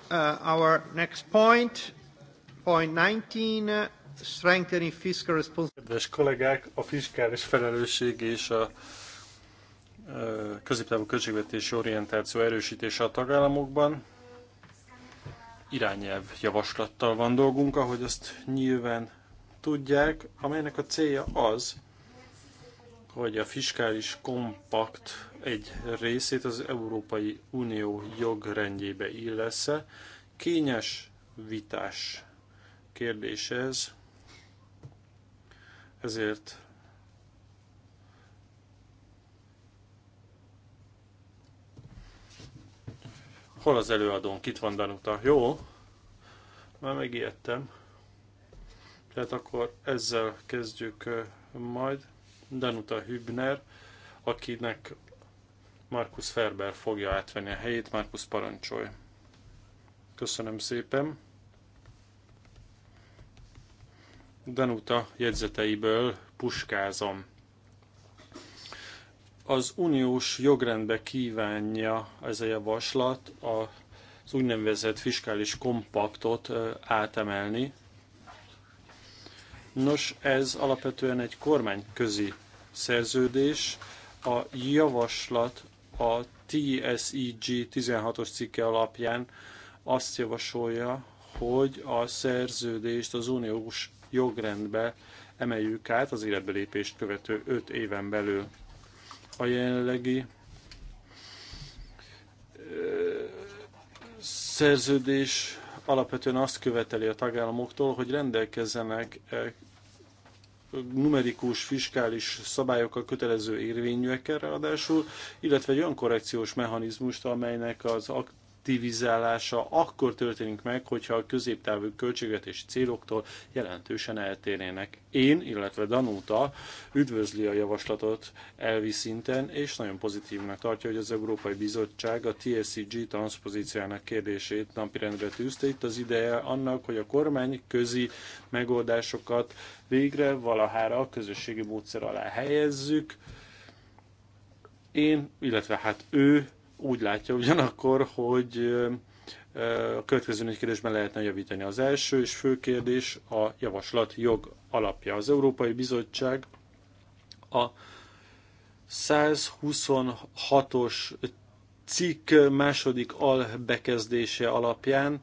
uh, our next point, point 19, uh, strengthening fiscal responsibility. Kedves kollégák, a fiskális felelősség és a uh, középtávú költségvetési orientáció erősítése a tagállamokban irányelv javaslattal van dolgunk, ahogy azt nyilván tudják, amelynek a célja az, hogy a fiskális kompakt egy részét az Európai Unió jogrendjébe illesz -e. Kényes vitás kérdés ez, ezért Hol az előadónk? Itt van Danuta. Jó? Már megijedtem. Tehát akkor ezzel kezdjük majd. Danuta Hübner, akinek Markus Ferber fogja átvenni a helyét. Markus parancsolj! Köszönöm szépen! Danuta jegyzeteiből puskázom. Az uniós jogrendbe kívánja ez a javaslat az úgynevezett fiskális kompaktot átemelni, Nos, ez alapvetően egy kormányközi szerződés. A javaslat a TSEG 16-os cikke alapján azt javasolja, hogy a szerződést az uniós jogrendbe emeljük át az életbelépést követő 5 éven belül. A jelenlegi szerződés alapvetően azt követeli a tagállamoktól, hogy rendelkezzenek eh, numerikus, fiskális szabályokkal kötelező érvényűekkel ráadásul, illetve egy olyan korrekciós mechanizmust, amelynek az aktivizálása akkor történik meg, hogyha a középtávú költségvetési céloktól jelentősen eltérnének. Én, illetve Danuta üdvözli a javaslatot elvi szinten, és nagyon pozitívnak tartja, hogy az Európai Bizottság a TSCG transzpozíciának kérdését napirendre tűzte. Itt az ideje annak, hogy a kormány közi megoldásokat végre valahára a közösségi módszer alá helyezzük. Én, illetve hát ő úgy látja ugyanakkor, hogy a következő négy kérdésben lehetne javítani. Az első és fő kérdés a javaslat jog alapja. Az Európai Bizottság a 126-os cikk második albekezdése alapján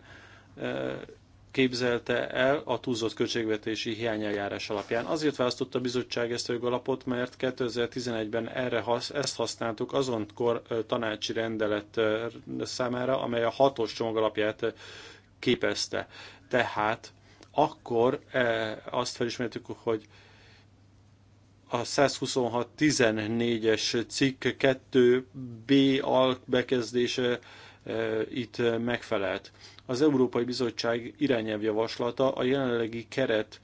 képzelte el a túlzott költségvetési hiányeljárás alapján. Azért választotta a bizottság ezt a jogalapot, mert 2011-ben erre hasz, ezt használtuk azonkor tanácsi rendelet számára, amely a hatos csomag alapját képezte. Tehát akkor azt felismertük, hogy a 126.14-es cikk 2b albekezdése itt megfelelt. Az Európai Bizottság irányelvjavaslata a jelenlegi keret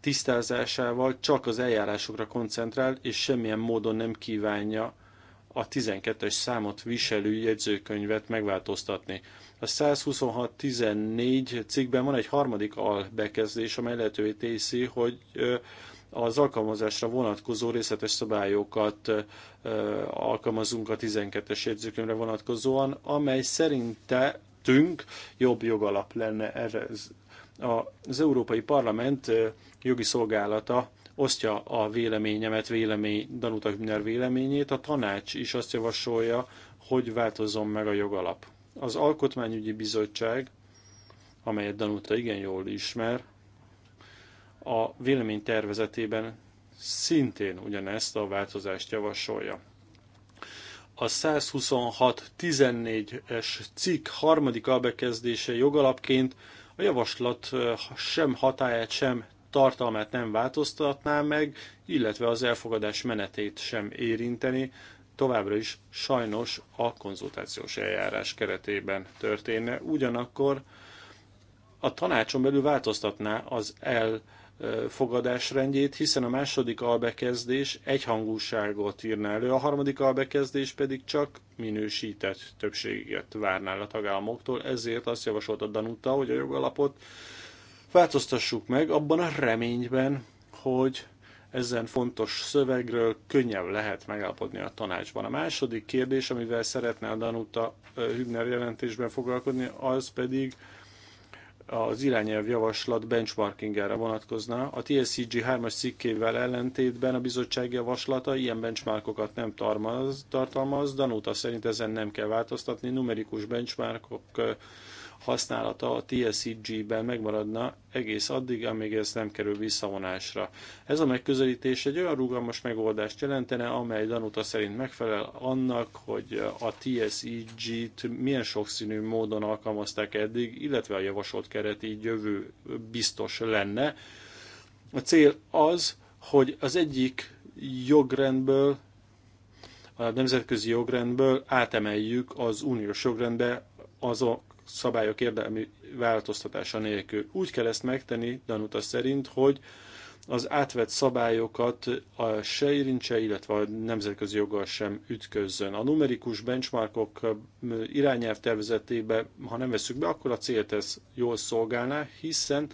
tisztázásával csak az eljárásokra koncentrál, és semmilyen módon nem kívánja a 12-es számot viselő jegyzőkönyvet megváltoztatni. A 126.14 cikkben van egy harmadik albekezdés, amely lehetővé teszi, hogy az alkalmazásra vonatkozó részletes szabályokat alkalmazunk a 12-es jegyzőkönyvre vonatkozóan, amely szerinte szerintünk jobb jogalap lenne erre. Az Európai Parlament jogi szolgálata osztja a véleményemet, vélemény, Danuta Hübner véleményét, a tanács is azt javasolja, hogy változzon meg a jogalap. Az Alkotmányügyi Bizottság, amelyet Danuta igen jól ismer, a vélemény tervezetében szintén ugyanezt a változást javasolja a 126.14-es cikk harmadik albekezdése jogalapként a javaslat sem hatáját, sem tartalmát nem változtatná meg, illetve az elfogadás menetét sem érinteni, továbbra is sajnos a konzultációs eljárás keretében történne. Ugyanakkor a tanácson belül változtatná az el fogadásrendjét, hiszen a második albekezdés egyhangúságot írná elő, a harmadik albekezdés pedig csak minősített többséget várnál a tagállamoktól, ezért azt javasolta Danuta, hogy a jogalapot változtassuk meg abban a reményben, hogy ezen fontos szövegről könnyebb lehet megállapodni a tanácsban. A második kérdés, amivel szeretne a Danuta Hübner jelentésben foglalkozni, az pedig az irányelvjavaslat javaslat benchmarkingára vonatkozna. A TSCG 3-as cikkével ellentétben a bizottság javaslata ilyen benchmarkokat nem tartalmaz, tartalmaz. Danuta szerint ezen nem kell változtatni, numerikus benchmarkok használata a TSCG-ben megmaradna egész addig, amíg ez nem kerül visszavonásra. Ez a megközelítés egy olyan rugalmas megoldást jelentene, amely Danuta szerint megfelel annak, hogy a TSEG-t milyen sokszínű módon alkalmazták eddig, illetve a javasolt keret így jövő biztos lenne. A cél az, hogy az egyik jogrendből, a nemzetközi jogrendből átemeljük az uniós jogrendbe az a szabályok érdemi változtatása nélkül. Úgy kell ezt megtenni Danuta szerint, hogy az átvett szabályokat a se érintse, illetve a nemzetközi joggal sem ütközzön. A numerikus benchmarkok irányelv tervezetébe, ha nem veszük be, akkor a célt ez jól szolgálná, hiszen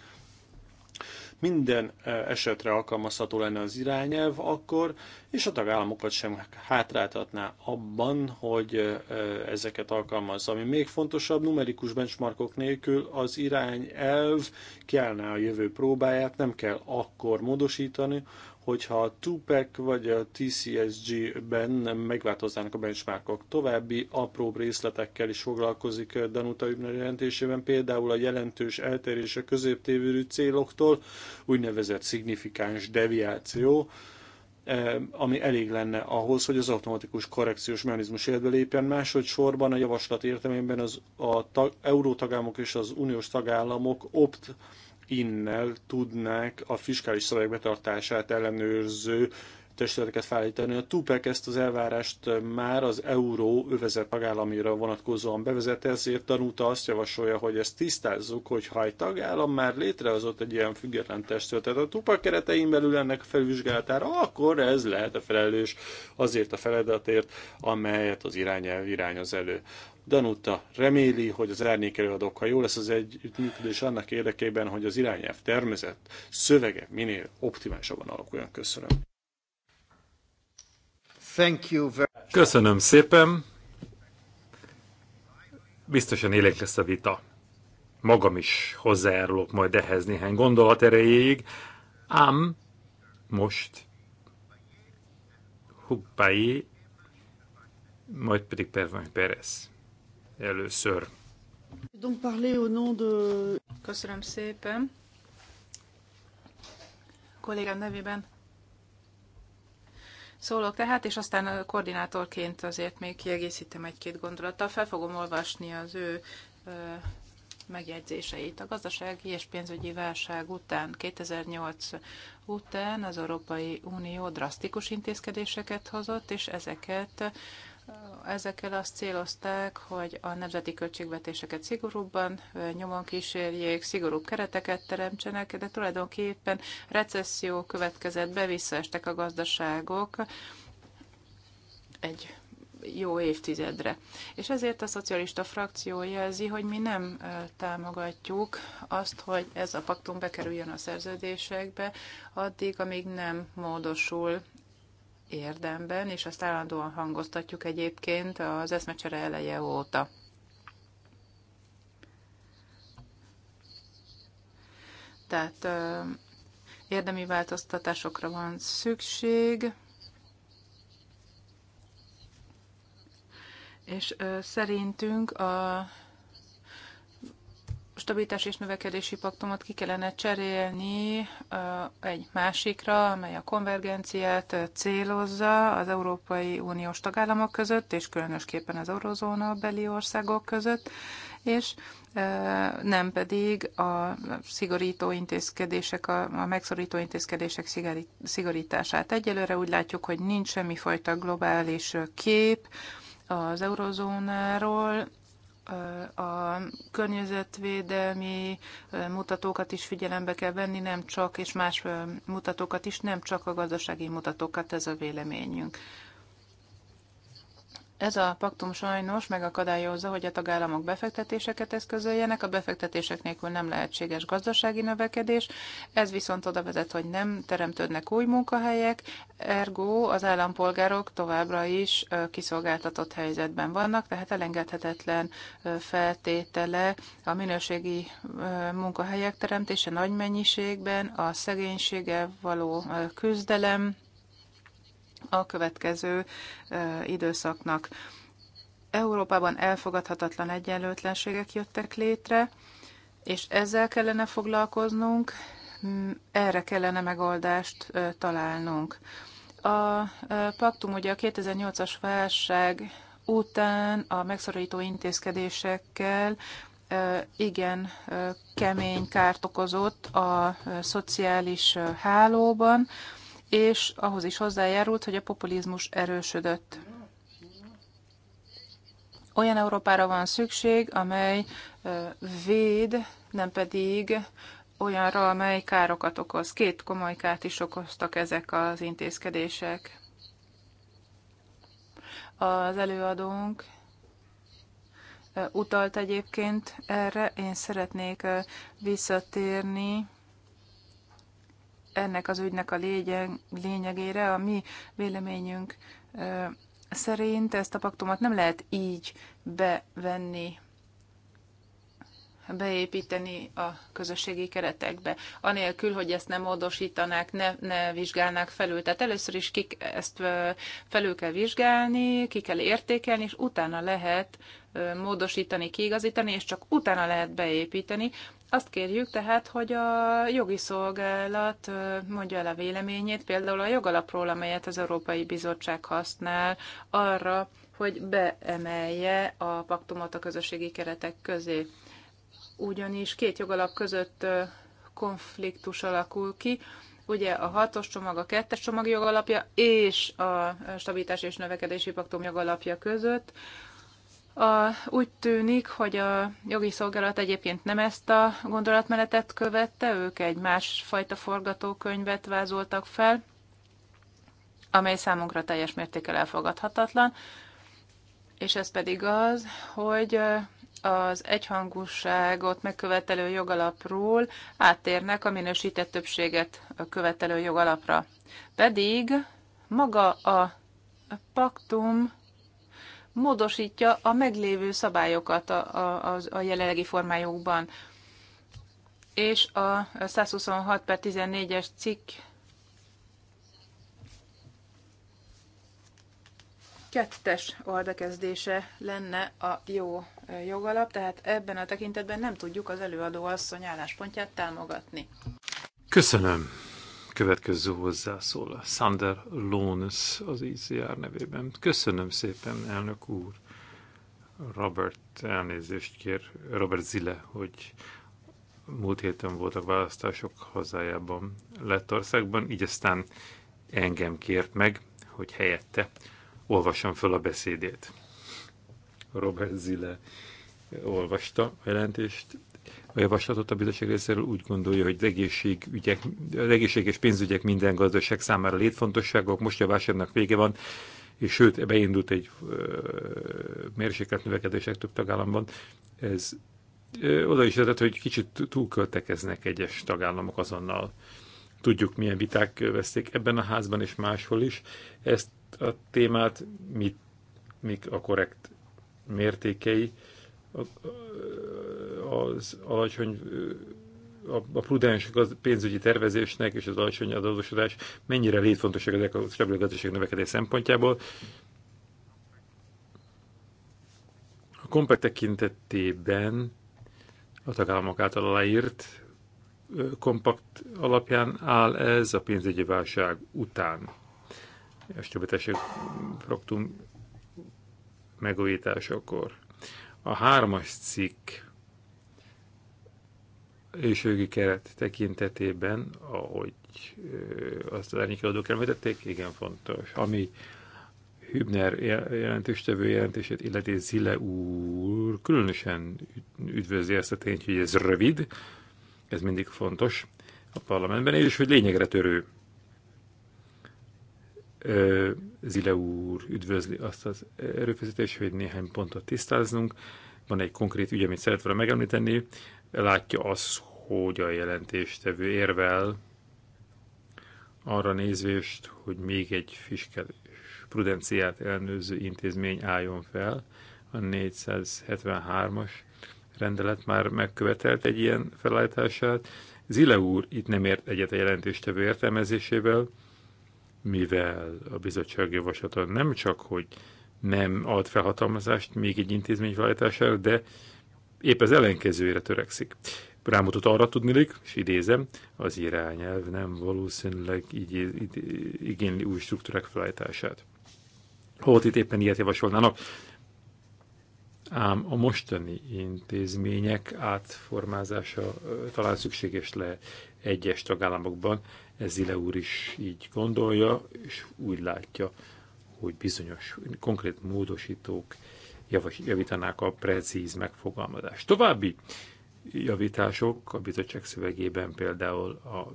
minden e, esetre alkalmazható lenne az irányelv akkor, és a tagállamokat sem hátráltatná abban, hogy e, e, ezeket alkalmazza. Ami még fontosabb, numerikus benchmarkok nélkül az irányelv kiállná a jövő próbáját, nem kell akkor módosítani, hogyha a Tupac vagy a TCSG-ben nem megváltoznának a benchmarkok. További apró részletekkel is foglalkozik Danuta Übner jelentésében, például a jelentős eltérés a középtévűrű céloktól, úgynevezett szignifikáns deviáció, eh, ami elég lenne ahhoz, hogy az automatikus korrekciós mechanizmus életbe lépjen. Másodszorban a javaslat értelmében az a tag, tagállamok és az uniós tagállamok opt innel tudnák a fiskális szabályok betartását ellenőrző testületeket felállítani. A TUPEC ezt az elvárást már az euró övezet tagállamira vonatkozóan bevezette, ezért tanulta azt javasolja, hogy ezt tisztázzuk, hogy ha egy tagállam már létrehozott egy ilyen független testületet a TUPEC keretein belül ennek a felvizsgálatára, akkor ez lehet a felelős azért a feladatért, amelyet az irányelv irányoz elő. Danuta reméli, hogy az előadók, ha jó lesz az együttműködés annak érdekében, hogy az irányelv termezett szövege minél optimálisabban alakuljon. Köszönöm. Thank you very Köszönöm szépen. Biztosan élénk lesz a vita. Magam is hozzájárulok majd ehhez néhány gondolat erejéig, ám most Hubbái, majd pedig Pervány Perez először. Köszönöm szépen. A kollégám nevében szólok tehát, és aztán a koordinátorként azért még kiegészítem egy-két gondolattal. Fel fogom olvasni az ő megjegyzéseit. A gazdasági és pénzügyi válság után, 2008 után az Európai Unió drasztikus intézkedéseket hozott, és ezeket Ezekkel azt célozták, hogy a nemzeti költségvetéseket szigorúbban nyomon kísérjék, szigorú kereteket teremtsenek, de tulajdonképpen recesszió következett be, visszaestek a gazdaságok egy jó évtizedre. És ezért a szocialista frakció jelzi, hogy mi nem támogatjuk azt, hogy ez a paktum bekerüljön a szerződésekbe, addig, amíg nem módosul érdemben, és azt állandóan hangoztatjuk egyébként az eszmecsere eleje óta. Tehát érdemi változtatásokra van szükség, és szerintünk a stabilitás és növekedési paktumot ki kellene cserélni egy másikra, amely a konvergenciát célozza az Európai Uniós tagállamok között, és különösképpen az eurozóna beli országok között, és nem pedig a szigorító intézkedések, a megszorító intézkedések szigorítását. Egyelőre úgy látjuk, hogy nincs semmifajta globális kép az eurozónáról, a környezetvédelmi mutatókat is figyelembe kell venni, nem csak, és más mutatókat is, nem csak a gazdasági mutatókat, ez a véleményünk. Ez a paktum sajnos megakadályozza, hogy a tagállamok befektetéseket eszközöljenek, a befektetések nélkül nem lehetséges gazdasági növekedés, ez viszont oda vezet, hogy nem teremtődnek új munkahelyek, ergo az állampolgárok továbbra is kiszolgáltatott helyzetben vannak, tehát elengedhetetlen feltétele a minőségi munkahelyek teremtése nagy mennyiségben, a szegénysége való küzdelem, a következő időszaknak. Európában elfogadhatatlan egyenlőtlenségek jöttek létre, és ezzel kellene foglalkoznunk, erre kellene megoldást találnunk. A paktum ugye a 2008-as válság után a megszorító intézkedésekkel igen kemény kárt okozott a szociális hálóban, és ahhoz is hozzájárult, hogy a populizmus erősödött. Olyan Európára van szükség, amely véd, nem pedig olyanra, amely károkat okoz. Két komoly kárt is okoztak ezek az intézkedések. Az előadónk utalt egyébként erre. Én szeretnék visszatérni ennek az ügynek a lényeg, lényegére. A mi véleményünk szerint ezt a paktumot nem lehet így bevenni beépíteni a közösségi keretekbe, anélkül, hogy ezt nem módosítanák, ne, ne vizsgálnák felül. Tehát először is kik ezt felül kell vizsgálni, ki kell értékelni, és utána lehet módosítani, kiigazítani, és csak utána lehet beépíteni. Azt kérjük tehát, hogy a jogi szolgálat mondja el a véleményét, például a jogalapról, amelyet az Európai Bizottság használ arra, hogy beemelje a paktumot a közösségi keretek közé. Ugyanis két jogalap között konfliktus alakul ki, ugye a hatos csomag, a kettes csomag jogalapja és a stabilitás és növekedési paktum jogalapja között, a, úgy tűnik, hogy a jogi szolgálat egyébként nem ezt a gondolatmenetet követte, ők egy másfajta forgatókönyvet vázoltak fel, amely számunkra teljes mértékkel elfogadhatatlan, és ez pedig az, hogy az egyhangúságot megkövetelő jogalapról áttérnek a minősített többséget követelő jogalapra. Pedig maga a paktum módosítja a meglévő szabályokat a, a, a jelenlegi formájukban. És a 126 per 14-es cikk kettes oldakezdése lenne a jó jogalap, tehát ebben a tekintetben nem tudjuk az előadó asszony álláspontját támogatni. Köszönöm következő hozzászól. Sander Lones az ICR nevében. Köszönöm szépen, elnök úr. Robert elnézést kér, Robert Zile, hogy múlt héten voltak választások hazájában, Lettországban, így aztán engem kért meg, hogy helyette olvassam föl a beszédét. Robert Zile olvasta a jelentést, a javaslatot a bizottság részéről úgy gondolja, hogy az, egészség és pénzügyek minden gazdaság számára létfontosságok, most a vásárnak vége van, és sőt, beindult egy mérsékelt növekedések több tagállamban. Ez ö, oda is vezet, hogy kicsit túlköltekeznek egyes tagállamok azonnal. Tudjuk, milyen viták veszték ebben a házban és máshol is. Ezt a témát mit, mik a korrekt mértékei, az alacsony a prudens pénzügyi tervezésnek és az alacsony adósodás mennyire létfontosak ezek a stabil gazdaság növekedés szempontjából. A kompet tekintetében a tagállamok által aláírt kompakt alapján áll ez a pénzügyi válság után. A stabilitási proktum megújításakor. A hármas cikk és keret tekintetében, ahogy azt az árnyékiadók elvetették, igen fontos. Ami Hübner tevő jelentését, illeti Zile úr különösen üdvözli ezt a tényt, hogy ez rövid, ez mindig fontos a parlamentben, és hogy lényegre törő. Zile úr üdvözli azt az erőfeszítést, hogy néhány pontot tisztáznunk. Van egy konkrét ügy, amit szeretve megemlíteni, látja az, hogy a jelentéstevő érvel arra nézvést, hogy még egy fiskel prudenciát elnőző intézmény álljon fel. A 473-as rendelet már megkövetelt egy ilyen felállítását. Zile úr itt nem ért egyet a jelentéstevő értelmezésével, mivel a bizottság javaslata nem csak, hogy nem ad felhatalmazást még egy intézmény felállítására, de épp az ellenkezőjére törekszik. Rámutat arra tudnilik, és idézem, az irányelv nem valószínűleg így, így igényli új struktúrák felállítását. Holt itt éppen ilyet javasolnának, ám a mostani intézmények átformázása talán szükséges le egyes tagállamokban. Ez Zile úr is így gondolja, és úgy látja, hogy bizonyos konkrét módosítók javítanák a precíz megfogalmazást. További javítások a bizottság szövegében például a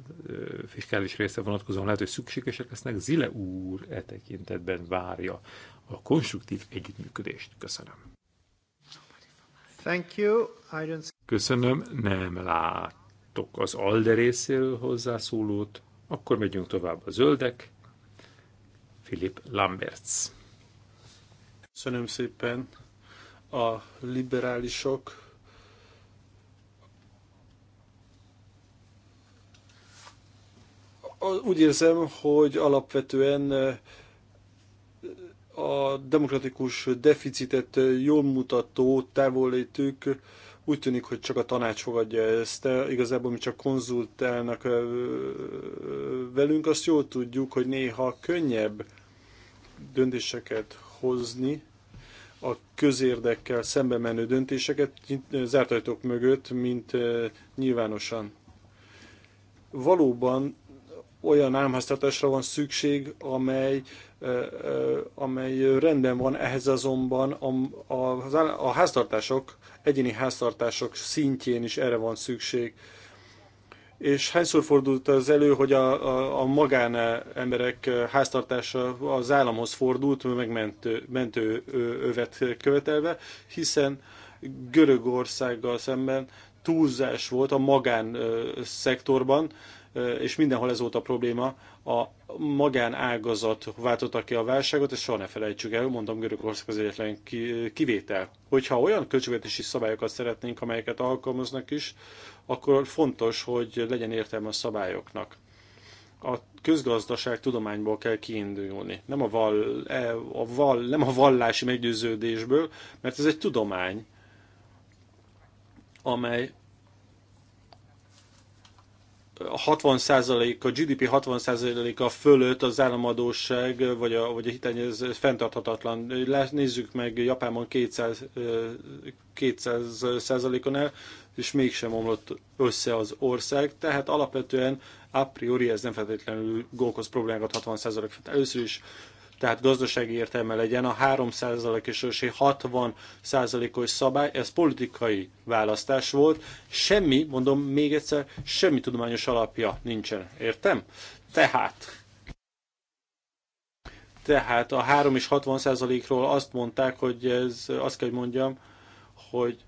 fiskális része vonatkozóan lehet, hogy szükségesek lesznek. Zile úr e tekintetben várja a konstruktív együttműködést. Köszönöm. Thank you. I don't... Köszönöm. Nem látok az ALDE részéről hozzászólót. Akkor megyünk tovább a zöldek. Philip Lamberts. Köszönöm szépen a liberálisok úgy érzem, hogy alapvetően a demokratikus deficitet jól mutató távollétük úgy tűnik, hogy csak a tanács fogadja ezt, igazából mi csak konzultálnak velünk, azt jól tudjuk, hogy néha könnyebb döntéseket hozni, a közérdekkel szembe menő döntéseket zárt ajtók mögött, mint nyilvánosan. Valóban olyan ámháztatásra van szükség, amely, amely rendben van, ehhez azonban a, a, a háztartások, egyéni háztartások szintjén is erre van szükség és hányszor fordult az elő, hogy a, a, a magán emberek háztartása az államhoz fordult, megmentő mentő övet követelve, hiszen Görögországgal szemben túlzás volt a magán szektorban, és mindenhol ez volt a probléma, a magán ágazat váltotta ki a válságot, és soha ne felejtsük el, mondom, Görögország az egyetlen kivétel. Hogyha olyan költségvetési szabályokat szeretnénk, amelyeket alkalmaznak is, akkor fontos, hogy legyen értelme a szabályoknak. A közgazdaság tudományból kell kiindulni, nem a, val, e, a, val, nem a vallási meggyőződésből, mert ez egy tudomány, amely 60%-a, GDP 60%-a fölött az államadóság, vagy a, vagy a hitány, ez fenntarthatatlan. Nézzük meg, Japánban 200, 200 el, és mégsem omlott össze az ország, tehát alapvetően a priori ez nem feltétlenül gókoz problémákat 60% fent. Először is tehát gazdasági értelme legyen, a 3% és 60%-os szabály, ez politikai választás volt, semmi, mondom még egyszer, semmi tudományos alapja nincsen, értem? Tehát tehát a 3 és 60 százalékról azt mondták, hogy ez, azt kell, hogy mondjam, hogy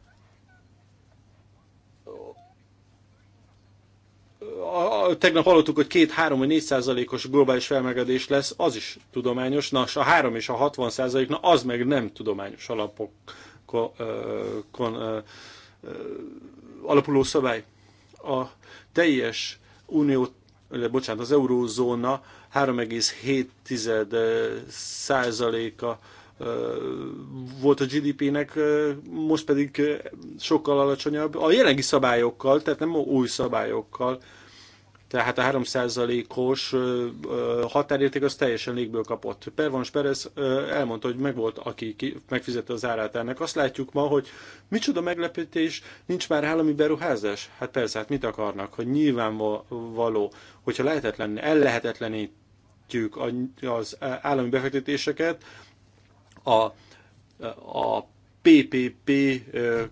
tegnap hallottuk, hogy 2-3 vagy 4 százalékos globális felmelegedés lesz, az is tudományos, na a 3 és a 60 százalék, na az meg nem tudományos alapokon alapuló szabály. A teljes unió, bocsánat, az eurózóna 3,7 százaléka volt a GDP-nek, most pedig sokkal alacsonyabb. A jelenlegi szabályokkal, tehát nem új szabályokkal tehát a 3%-os határérték az teljesen légből kapott. Pervans Perez elmondta, hogy megvolt, aki megfizette az árát ennek. Azt látjuk ma, hogy micsoda meglepetés, nincs már állami beruházás. Hát persze, hát mit akarnak, hogy nyilvánvaló, hogyha lehetetlen, ellehetetlenítjük az állami befektetéseket, a, a PPP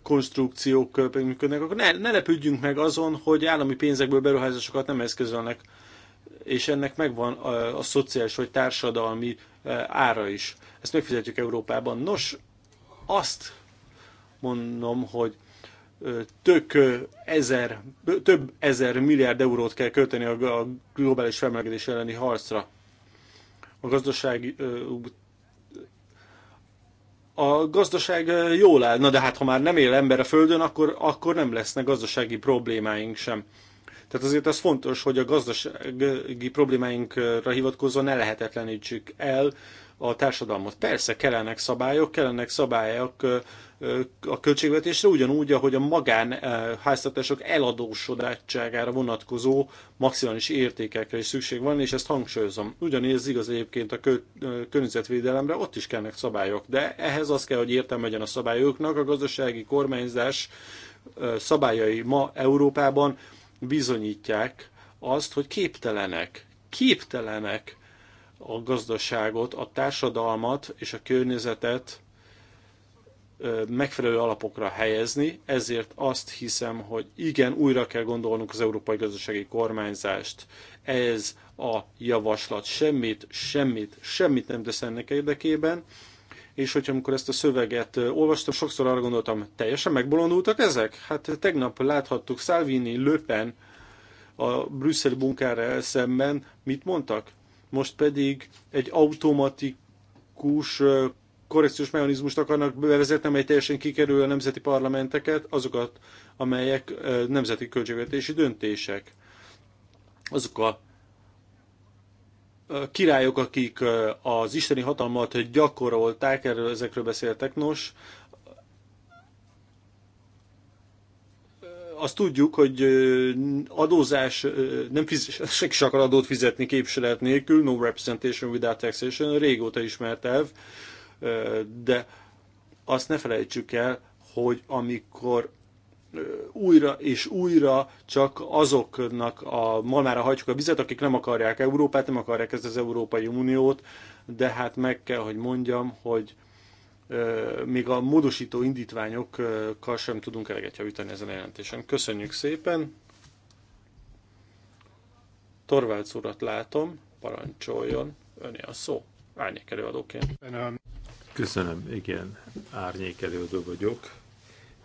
konstrukciók működnek, akkor ne, ne lepődjünk meg azon, hogy állami pénzekből beruházásokat nem eszközölnek, és ennek megvan a, a szociális vagy társadalmi ára is. Ezt megfizetjük Európában. Nos, azt mondom, hogy tök ezer, több ezer milliárd eurót kell költeni a globális felmelegedés elleni harcra. A gazdasági a gazdaság jól áll. Na de hát, ha már nem él ember a Földön, akkor, akkor nem lesznek gazdasági problémáink sem. Tehát azért az fontos, hogy a gazdasági problémáinkra hivatkozva ne lehetetlenítsük el a társadalmat. Persze kellenek szabályok, kellenek szabályok a költségvetésre, ugyanúgy, ahogy a magán háztartások eladósodátságára vonatkozó maximális értékekre is szükség van, és ezt hangsúlyozom. Ugyanígy ez igaz egyébként a környezetvédelemre, ott is kellnek szabályok, de ehhez az kell, hogy értem legyen a szabályoknak. A gazdasági kormányzás szabályai ma Európában bizonyítják azt, hogy képtelenek, képtelenek a gazdaságot, a társadalmat és a környezetet megfelelő alapokra helyezni, ezért azt hiszem, hogy igen, újra kell gondolnunk az európai gazdasági kormányzást. Ez a javaslat semmit, semmit, semmit nem tesz ennek érdekében, és hogyha amikor ezt a szöveget olvastam, sokszor arra gondoltam, teljesen megbolondultak ezek? Hát tegnap láthattuk Salvini, Löpen a brüsszeli bunkára szemben, mit mondtak? most pedig egy automatikus korrekciós mechanizmust akarnak bevezetni, amely teljesen kikerül a nemzeti parlamenteket, azokat, amelyek nemzeti költségvetési döntések. Azok a királyok, akik az isteni hatalmat gyakorolták, erről ezekről beszéltek, nos, azt tudjuk, hogy adózás, nem fizet, senki sem akar adót fizetni képviselet nélkül, no representation without taxation, régóta ismert elv, de azt ne felejtsük el, hogy amikor újra és újra csak azoknak a malmára hagyjuk a vizet, akik nem akarják Európát, nem akarják ezt az Európai Uniót, de hát meg kell, hogy mondjam, hogy még a módosító indítványokkal sem tudunk eleget javítani ezen a jelentésen. Köszönjük szépen! Torvalds urat látom, parancsoljon, öné a szó, árnyék előadóként. Köszönöm, igen, árnyék előadó vagyok.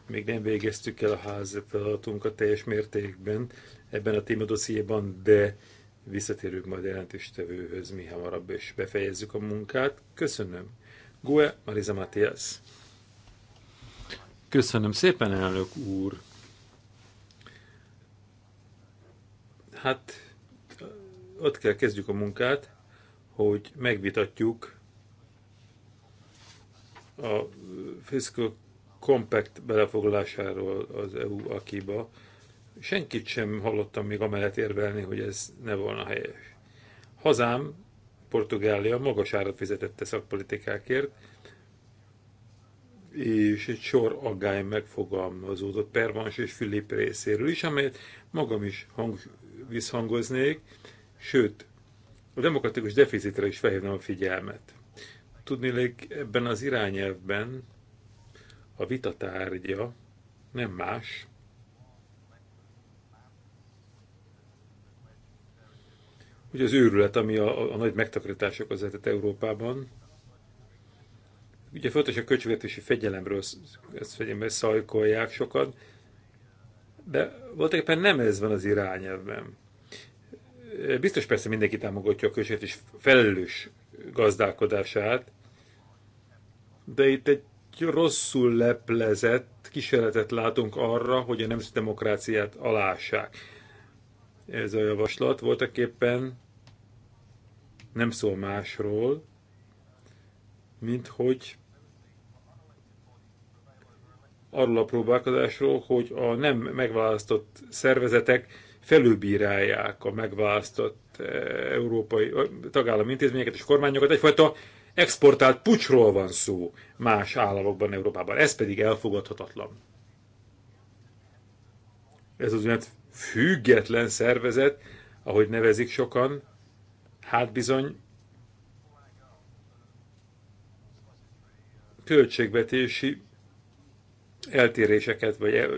Még nem végeztük el a ház feladatunkat teljes mértékben ebben a témadossziéban, de visszatérünk majd jelentéstevőhöz mi hamarabb, és befejezzük a munkát. Köszönöm Gue Marisa Matias. Köszönöm szépen, elnök úr. Hát ott kell kezdjük a munkát, hogy megvitatjuk a Fiscal Compact belefoglalásáról az EU akiba. Senkit sem hallottam még amellett érvelni, hogy ez ne volna helyes. Hazám Portugália magas árat fizetette szakpolitikákért, és egy sor aggály megfogalmazódott Pervans és Filip részéről is, amelyet magam is hang, visszhangoznék, sőt, a demokratikus deficitre is felhívnám a figyelmet. Tudnélik, ebben az irányelvben a vitatárgya nem más, hogy az őrület, ami a, a nagy megtakarításokhoz vezetett Európában, ugye fontos a költségvetési fegyelemről ezt fegyelemben szajkolják sokat, de volt éppen nem ez van az irányelvben. Biztos persze mindenki támogatja a költségvetés felelős gazdálkodását, de itt egy rosszul leplezett kísérletet látunk arra, hogy a nemzeti demokráciát alássák. Ez a javaslat voltak éppen nem szól másról, mint hogy arról a próbálkozásról, hogy a nem megválasztott szervezetek felülbírálják a megválasztott eh, európai tagállami intézményeket és kormányokat. Egyfajta exportált pucsról van szó más államokban, Európában. Ez pedig elfogadhatatlan. Ez az olyan független szervezet, ahogy nevezik sokan, Hát bizony, költségvetési eltéréseket vagy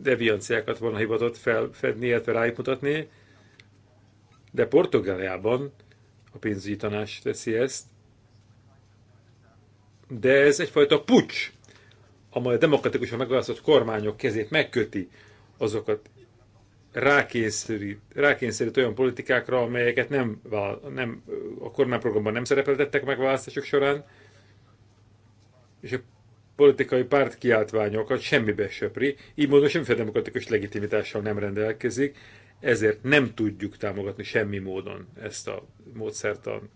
devianciákat volna hivatott felfedni, illetve rájuk mutatni, de Portugáliában a pénzügyi tanács teszi ezt, de ez egyfajta pucs, amely a demokratikusan megválasztott kormányok kezét megköti azokat rákényszerít, rákényszerít olyan politikákra, amelyeket nem, nem a kormányprogramban nem szerepeltettek meg választások során, és a politikai párt kiáltványokat semmibe söpri, így módon semmiféle demokratikus legitimitással nem rendelkezik, ezért nem tudjuk támogatni semmi módon ezt a módszertan.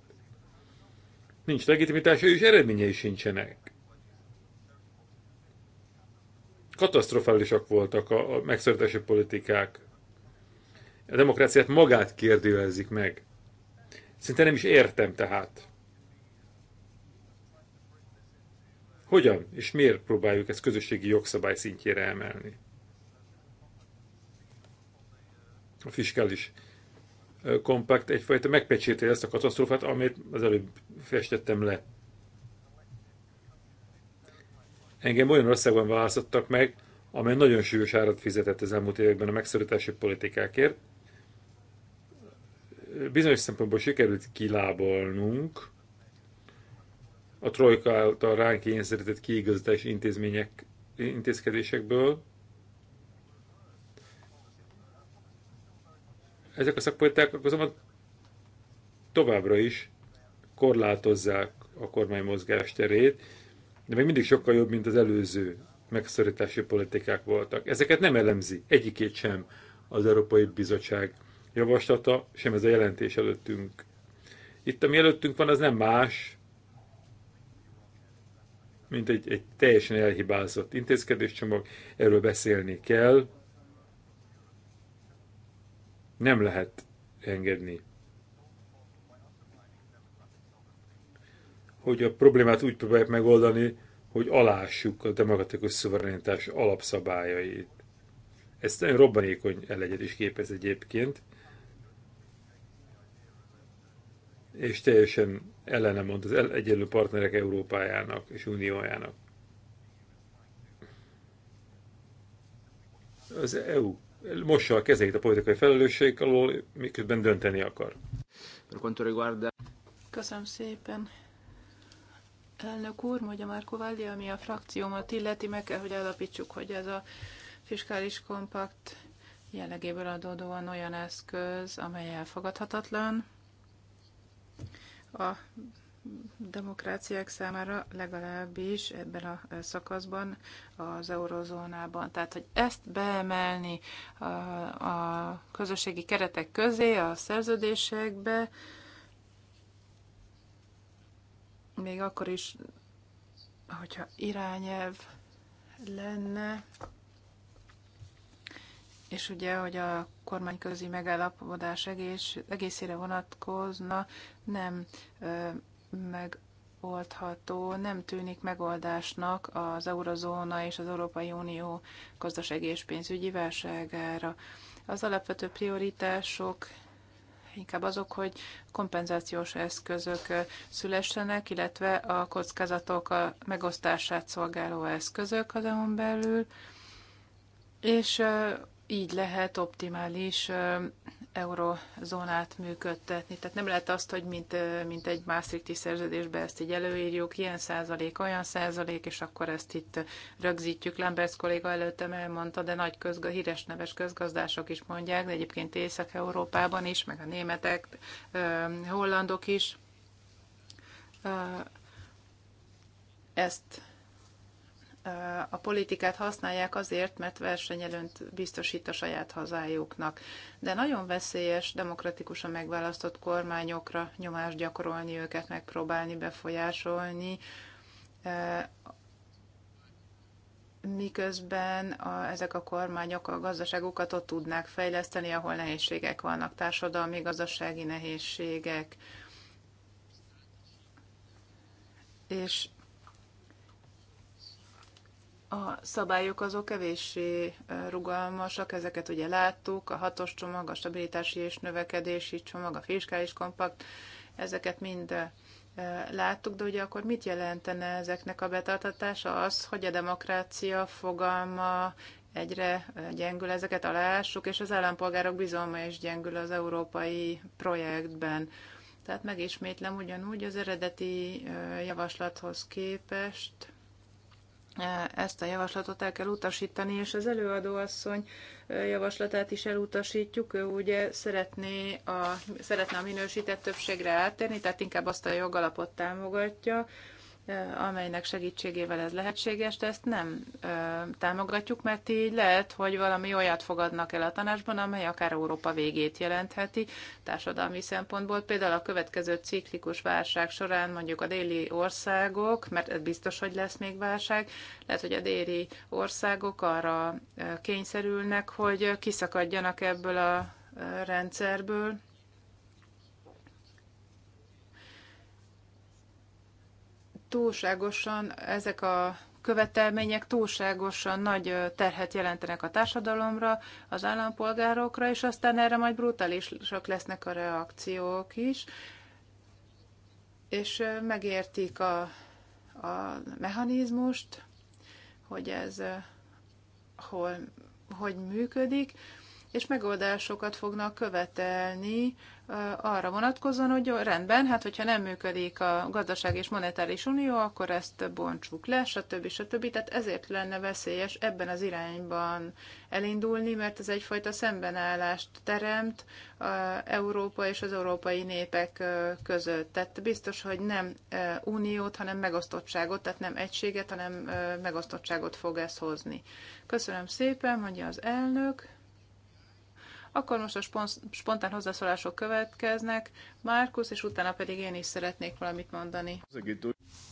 Nincs legitimitása, és eredményei sincsenek. Katasztrofálisak voltak a, a politikák a demokráciát magát kérdőjelezik meg. Szinte nem is értem tehát. Hogyan és miért próbáljuk ezt közösségi jogszabály szintjére emelni? A fiskális kompakt egyfajta megpecsételi ezt a katasztrófát, amit az előbb festettem le. Engem olyan országban választottak meg, amely nagyon súlyos árat fizetett az elmúlt években a megszorítási politikákért, bizonyos szempontból sikerült kilábalnunk a trojka által ránk kényszerített kiigazítási intézmények, intézkedésekből. Ezek a szakpolitikák azonban továbbra is korlátozzák a kormány terét, de még mindig sokkal jobb, mint az előző megszorítási politikák voltak. Ezeket nem elemzi, egyikét sem az Európai Bizottság javaslata, sem ez a jelentés előttünk. Itt, ami előttünk van, az nem más, mint egy, egy teljesen elhibázott intézkedéscsomag, erről beszélni kell. Nem lehet engedni, hogy a problémát úgy próbáljuk megoldani, hogy alássuk a demokratikus szuverenitás alapszabályait. Ez nagyon robbanékony elegyet is képez egyébként. és teljesen ellene mond az egyenlő partnerek Európájának és Uniójának. Az EU mossa a kezét a politikai felelősség alól, miközben dönteni akar. Köszönöm szépen. Elnök úr, mondja Márko Valli, ami a frakciómat illeti, meg kell, hogy alapítsuk, hogy ez a fiskális kompakt jellegéből adódóan olyan eszköz, amely elfogadhatatlan, a demokráciák számára legalábbis ebben a szakaszban az eurozónában. Tehát, hogy ezt beemelni a, a közösségi keretek közé, a szerződésekbe, még akkor is, hogyha irányelv lenne, és ugye, hogy a kormányközi megállapodás egész, egészére vonatkozna, nem ö, megoldható, nem tűnik megoldásnak az eurozóna és az Európai Unió gazdasági és pénzügyi válságára. Az alapvető prioritások inkább azok, hogy kompenzációs eszközök szülessenek, illetve a kockázatok a megosztását szolgáló eszközök az EU-n belül, és így lehet optimális eurozónát működtetni. Tehát nem lehet azt, hogy mint, mint egy Maastrichti szerződésbe ezt így előírjuk, ilyen százalék, olyan százalék, és akkor ezt itt rögzítjük. Lambert kolléga előttem elmondta, de nagy közga, híres neves közgazdások is mondják, de egyébként Észak-Európában is, meg a németek, hollandok is ezt a politikát használják azért, mert versenyelőnt biztosít a saját hazájuknak. De nagyon veszélyes demokratikusan megválasztott kormányokra nyomást gyakorolni őket, megpróbálni befolyásolni, miközben a, ezek a kormányok a gazdaságukat ott tudnák fejleszteni, ahol nehézségek vannak, társadalmi, gazdasági nehézségek. És a szabályok azok kevéssé rugalmasak, ezeket ugye láttuk, a hatos csomag, a stabilitási és növekedési csomag, a fiskális kompakt, ezeket mind láttuk, de ugye akkor mit jelentene ezeknek a betartatása? Az, hogy a demokrácia fogalma egyre gyengül, ezeket alássuk, és az állampolgárok bizalma is gyengül az európai projektben. Tehát megismétlem ugyanúgy az eredeti javaslathoz képest, E, ezt a javaslatot el kell utasítani, és az előadóasszony e, javaslatát is elutasítjuk. Ő ugye szeretné a, szeretne a minősített többségre átérni, tehát inkább azt a jogalapot támogatja, amelynek segítségével ez lehetséges, de ezt nem ö, támogatjuk, mert így lehet, hogy valami olyat fogadnak el a tanácsban, amely akár Európa végét jelentheti társadalmi szempontból. Például a következő ciklikus válság során mondjuk a déli országok, mert ez biztos, hogy lesz még válság, lehet, hogy a déli országok arra kényszerülnek, hogy kiszakadjanak ebből a rendszerből, túlságosan ezek a követelmények túlságosan nagy terhet jelentenek a társadalomra, az állampolgárokra, és aztán erre majd brutálisak lesznek a reakciók is, és megértik a, a mechanizmust, hogy ez hol, hogy működik, és megoldásokat fognak követelni eh, arra vonatkozóan, hogy rendben, hát hogyha nem működik a gazdaság és monetáris unió, akkor ezt bontsuk le, stb. stb. Tehát ezért lenne veszélyes ebben az irányban elindulni, mert ez egyfajta szembenállást teremt eh, Európa és az európai népek eh, között. Tehát biztos, hogy nem uniót, hanem megosztottságot, tehát nem egységet, hanem megosztottságot fog ez hozni. Köszönöm szépen, mondja az elnök. Akkor most a spontán hozzászólások következnek. Márkusz, és utána pedig én is szeretnék valamit mondani.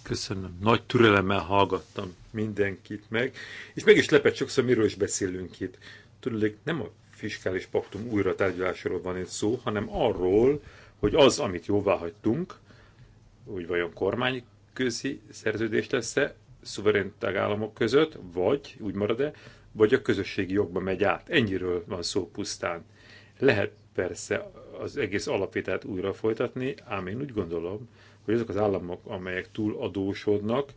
Köszönöm. Nagy türelemmel hallgattam mindenkit meg, és meg is lepett sokszor, miről is beszélünk itt. Tudod, nem a fiskális paktum újra tárgyalásról van itt szó, hanem arról, hogy az, amit jóvá hagytunk, úgy vajon kormányközi szerződés lesz-e, szuverén tagállamok között, vagy úgy marad-e, vagy a közösségi jogba megy át. Ennyiről van szó pusztán. Lehet persze az egész alapvitát újra folytatni, ám én úgy gondolom, hogy azok az államok, amelyek túl adósodnak,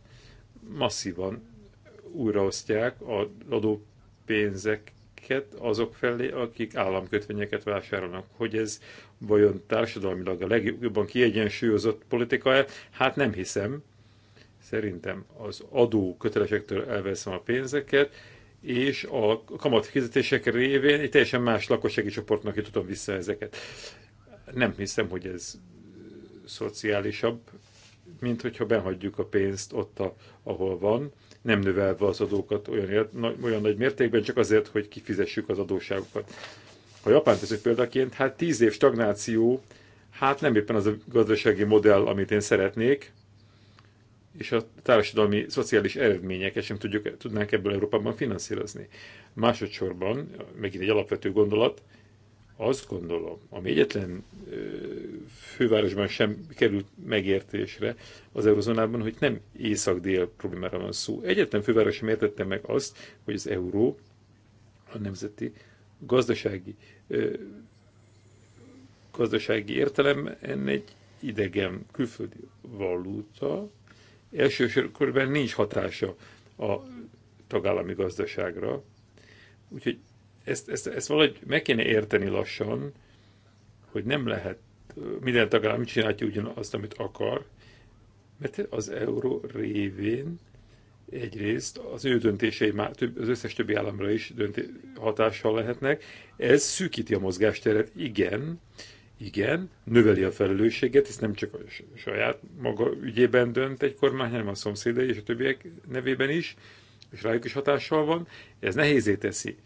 masszívan újraosztják az adópénzeket azok felé, akik államkötvényeket vásárolnak. Hogy ez vajon társadalmilag a legjobban kiegyensúlyozott politika-e? Hát nem hiszem. Szerintem az adó kötelesektől elveszem a pénzeket, és a kamat fizetések révén egy teljesen más lakossági csoportnak jutottam vissza ezeket. Nem hiszem, hogy ez szociálisabb, mint hogyha behagyjuk a pénzt ott, a, ahol van, nem növelve az adókat olyan, olyan nagy mértékben, csak azért, hogy kifizessük az adóságokat. Ha Japán teszük példaként, hát tíz év stagnáció, hát nem éppen az a gazdasági modell, amit én szeretnék, és a társadalmi, szociális eredményeket sem tudjuk, tudnánk ebből Európában finanszírozni. Másodszorban, megint egy alapvető gondolat, azt gondolom, ami egyetlen ö, fővárosban sem került megértésre az eurozónában, hogy nem észak-dél problémára van szó. Egyetlen főváros sem értette meg azt, hogy az euró a nemzeti gazdasági ö, gazdasági értelemben egy idegen külföldi valuta, elsősorban nincs hatása a tagállami gazdaságra. Úgyhogy ezt, ezt, ezt valahogy meg kéne érteni lassan, hogy nem lehet minden tagállam csinálja ugyanazt, amit akar, mert az euró révén egyrészt az ő döntései már az összes többi államra is dönté, hatással lehetnek. Ez szűkíti a mozgásteret, igen, igen, növeli a felelősséget, hisz nem csak a saját maga ügyében dönt egy kormány, hanem a szomszédai és a többiek nevében is, és rájuk is hatással van. Ez nehézé teszi.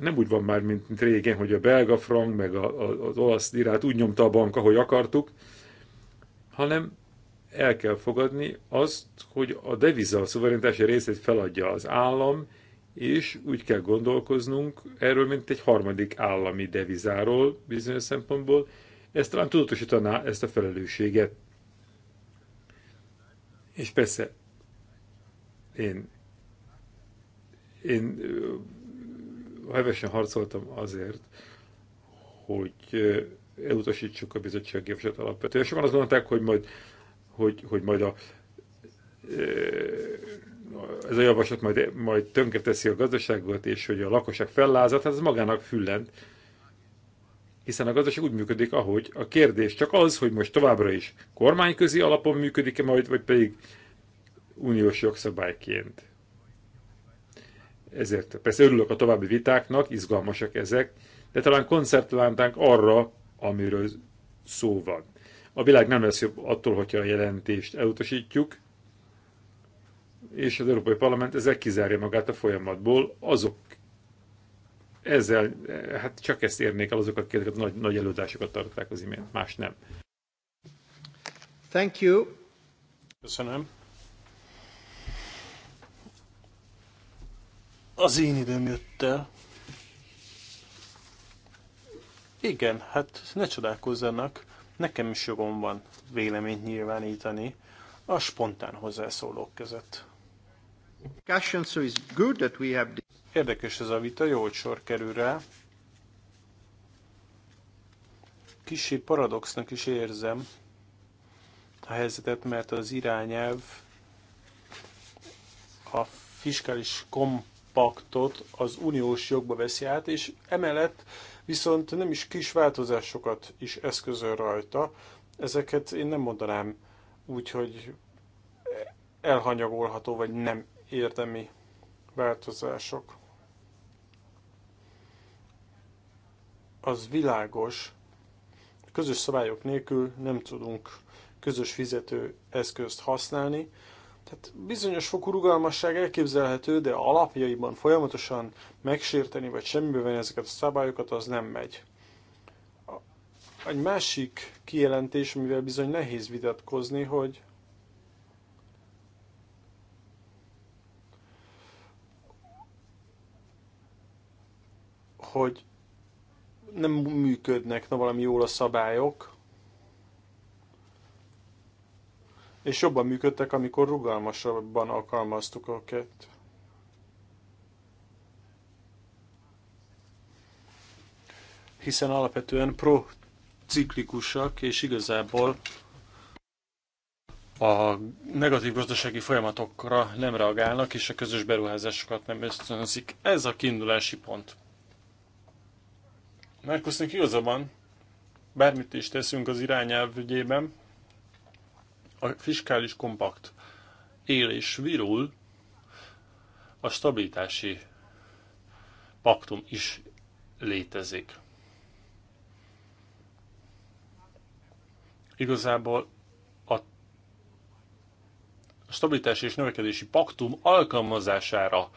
Nem úgy van már, mint, régen, hogy a belga frank, meg a, a, az olasz dirát úgy nyomta a bank, ahogy akartuk, hanem el kell fogadni azt, hogy a deviza a szuverenitási részét feladja az állam, és úgy kell gondolkoznunk erről, mint egy harmadik állami devizáról bizonyos szempontból, ezt talán tudatosítaná ezt a felelősséget. És persze, én, én hevesen harcoltam azért, hogy elutasítsuk a bizottsági javaslat alapvetően. van azt mondták, hogy majd, hogy, hogy majd a ez a javaslat majd, majd tönkreteszi a gazdaságot, és hogy a lakosság fellázat, hát ez magának füllent. Hiszen a gazdaság úgy működik, ahogy a kérdés csak az, hogy most továbbra is kormányközi alapon működik-e majd, vagy pedig uniós jogszabályként. Ezért persze örülök a további vitáknak, izgalmasak ezek, de talán koncertlántánk arra, amiről szó van. A világ nem lesz jobb attól, hogyha a jelentést elutasítjuk, és az Európai Parlament ezzel kizárja magát a folyamatból, azok ezzel, eh, hát csak ezt érnék el azokat, akik nagy, nagy előadásokat tartották az imént, más nem. Thank you. Köszönöm. Az én időm jött el. Igen, hát ne csodálkozzanak, nekem is jogom van véleményt nyilvánítani a spontán hozzászólók között. Érdekes ez a vita, jó, hogy sor kerül rá. Kicsi paradoxnak is érzem a helyzetet, mert az irányelv a fiskális kompaktot az uniós jogba veszi át, és emellett viszont nem is kis változásokat is eszközöl rajta. Ezeket én nem mondanám úgy, hogy elhanyagolható, vagy nem érdemi változások. Az világos, közös szabályok nélkül nem tudunk közös fizető eszközt használni, tehát bizonyos fokú rugalmasság elképzelhető, de alapjaiban folyamatosan megsérteni vagy semmibe venni ezeket a szabályokat, az nem megy. Egy másik kijelentés, amivel bizony nehéz vitatkozni, hogy hogy nem működnek na valami jól a szabályok, és jobban működtek, amikor rugalmasabban alkalmaztuk kettőt, Hiszen alapvetően prociklikusak, és igazából a negatív gazdasági folyamatokra nem reagálnak, és a közös beruházásokat nem ösztönzik. Ez a kiindulási pont. Márkusznak igaza van, bármit is teszünk az irányelv ügyében, a fiskális kompakt él és virul, a stabilitási paktum is létezik. Igazából a stabilitási és növekedési paktum alkalmazására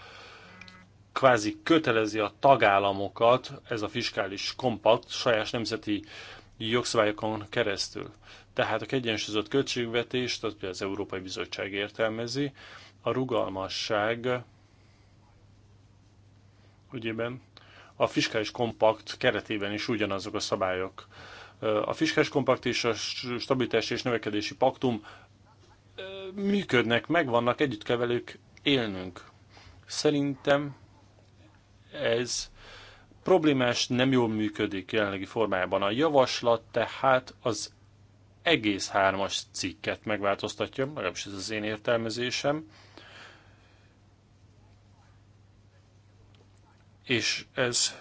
kvázi kötelezi a tagállamokat ez a fiskális kompakt saját nemzeti jogszabályokon keresztül. Tehát a kegyensúlyozott költségvetést az, az Európai Bizottság értelmezi, a rugalmasság ügyében a fiskális kompakt keretében is ugyanazok a szabályok. A fiskális kompakt és a stabilitási és növekedési paktum működnek, megvannak, együtt kell velük élnünk. Szerintem ez problémás, nem jól működik jelenlegi formájában. A javaslat tehát az egész hármas cikket megváltoztatja, legalábbis ez az én értelmezésem. És ez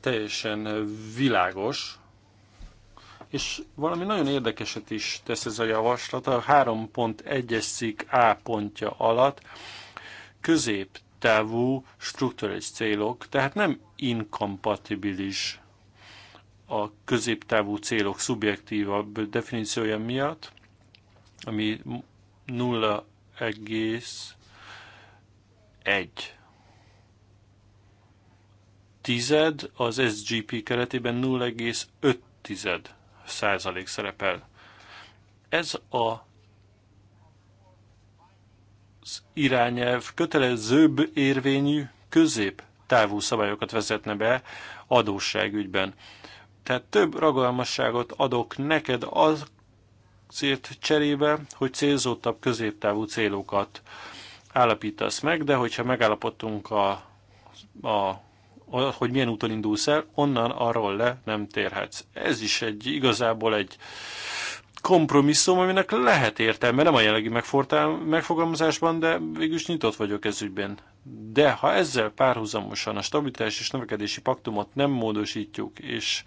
teljesen világos, és valami nagyon érdekeset is tesz ez a javaslat. A 3.1-es cikk A pontja alatt közép távú strukturális célok, tehát nem inkompatibilis a középtávú célok szubjektívabb definíciója miatt, ami 0,1 tized, az SGP keretében 0,5 tized százalék szerepel. Ez a az irányelv kötelezőbb érvényű távú szabályokat vezetne be adósságügyben. Tehát több ragalmasságot adok neked azért cserébe, hogy célzottabb középtávú célokat állapítasz meg, de hogyha megállapodtunk a, a hogy milyen úton indulsz el, onnan arról le nem térhetsz. Ez is egy igazából egy kompromisszum, aminek lehet értelme, nem a jelenlegi megfogalmazásban, de végülis nyitott vagyok ez ügyben. De ha ezzel párhuzamosan a stabilitás és növekedési paktumot nem módosítjuk, és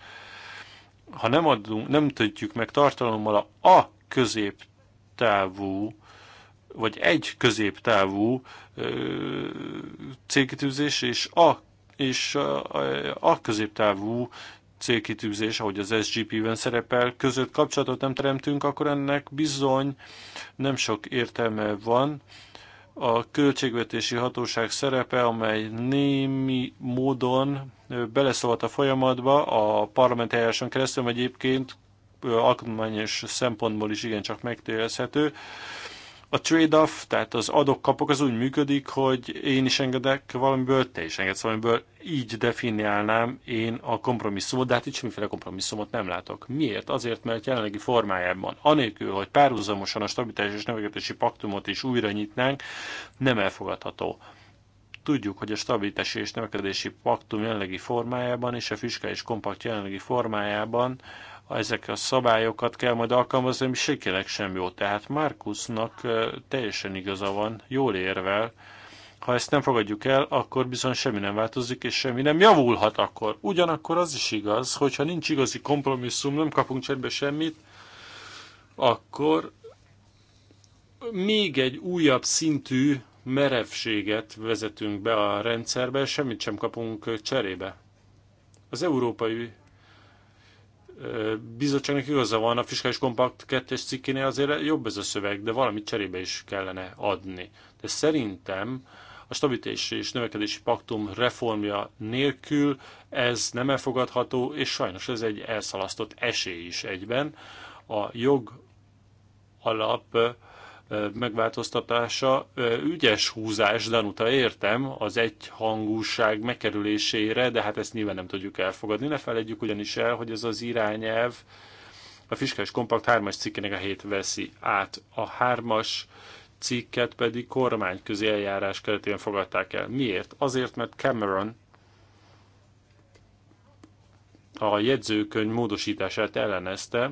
ha nem, adunk, nem tudjuk meg tartalommal a, a középtávú, vagy egy középtávú célkitűzés és a és a, a középtávú célkitűzés, ahogy az SGP-ben szerepel, között kapcsolatot nem teremtünk, akkor ennek bizony nem sok értelme van. A költségvetési hatóság szerepe, amely némi módon beleszólt a folyamatba, a parlament eljáráson keresztül egyébként alkotmányos szempontból is igencsak megtérezhető, a trade-off, tehát az adok-kapok az úgy működik, hogy én is engedek valamiből, te is engedsz valamiből. Így definiálnám én a kompromisszumot, de hát itt semmiféle kompromisszumot nem látok. Miért? Azért, mert jelenlegi formájában, anélkül, hogy párhuzamosan a stabilitás és növekedési paktumot is újra nyitnánk, nem elfogadható. Tudjuk, hogy a stabilitási és növekedési paktum jelenlegi formájában és a fiskális kompakt jelenlegi formájában ezek a szabályokat kell majd alkalmazni, ami sikerek sem jó. Tehát Markusnak teljesen igaza van, jól érvel, ha ezt nem fogadjuk el, akkor bizony semmi nem változik, és semmi nem javulhat akkor. Ugyanakkor az is igaz, hogyha nincs igazi kompromisszum, nem kapunk cserbe semmit, akkor még egy újabb szintű merevséget vezetünk be a rendszerbe, semmit sem kapunk cserébe. Az Európai bizottságnak igaza van, a fiskális kompakt kettes cikkénél azért jobb ez a szöveg, de valamit cserébe is kellene adni. De szerintem a stabilitás és növekedési paktum reformja nélkül ez nem elfogadható, és sajnos ez egy elszalasztott esély is egyben. A jog alap megváltoztatása ügyes húzás, Danuta értem, az egyhangúság megkerülésére, de hát ezt nyilván nem tudjuk elfogadni. Ne felejtjük ugyanis el, hogy ez az irányelv a fiskális kompakt 3-as cikkének a hét veszi át. A 3-as cikket pedig kormányközi eljárás keretében fogadták el. Miért? Azért, mert Cameron a jegyzőkönyv módosítását ellenezte,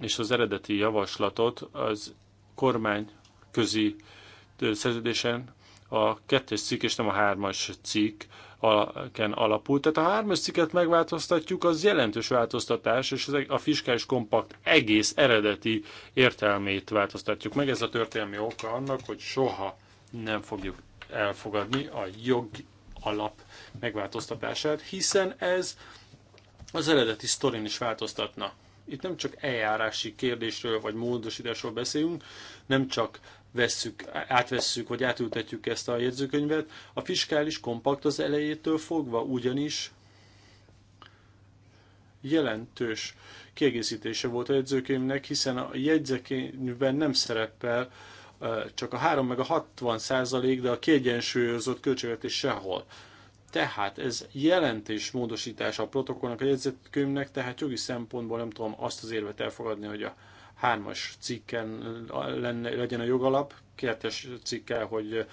és az eredeti javaslatot az kormány közi szerződésen a kettes cikk és nem a hármas cikk alapult. alapul. Tehát a hármas cikket megváltoztatjuk, az jelentős változtatás, és e- a fiskális kompakt egész eredeti értelmét változtatjuk meg. Ez a történelmi oka annak, hogy soha nem fogjuk elfogadni a jog alap megváltoztatását, hiszen ez az eredeti sztorin is változtatna. Itt nem csak eljárási kérdésről vagy módosításról beszélünk, nem csak vesszük, átvesszük vagy átültetjük ezt a jegyzőkönyvet. A fiskális kompakt az elejétől fogva ugyanis jelentős kiegészítése volt a jegyzőkönyvnek, hiszen a jegyzőkönyvben nem szerepel csak a 3 meg a 60 százalék, de a kiegyensúlyozott költségvetés sehol. Tehát ez jelentős módosítása a protokollnak, a jegyzetkönyvnek, tehát jogi szempontból nem tudom azt az érvet elfogadni, hogy a hármas cikken lenne, legyen a jogalap, kettes cikkel, hogy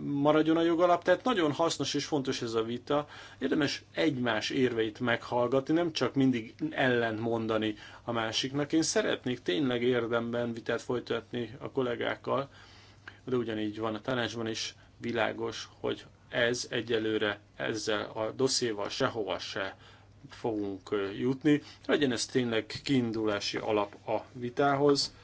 maradjon a jogalap, tehát nagyon hasznos és fontos ez a vita. Érdemes egymás érveit meghallgatni, nem csak mindig ellent mondani a másiknak. Én szeretnék tényleg érdemben vitát folytatni a kollégákkal, de ugyanígy van a tanácsban is világos, hogy ez egyelőre ezzel a dosszéval sehova se fogunk jutni. Legyen ez tényleg kiindulási alap a vitához.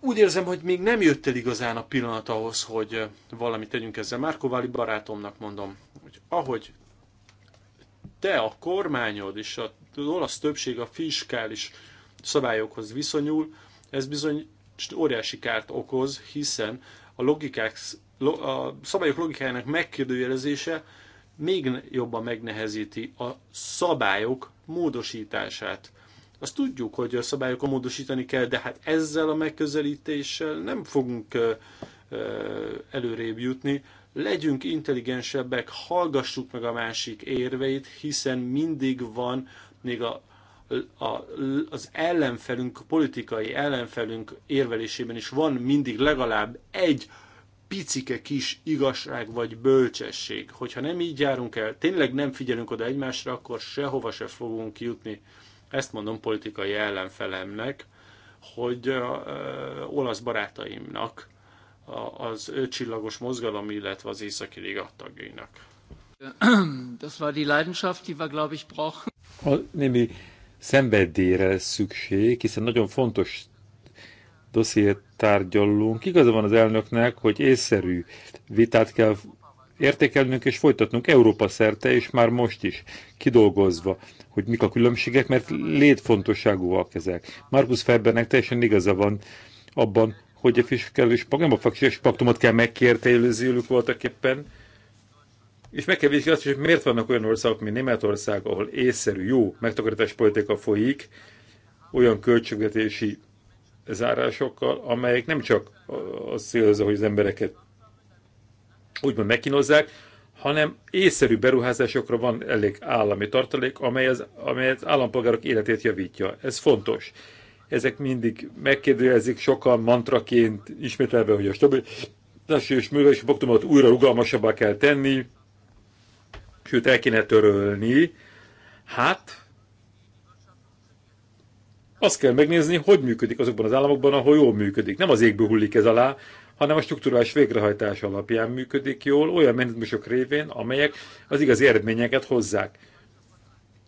Úgy érzem, hogy még nem jött el igazán a pillanat ahhoz, hogy valamit tegyünk ezzel. Márko Váli barátomnak mondom, hogy ahogy te, a kormányod és az olasz többség a fiskális szabályokhoz viszonyul, ez bizony óriási kárt okoz, hiszen a, logikák, a szabályok logikájának megkérdőjelezése még jobban megnehezíti a szabályok módosítását. Azt tudjuk, hogy a szabályokon módosítani kell, de hát ezzel a megközelítéssel nem fogunk előrébb jutni. Legyünk intelligensebbek, hallgassuk meg a másik érveit, hiszen mindig van még a a, az ellenfelünk, a politikai ellenfelünk érvelésében is van mindig legalább egy picike kis igazság vagy bölcsesség. Hogyha nem így járunk el, tényleg nem figyelünk oda egymásra, akkor sehova se fogunk jutni. Ezt mondom politikai ellenfelemnek, hogy uh, olasz barátaimnak, a, az ötcsillagos mozgalom, illetve az Északi Liga tagjainak. Das war die Leidenschaft, die wir, glaube ich, brauchen. A némi szenvedélyre lesz szükség, hiszen nagyon fontos dossziét tárgyalunk. Igaza van az elnöknek, hogy észszerű vitát kell értékelnünk és folytatnunk Európa szerte, és már most is kidolgozva, hogy mik a különbségek, mert létfontosságúak ezek. Markus Ferbernek teljesen igaza van abban, hogy a fiskális, nem a fiskális paktumot kell megkértélőzőlük voltak éppen, és meg kell vizsgálni hogy miért vannak olyan országok, mint Németország, ahol észszerű, jó megtakarítás politika folyik, olyan költségvetési zárásokkal, amelyek nem csak azt célozza, hogy az embereket úgymond megkínozzák, hanem észszerű beruházásokra van elég állami tartalék, amely az, amely az állampolgárok életét javítja. Ez fontos. Ezek mindig megkérdőjelezik sokan mantraként, ismételve, hogy a stabilitási és művelési paktumot újra rugalmasabbá kell tenni, sőt el kéne törölni, hát azt kell megnézni, hogy működik azokban az államokban, ahol jól működik. Nem az égből hullik ez alá, hanem a struktúrás végrehajtás alapján működik jól, olyan mechanizmusok révén, amelyek az igazi eredményeket hozzák.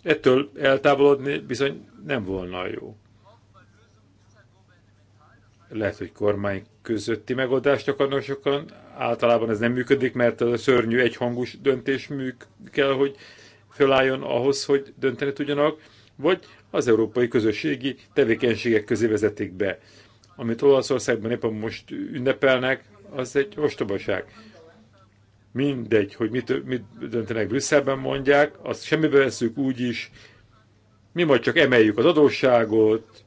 Ettől eltávolodni bizony nem volna jó. Lehet, hogy kormány közötti megoldást akarnak sokan, általában ez nem működik, mert a szörnyű egyhangos döntés műk kell, hogy fölálljon ahhoz, hogy dönteni tudjanak, vagy az európai közösségi tevékenységek közé vezetik be. Amit Olaszországban éppen most ünnepelnek, az egy ostobaság. Mindegy, hogy mit, mit döntenek Brüsszelben mondják, azt semmibe veszük úgy is, mi majd csak emeljük az adósságot,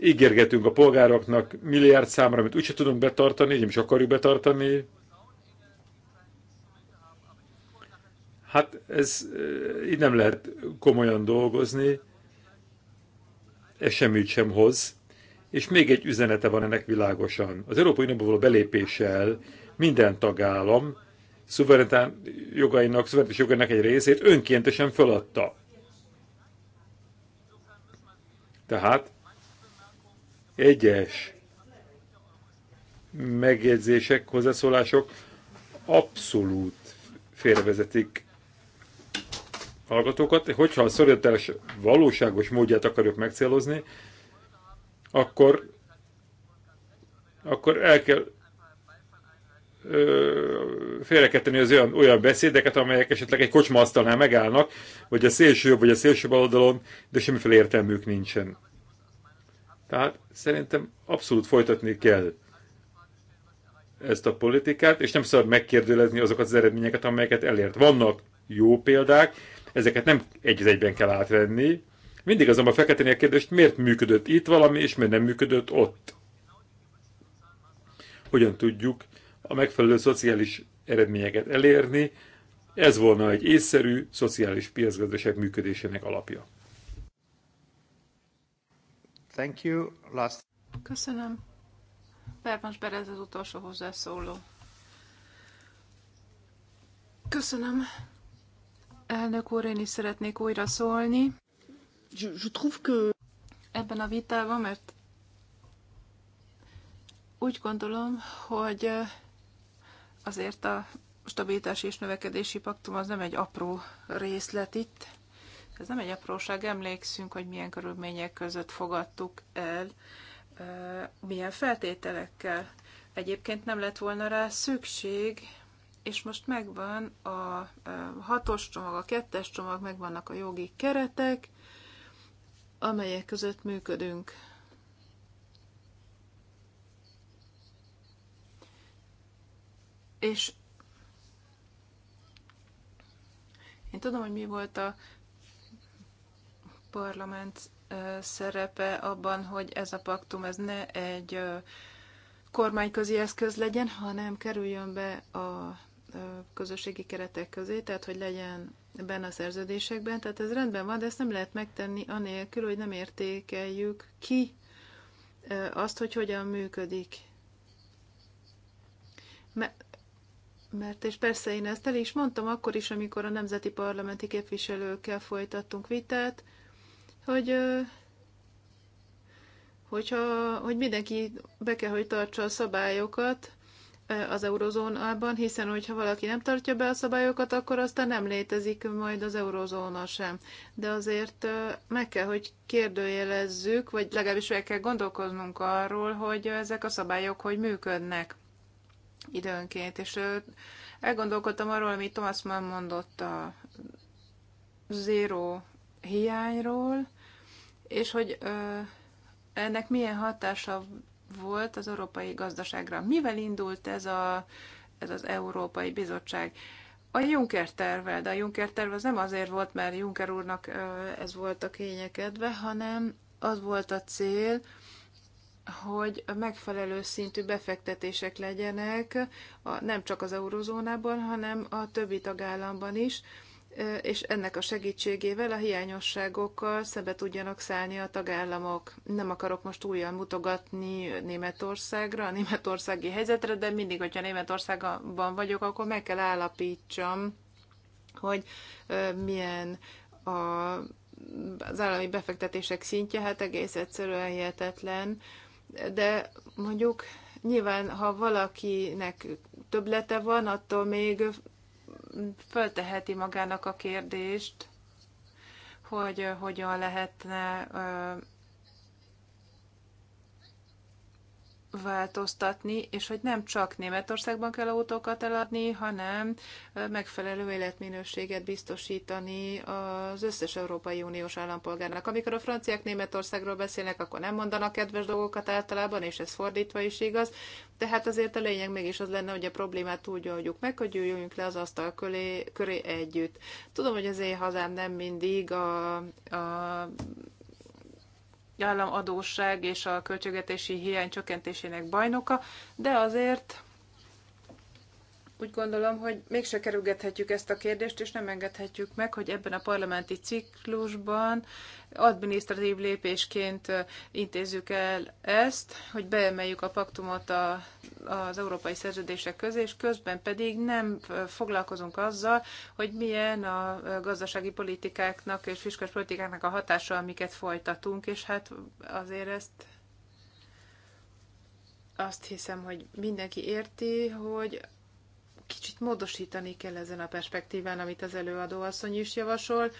ígérgetünk a polgároknak milliárd számra, amit úgyse tudunk betartani, nem is akarjuk betartani. Hát ez eh, így nem lehet komolyan dolgozni, ez semmit sem hoz. És még egy üzenete van ennek világosan. Az Európai Unióba való belépéssel minden tagállam szuverenitán jogainak, szuverenitás jogainak egy részét önkéntesen föladta. Tehát egyes megjegyzések, hozzászólások abszolút félrevezetik hallgatókat. Hogyha a szorítás valóságos módját akarjuk megcélozni, akkor, akkor el kell félreketteni az olyan, olyan beszédeket, amelyek esetleg egy kocsmaasztalnál megállnak, vagy a szélső jobb, vagy a szélső bal oldalon, de semmiféle értelmük nincsen. Tehát szerintem abszolút folytatni kell ezt a politikát, és nem szabad megkérdőlezni azokat az eredményeket, amelyeket elért. Vannak jó példák, ezeket nem egy egyben kell átvenni. Mindig azonban feketeni a kérdést, miért működött itt valami, és miért nem működött ott. Hogyan tudjuk a megfelelő szociális eredményeket elérni, ez volna egy észszerű szociális piacgazdaság működésének alapja. Thank you. Last... Köszönöm. Bermans Berez az utolsó hozzászóló. Köszönöm. Elnök úr, én is szeretnék újra szólni. Je, je trouve que... Ebben a vitában, mert úgy gondolom, hogy azért a stabilitási és növekedési paktum az nem egy apró részlet itt. Ez nem egy apróság, emlékszünk, hogy milyen körülmények között fogadtuk el, milyen feltételekkel. Egyébként nem lett volna rá szükség, és most megvan a hatos csomag, a kettes csomag, megvannak a jogi keretek, amelyek között működünk. És én tudom, hogy mi volt a Parlament szerepe abban, hogy ez a paktum ez ne egy kormányközi eszköz legyen, hanem kerüljön be a közösségi keretek közé, tehát hogy legyen benne a szerződésekben. Tehát ez rendben van, de ezt nem lehet megtenni anélkül, hogy nem értékeljük ki azt, hogy hogyan működik. Mert mert és persze én ezt el is mondtam akkor is, amikor a nemzeti parlamenti képviselőkkel folytattunk vitát, hogy hogyha, hogy mindenki be kell, hogy tartsa a szabályokat az eurozónában, hiszen hogyha valaki nem tartja be a szabályokat, akkor aztán nem létezik majd az eurozóna sem. De azért meg kell, hogy kérdőjelezzük, vagy legalábbis meg kell gondolkoznunk arról, hogy ezek a szabályok hogy működnek időnként. És elgondolkodtam arról, amit Thomas Mann mondott a zéró hiányról, és hogy ö, ennek milyen hatása volt az európai gazdaságra. Mivel indult ez, a, ez az Európai Bizottság? A Juncker tervvel, de a Juncker terv az nem azért volt, mert Juncker úrnak ez volt a kényekedve, hanem az volt a cél, hogy megfelelő szintű befektetések legyenek a, nem csak az eurozónában, hanem a többi tagállamban is, és ennek a segítségével a hiányosságokkal szembe tudjanak szállni a tagállamok. Nem akarok most újra mutogatni Németországra, a németországi helyzetre, de mindig, hogyha Németországban vagyok, akkor meg kell állapítsam, hogy milyen a, az állami befektetések szintje, hát egész egyszerűen hihetetlen, de mondjuk nyilván, ha valakinek töblete van, attól még fölteheti magának a kérdést, hogy eh, hogyan lehetne eh, változtatni, és hogy nem csak Németországban kell autókat eladni, hanem megfelelő életminőséget biztosítani az összes Európai Uniós állampolgárnak. Amikor a franciák Németországról beszélnek, akkor nem mondanak kedves dolgokat általában, és ez fordítva is igaz. Tehát azért a lényeg mégis az lenne, hogy a problémát úgy oldjuk meg, hogy üljünk le az asztal köré, köré együtt. Tudom, hogy az én hazám nem mindig a, a államadóság és a költségvetési hiány csökkentésének bajnoka, de azért úgy gondolom, hogy mégse kerülgethetjük ezt a kérdést, és nem engedhetjük meg, hogy ebben a parlamenti ciklusban adminisztratív lépésként intézzük el ezt, hogy beemeljük a paktumot a, az európai szerződések közé, és közben pedig nem foglalkozunk azzal, hogy milyen a gazdasági politikáknak és fiskális politikáknak a hatása, amiket folytatunk, és hát azért ezt azt hiszem, hogy mindenki érti, hogy kicsit módosítani kell ezen a perspektíván, amit az előadó asszony is javasol.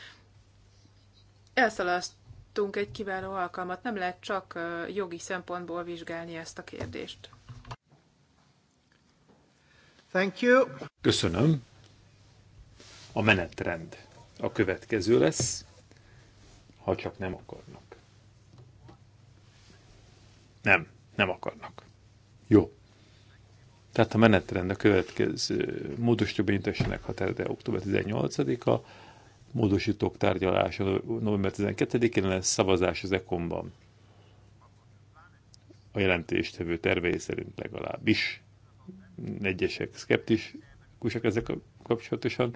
Elszalasztunk egy kiváló alkalmat, nem lehet csak jogi szempontból vizsgálni ezt a kérdést. Thank you. Köszönöm. A menetrend a következő lesz, ha csak nem akarnak. Nem, nem akarnak. Jó. Tehát a menetrend a következő módosító bintessenek határideje október 18-a, módosítók tárgyalása november 12-én lesz szavazás az ECOM-ban. A jelentéstevő tervei szerint legalábbis egyesek szkeptikusak ezek a kapcsolatosan.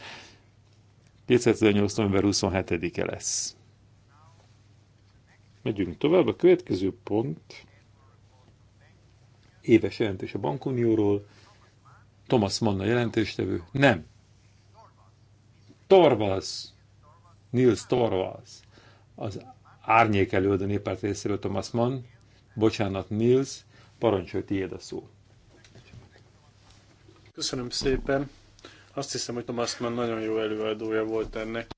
2018. november 27-e lesz. Megyünk tovább. A következő pont éves jelentés a bankunióról, Thomas Mann a jelentéstevő, nem. Torvalds, Nils Torvalds, az árnyék előad a néppárt részéről Thomas Mann, bocsánat Nils, parancsolj tiéd a szó. Köszönöm szépen. Azt hiszem, hogy Thomas Mann nagyon jó előadója volt ennek.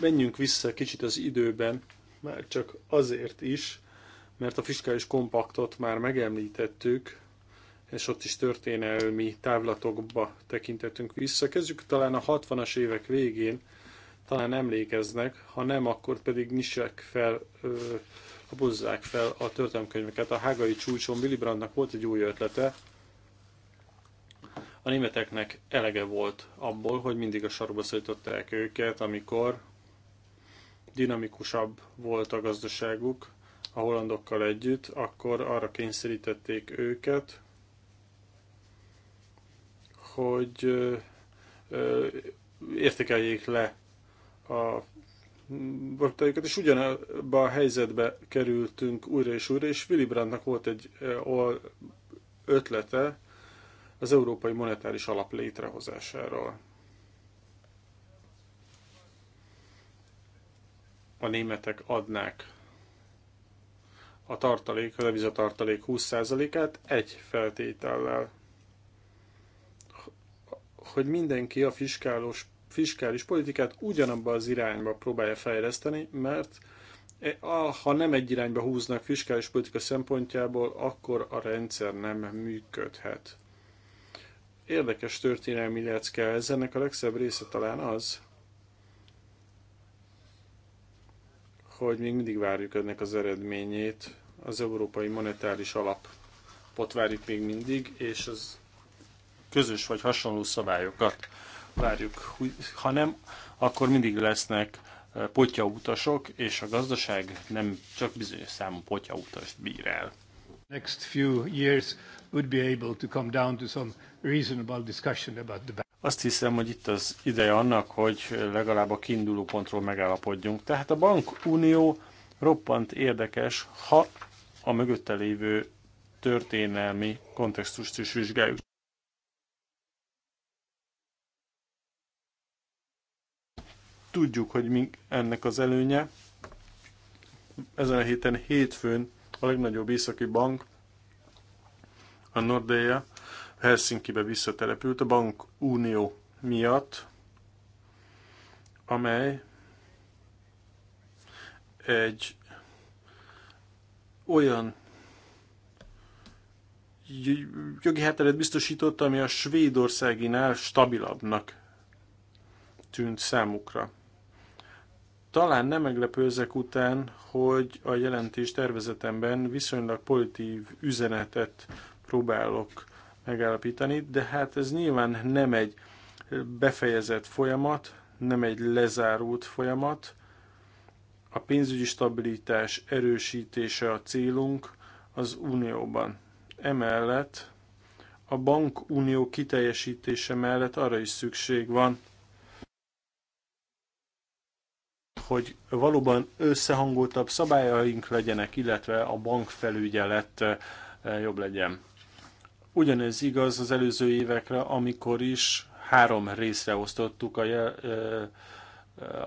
Menjünk vissza kicsit az időben, már csak azért is, mert a fiskális kompaktot már megemlítettük, és ott is történelmi távlatokba tekintettünk vissza. Kezdjük talán a 60-as évek végén, talán emlékeznek, ha nem, akkor pedig nyissák fel, lapozzák fel a történelmkönyveket. A hágai csúcson Willy Brandtnak volt egy új ötlete, a németeknek elege volt abból, hogy mindig a sarokba szorították őket, amikor dinamikusabb volt a gazdaságuk a hollandokkal együtt, akkor arra kényszerítették őket, hogy értékeljék le a baktájukat, és ugyanebben a helyzetbe kerültünk újra és újra, és Willy Brandtnak volt egy ötlete az Európai Monetáris Alap létrehozásáról. a németek adnák a tartalék, a devizatartalék 20%-át egy feltétellel, hogy mindenki a fiskálós, fiskális politikát ugyanabba az irányba próbálja fejleszteni, mert ha nem egy irányba húznak fiskális politika szempontjából, akkor a rendszer nem működhet. Érdekes történelmi lecke, ez ennek a legszebb része talán az, hogy még mindig várjuk ennek az eredményét. Az Európai Monetáris Alapot várjuk még mindig, és az közös vagy hasonló szabályokat várjuk. Ha nem, akkor mindig lesznek eh, potya utasok, és a gazdaság nem csak bizonyos számú potya utast bír el. Next few years would be able to come down to some reasonable discussion about the azt hiszem, hogy itt az ideje annak, hogy legalább a kiinduló pontról megállapodjunk. Tehát a bankunió roppant érdekes, ha a mögötte lévő történelmi kontextust is vizsgáljuk. Tudjuk, hogy mi ennek az előnye. Ezen a héten hétfőn a legnagyobb északi bank, a Nordea, Helsinki-be Helsinki-be visszatelepült a bankunió miatt, amely egy olyan jogi hátteret biztosított, ami a svédországinál stabilabbnak tűnt számukra. Talán nem meglepő ezek után, hogy a jelentés tervezetemben viszonylag pozitív üzenetet próbálok megállapítani, de hát ez nyilván nem egy befejezett folyamat, nem egy lezárult folyamat. A pénzügyi stabilitás erősítése a célunk az Unióban. Emellett a bankunió kiteljesítése mellett arra is szükség van, hogy valóban összehangoltabb szabályaink legyenek, illetve a bankfelügyelet eh, jobb legyen. Ugyanez igaz az előző évekre, amikor is három részre osztottuk a,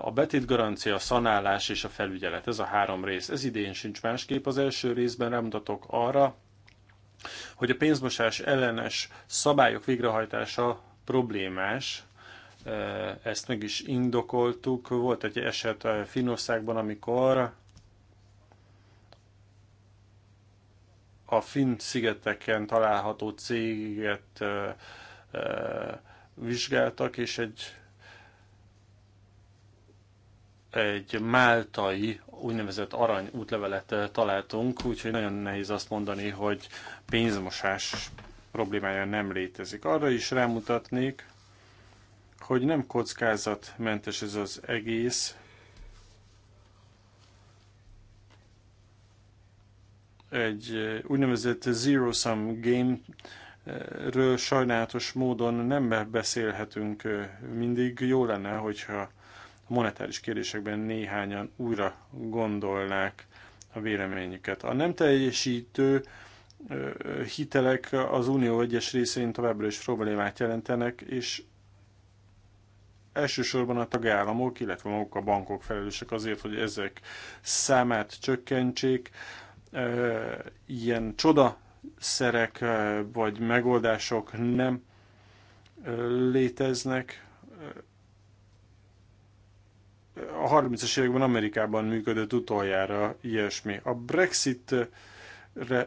a betétgarancia, a szanálás és a felügyelet. Ez a három rész. Ez idén sincs másképp. Az első részben rámutatok arra, hogy a pénzmosás ellenes szabályok végrehajtása problémás, ezt meg is indokoltuk. Volt egy eset Finországban, amikor a Finn-szigeteken található céget vizsgáltak, és egy egy máltai úgynevezett arany útlevelet találtunk, úgyhogy nagyon nehéz azt mondani, hogy pénzmosás problémája nem létezik. Arra is rámutatnék, hogy nem kockázatmentes ez az egész, egy úgynevezett zero-sum game ről sajnálatos módon nem beszélhetünk mindig. Jó lenne, hogyha a monetáris kérdésekben néhányan újra gondolnák a véleményüket. A nem teljesítő hitelek az Unió egyes részein továbbra is problémát jelentenek, és elsősorban a tagállamok, illetve maguk a bankok felelősek azért, hogy ezek számát csökkentsék, ilyen csodaszerek vagy megoldások nem léteznek. A 30-as években Amerikában működött utoljára ilyesmi. A Brexitre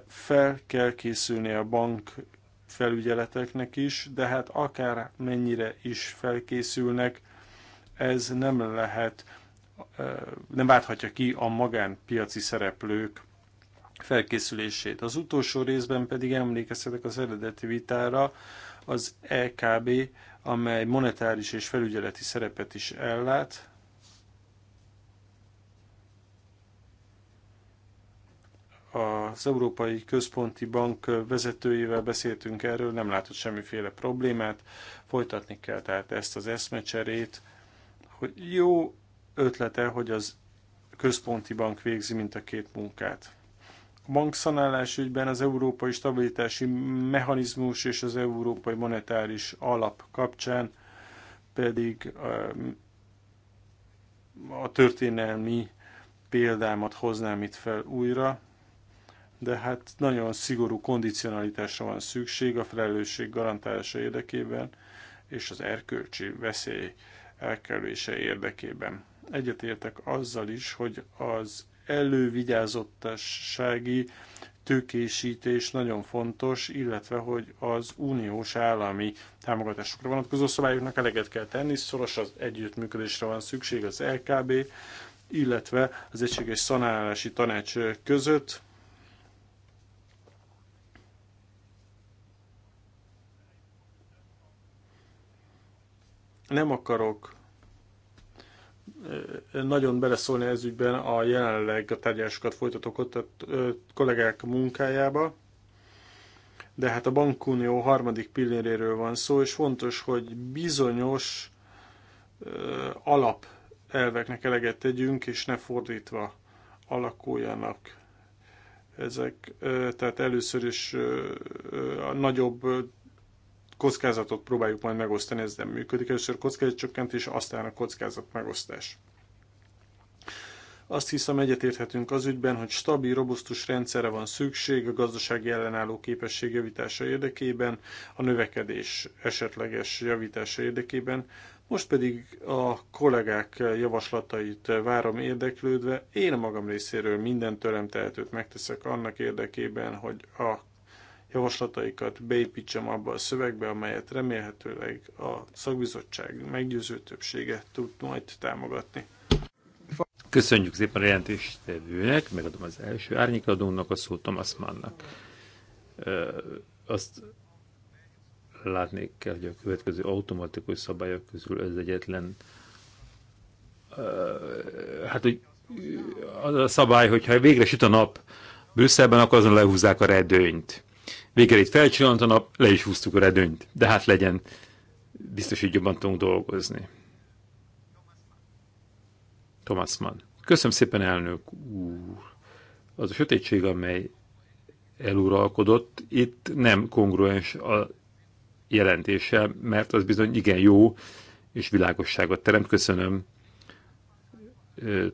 fel kell készülni a bank felügyeleteknek is, de hát akár mennyire is felkészülnek, ez nem lehet, nem válthatja ki a magánpiaci szereplők felkészülését. Az utolsó részben pedig emlékeztetek az eredeti vitára az EKB, amely monetáris és felügyeleti szerepet is ellát, az Európai Központi Bank vezetőjével beszéltünk erről, nem látott semmiféle problémát, folytatni kell tehát ezt az eszmecserét, hogy jó ötlete, hogy az központi bank végzi mint a két munkát bankszanálás ügyben az európai stabilitási mechanizmus és az európai monetáris alap kapcsán pedig um, a történelmi példámat hoznám itt fel újra, de hát nagyon szigorú kondicionalitásra van szükség a felelősség garantálása érdekében és az erkölcsi veszély elkerülése érdekében. Egyetértek azzal is, hogy az elővigyázottasági tőkésítés nagyon fontos, illetve hogy az uniós állami támogatásokra vonatkozó szabályoknak eleget kell tenni, szoros az együttműködésre van szükség az LKB, illetve az Egységes Szanálási Tanács között. Nem akarok nagyon beleszólni ez ügyben a jelenleg a tárgyalásokat folytatók ott a kollégák munkájába, de hát a bankunió harmadik pilléréről van szó, és fontos, hogy bizonyos alap elveknek eleget tegyünk, és ne fordítva alakuljanak ezek. Tehát először is a nagyobb kockázatot próbáljuk majd megosztani, ez nem működik. Először kockázatcsökkentés, aztán a kockázat megosztás. Azt hiszem egyetérthetünk az ügyben, hogy stabil, robusztus rendszerre van szükség a gazdasági ellenálló képesség javítása érdekében, a növekedés esetleges javítása érdekében. Most pedig a kollégák javaslatait várom érdeklődve. Én a magam részéről minden tőlem tehetőt megteszek annak érdekében, hogy a javaslataikat beépítsem abba a szövegbe, amelyet remélhetőleg a szakbizottság meggyőző többsége tud majd támogatni. Köszönjük szépen a jelentéstevőnek, megadom az első árnyékadónak, a szó Thomas Mannnak. azt látni kell, hogy a következő automatikus szabályok közül ez egyetlen hát, hogy az a szabály, hogyha végre süt a nap Brüsszelben, akkor azon lehúzzák a redőnyt. Végerét felcsillant a nap, le is húztuk a redőnyt, de hát legyen, biztos hogy jobban tudunk dolgozni. Thomas Mann. Köszönöm szépen, elnök úr. Az a sötétség, amely eluralkodott, itt nem kongruens a jelentése, mert az bizony igen jó és világosságot teremt. Köszönöm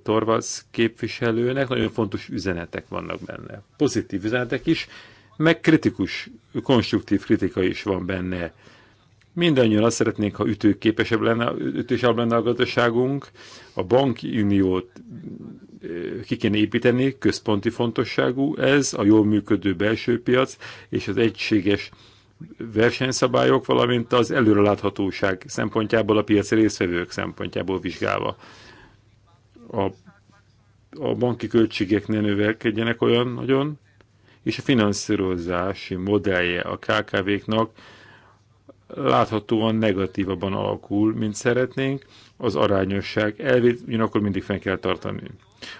Torvasz képviselőnek, nagyon fontos üzenetek vannak benne. Pozitív üzenetek is, meg kritikus, konstruktív kritika is van benne. Mindannyian azt szeretnénk, ha ütőképesebb lenne, ütősebb lenne a gazdaságunk, a banki uniót ki kéne építeni, központi fontosságú ez, a jól működő belső piac és az egységes versenyszabályok, valamint az előreláthatóság szempontjából, a piac részvevők szempontjából vizsgálva. A, a banki költségek ne növelkedjenek olyan nagyon, és a finanszírozási modellje a KKV-knak láthatóan negatívabban alakul, mint szeretnénk, az arányosság elvét ugyanakkor mindig fenn kell tartani.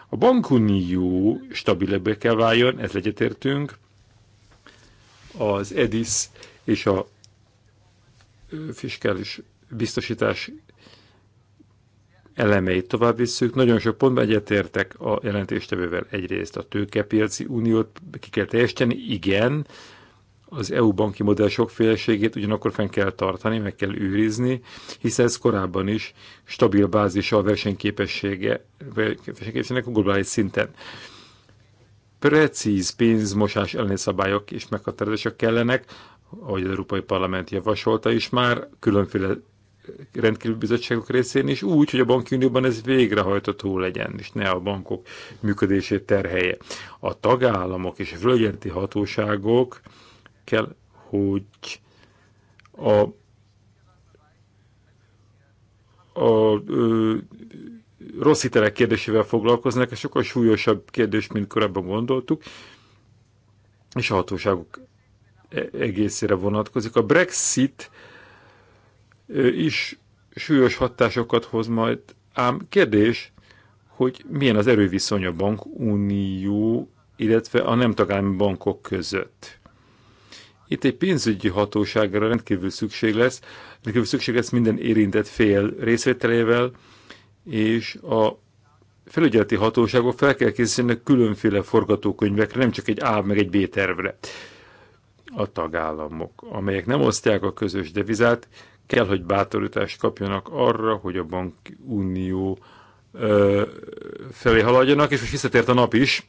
A bankunió stabilebbé kell váljon, ez legyetértünk, az EDIS és a fiskális biztosítás elemeit tovább visszük. Nagyon sok pontban egyetértek a jelentéstevővel egyrészt a tőkepiaci uniót ki kell teljesíteni, igen, az EU banki modell sokféleségét ugyanakkor fenn kell tartani, meg kell őrizni, hiszen ez korábban is stabil bázisa a versenyképessége, versenyképességnek a globális szinten. Precíz pénzmosás elleni szabályok és meghatározások kellenek, ahogy az Európai Parlament javasolta is már, különféle rendkívül bizottságok részén is úgy, hogy a banki unióban ez végrehajtató legyen, és ne a bankok működését terhelje. A tagállamok és a fölgyenti hatóságok kell, hogy a, a ö, rossz hitelek kérdésével foglalkoznak, ez sokkal súlyosabb kérdés, mint korábban gondoltuk, és a hatóságok e- egészére vonatkozik. A Brexit is súlyos hatásokat hoz majd. Ám kérdés, hogy milyen az erőviszony a bankunió, illetve a nem tagállami bankok között. Itt egy pénzügyi hatóságra rendkívül szükség lesz, rendkívül szükség lesz minden érintett fél részvételével, és a felügyeleti hatóságok fel kell készülni különféle forgatókönyvekre, nem csak egy A meg egy B tervre. A tagállamok, amelyek nem osztják a közös devizát, kell, hogy bátorítást kapjanak arra, hogy a bankunió felé haladjanak, és most visszatért a nap is.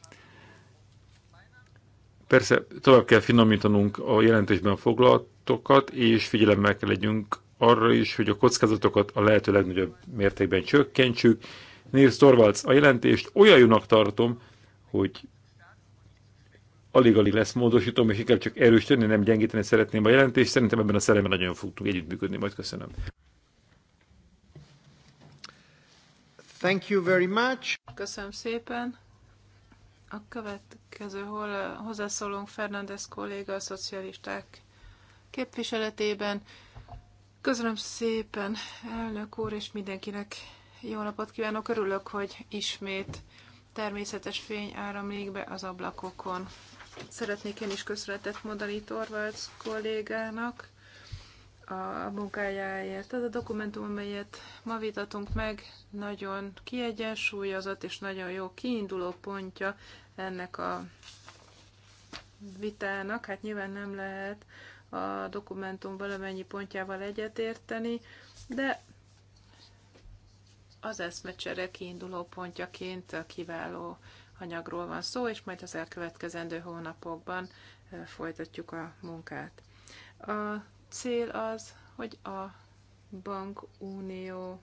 Persze tovább kell finomítanunk a jelentésben foglaltokat, és figyelemmel kell legyünk arra is, hogy a kockázatokat a lehető legnagyobb mértékben csökkentsük. Nils Torvalds, a jelentést olyan jónak tartom, hogy alig-alig lesz módosítom, és inkább csak erősíteni, nem gyengíteni szeretném a jelentést. Szerintem ebben a szeremben nagyon fogunk együttműködni. Majd köszönöm. Thank you very much. Köszönöm szépen. A következő hol hozzászólunk Fernández kolléga a szocialisták képviseletében. Köszönöm szépen, elnök úr, és mindenkinek jó napot kívánok. Örülök, hogy ismét természetes fény áramlik be az ablakokon Szeretnék én is köszönetet mondani Torvalds kollégának a munkájáért. Ez a dokumentum, amelyet ma vitatunk meg, nagyon kiegyensúlyozott és nagyon jó kiinduló pontja ennek a vitának. Hát nyilván nem lehet a dokumentum valamennyi pontjával egyetérteni, de az eszmecsere kiinduló pontjaként kiváló anyagról van szó, és majd az elkövetkezendő hónapokban folytatjuk a munkát. A cél az, hogy a bankunió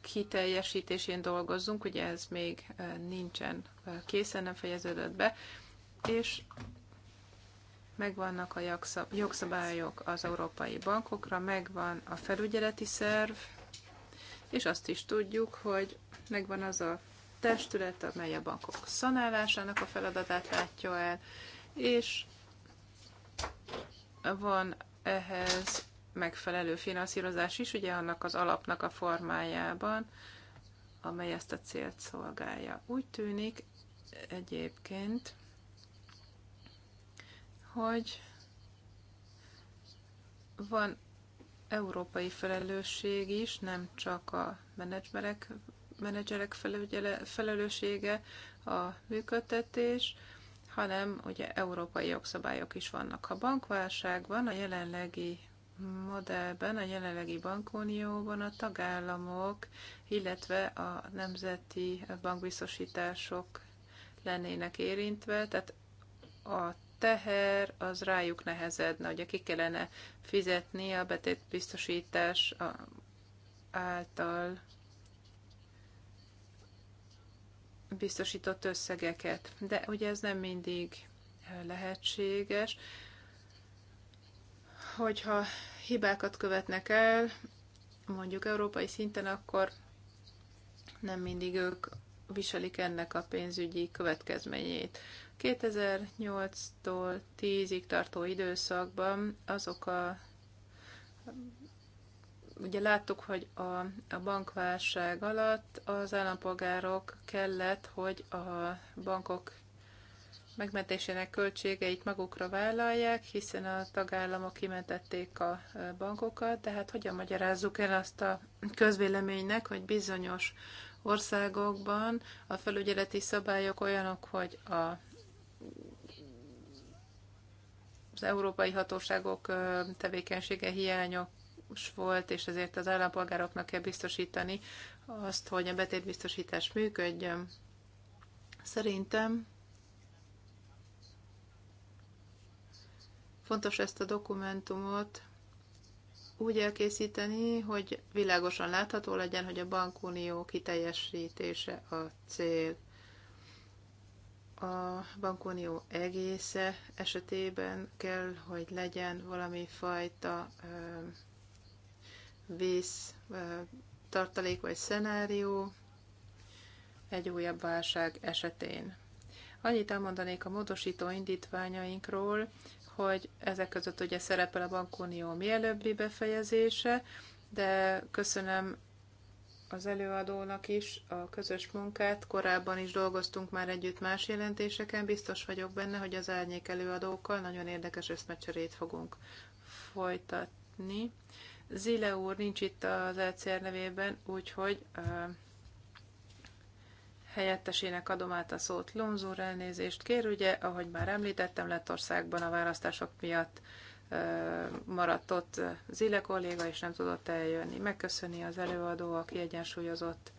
kiteljesítésén dolgozzunk, ugye ez még nincsen készen, nem fejeződött be, és megvannak a jogszabályok az európai bankokra, megvan a felügyeleti szerv, és azt is tudjuk, hogy megvan az a testület, amely a bankok szanálásának a feladatát látja el, és van ehhez megfelelő finanszírozás is, ugye annak az alapnak a formájában, amely ezt a célt szolgálja. Úgy tűnik egyébként, hogy van európai felelősség is, nem csak a menedzserek, menedzserek felelőssége, a működtetés, hanem ugye európai jogszabályok is vannak. Ha bankválság van, a jelenlegi modellben, a jelenlegi bankunióban a tagállamok, illetve a nemzeti bankbiztosítások lennének érintve, tehát a teher az rájuk nehezedne, hogy ki kellene fizetni a betétbiztosítás által biztosított összegeket. De ugye ez nem mindig eh, lehetséges, hogyha hibákat követnek el, mondjuk európai szinten, akkor nem mindig ők viselik ennek a pénzügyi következményét. 2008-tól 10-ig tartó időszakban azok a ugye láttuk, hogy a, a bankválság alatt az állampolgárok kellett, hogy a bankok megmentésének költségeit magukra vállalják, hiszen a tagállamok kimentették a bankokat, tehát hogyan magyarázzuk el azt a közvéleménynek, hogy bizonyos országokban a felügyeleti szabályok olyanok, hogy a az európai hatóságok tevékenysége hiányos volt, és ezért az állampolgároknak kell biztosítani azt, hogy a betétbiztosítás működjön. Szerintem fontos ezt a dokumentumot úgy elkészíteni, hogy világosan látható legyen, hogy a bankunió kiteljesítése a cél a bankunió egésze esetében kell, hogy legyen valami fajta vész tartalék vagy szenárió egy újabb válság esetén. Annyit elmondanék a módosító indítványainkról, hogy ezek között ugye szerepel a bankunió mielőbbi befejezése, de köszönöm az előadónak is a közös munkát. Korábban is dolgoztunk már együtt más jelentéseken. Biztos vagyok benne, hogy az árnyék előadókkal nagyon érdekes összmecserét fogunk folytatni. Zile úr nincs itt az LCR e nevében, úgyhogy uh, helyettesének adom át a szót. Lonzúr elnézést kér, ugye, ahogy már említettem, Lettországban a választások miatt uh, maradt ott Zile kolléga, és nem tudott eljönni. Megköszöni az előadó, a kiegyensúlyozott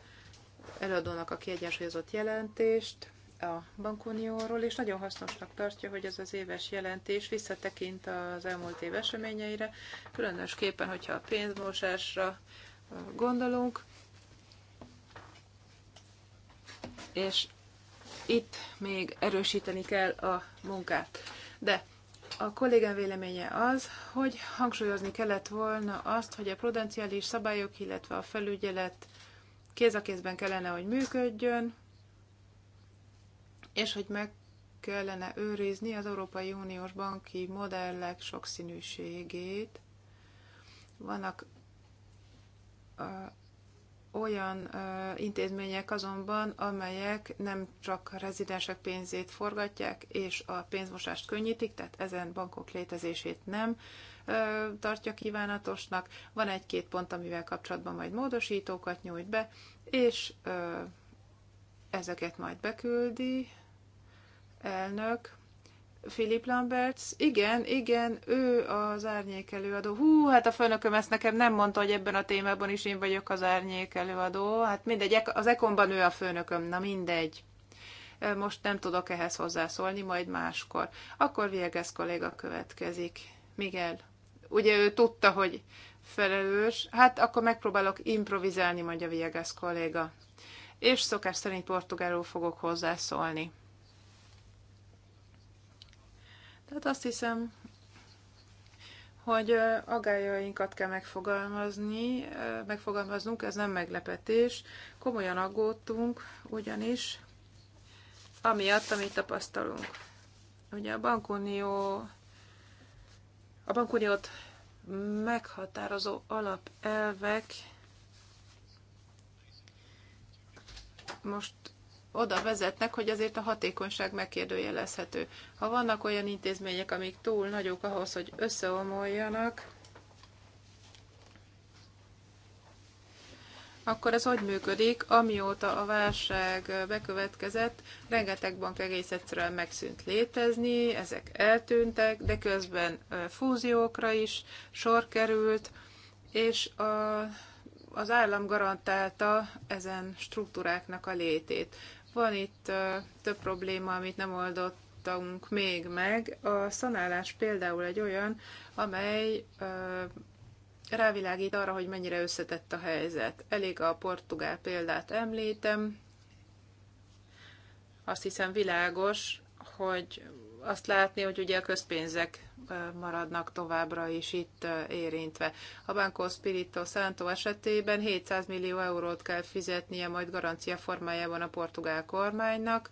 előadónak a kiegyensúlyozott jelentést a bankunióról, és nagyon hasznosnak tartja, hogy ez az éves jelentés visszatekint az elmúlt év eseményeire, különösképpen, hogyha a pénzmosásra gondolunk. És itt még erősíteni kell a munkát. De a kollégám véleménye az, hogy hangsúlyozni kellett volna azt, hogy a prudenciális szabályok, illetve a felügyelet kéz a kézben kellene, hogy működjön, és hogy meg kellene őrizni az Európai Uniós banki modellek sokszínűségét. Vannak olyan ö, intézmények azonban, amelyek nem csak rezidensek pénzét forgatják, és a pénzmosást könnyítik, tehát ezen bankok létezését nem ö, tartja kívánatosnak. Van egy-két pont, amivel kapcsolatban majd módosítókat nyújt be, és ö, ezeket majd beküldi elnök. Philip Lamberts, igen, igen, ő az árnyék előadó. Hú, hát a főnököm ezt nekem nem mondta, hogy ebben a témában is én vagyok az árnyék előadó. Hát mindegy, az Ekonban ő a főnököm, na mindegy. Most nem tudok ehhez hozzászólni, majd máskor. Akkor Vieges kolléga következik. Miguel. Ugye ő tudta, hogy felelős. Hát akkor megpróbálok improvizálni, mondja Vieges kolléga. És szokás szerint portugálul fogok hozzászólni. Tehát azt hiszem, hogy agályainkat kell megfogalmazni, megfogalmaznunk, ez nem meglepetés. Komolyan aggódtunk, ugyanis amiatt, amit tapasztalunk. Ugye a bankunió, a bankuniót meghatározó alapelvek most oda vezetnek, hogy azért a hatékonyság megkérdőjelezhető. Ha vannak olyan intézmények, amik túl nagyok ahhoz, hogy összeomoljanak, akkor ez hogy működik? Amióta a válság bekövetkezett, rengeteg bank egész egyszerűen megszűnt létezni, ezek eltűntek, de közben fúziókra is sor került, és a, az állam garantálta ezen struktúráknak a létét. Van itt több probléma, amit nem oldottunk még meg. A szanálás például egy olyan, amely rávilágít arra, hogy mennyire összetett a helyzet. Elég a portugál példát említem. Azt hiszem világos, hogy azt látni, hogy ugye a közpénzek maradnak továbbra is itt érintve. A Banco Spirito Santo esetében 700 millió eurót kell fizetnie majd garancia formájában a portugál kormánynak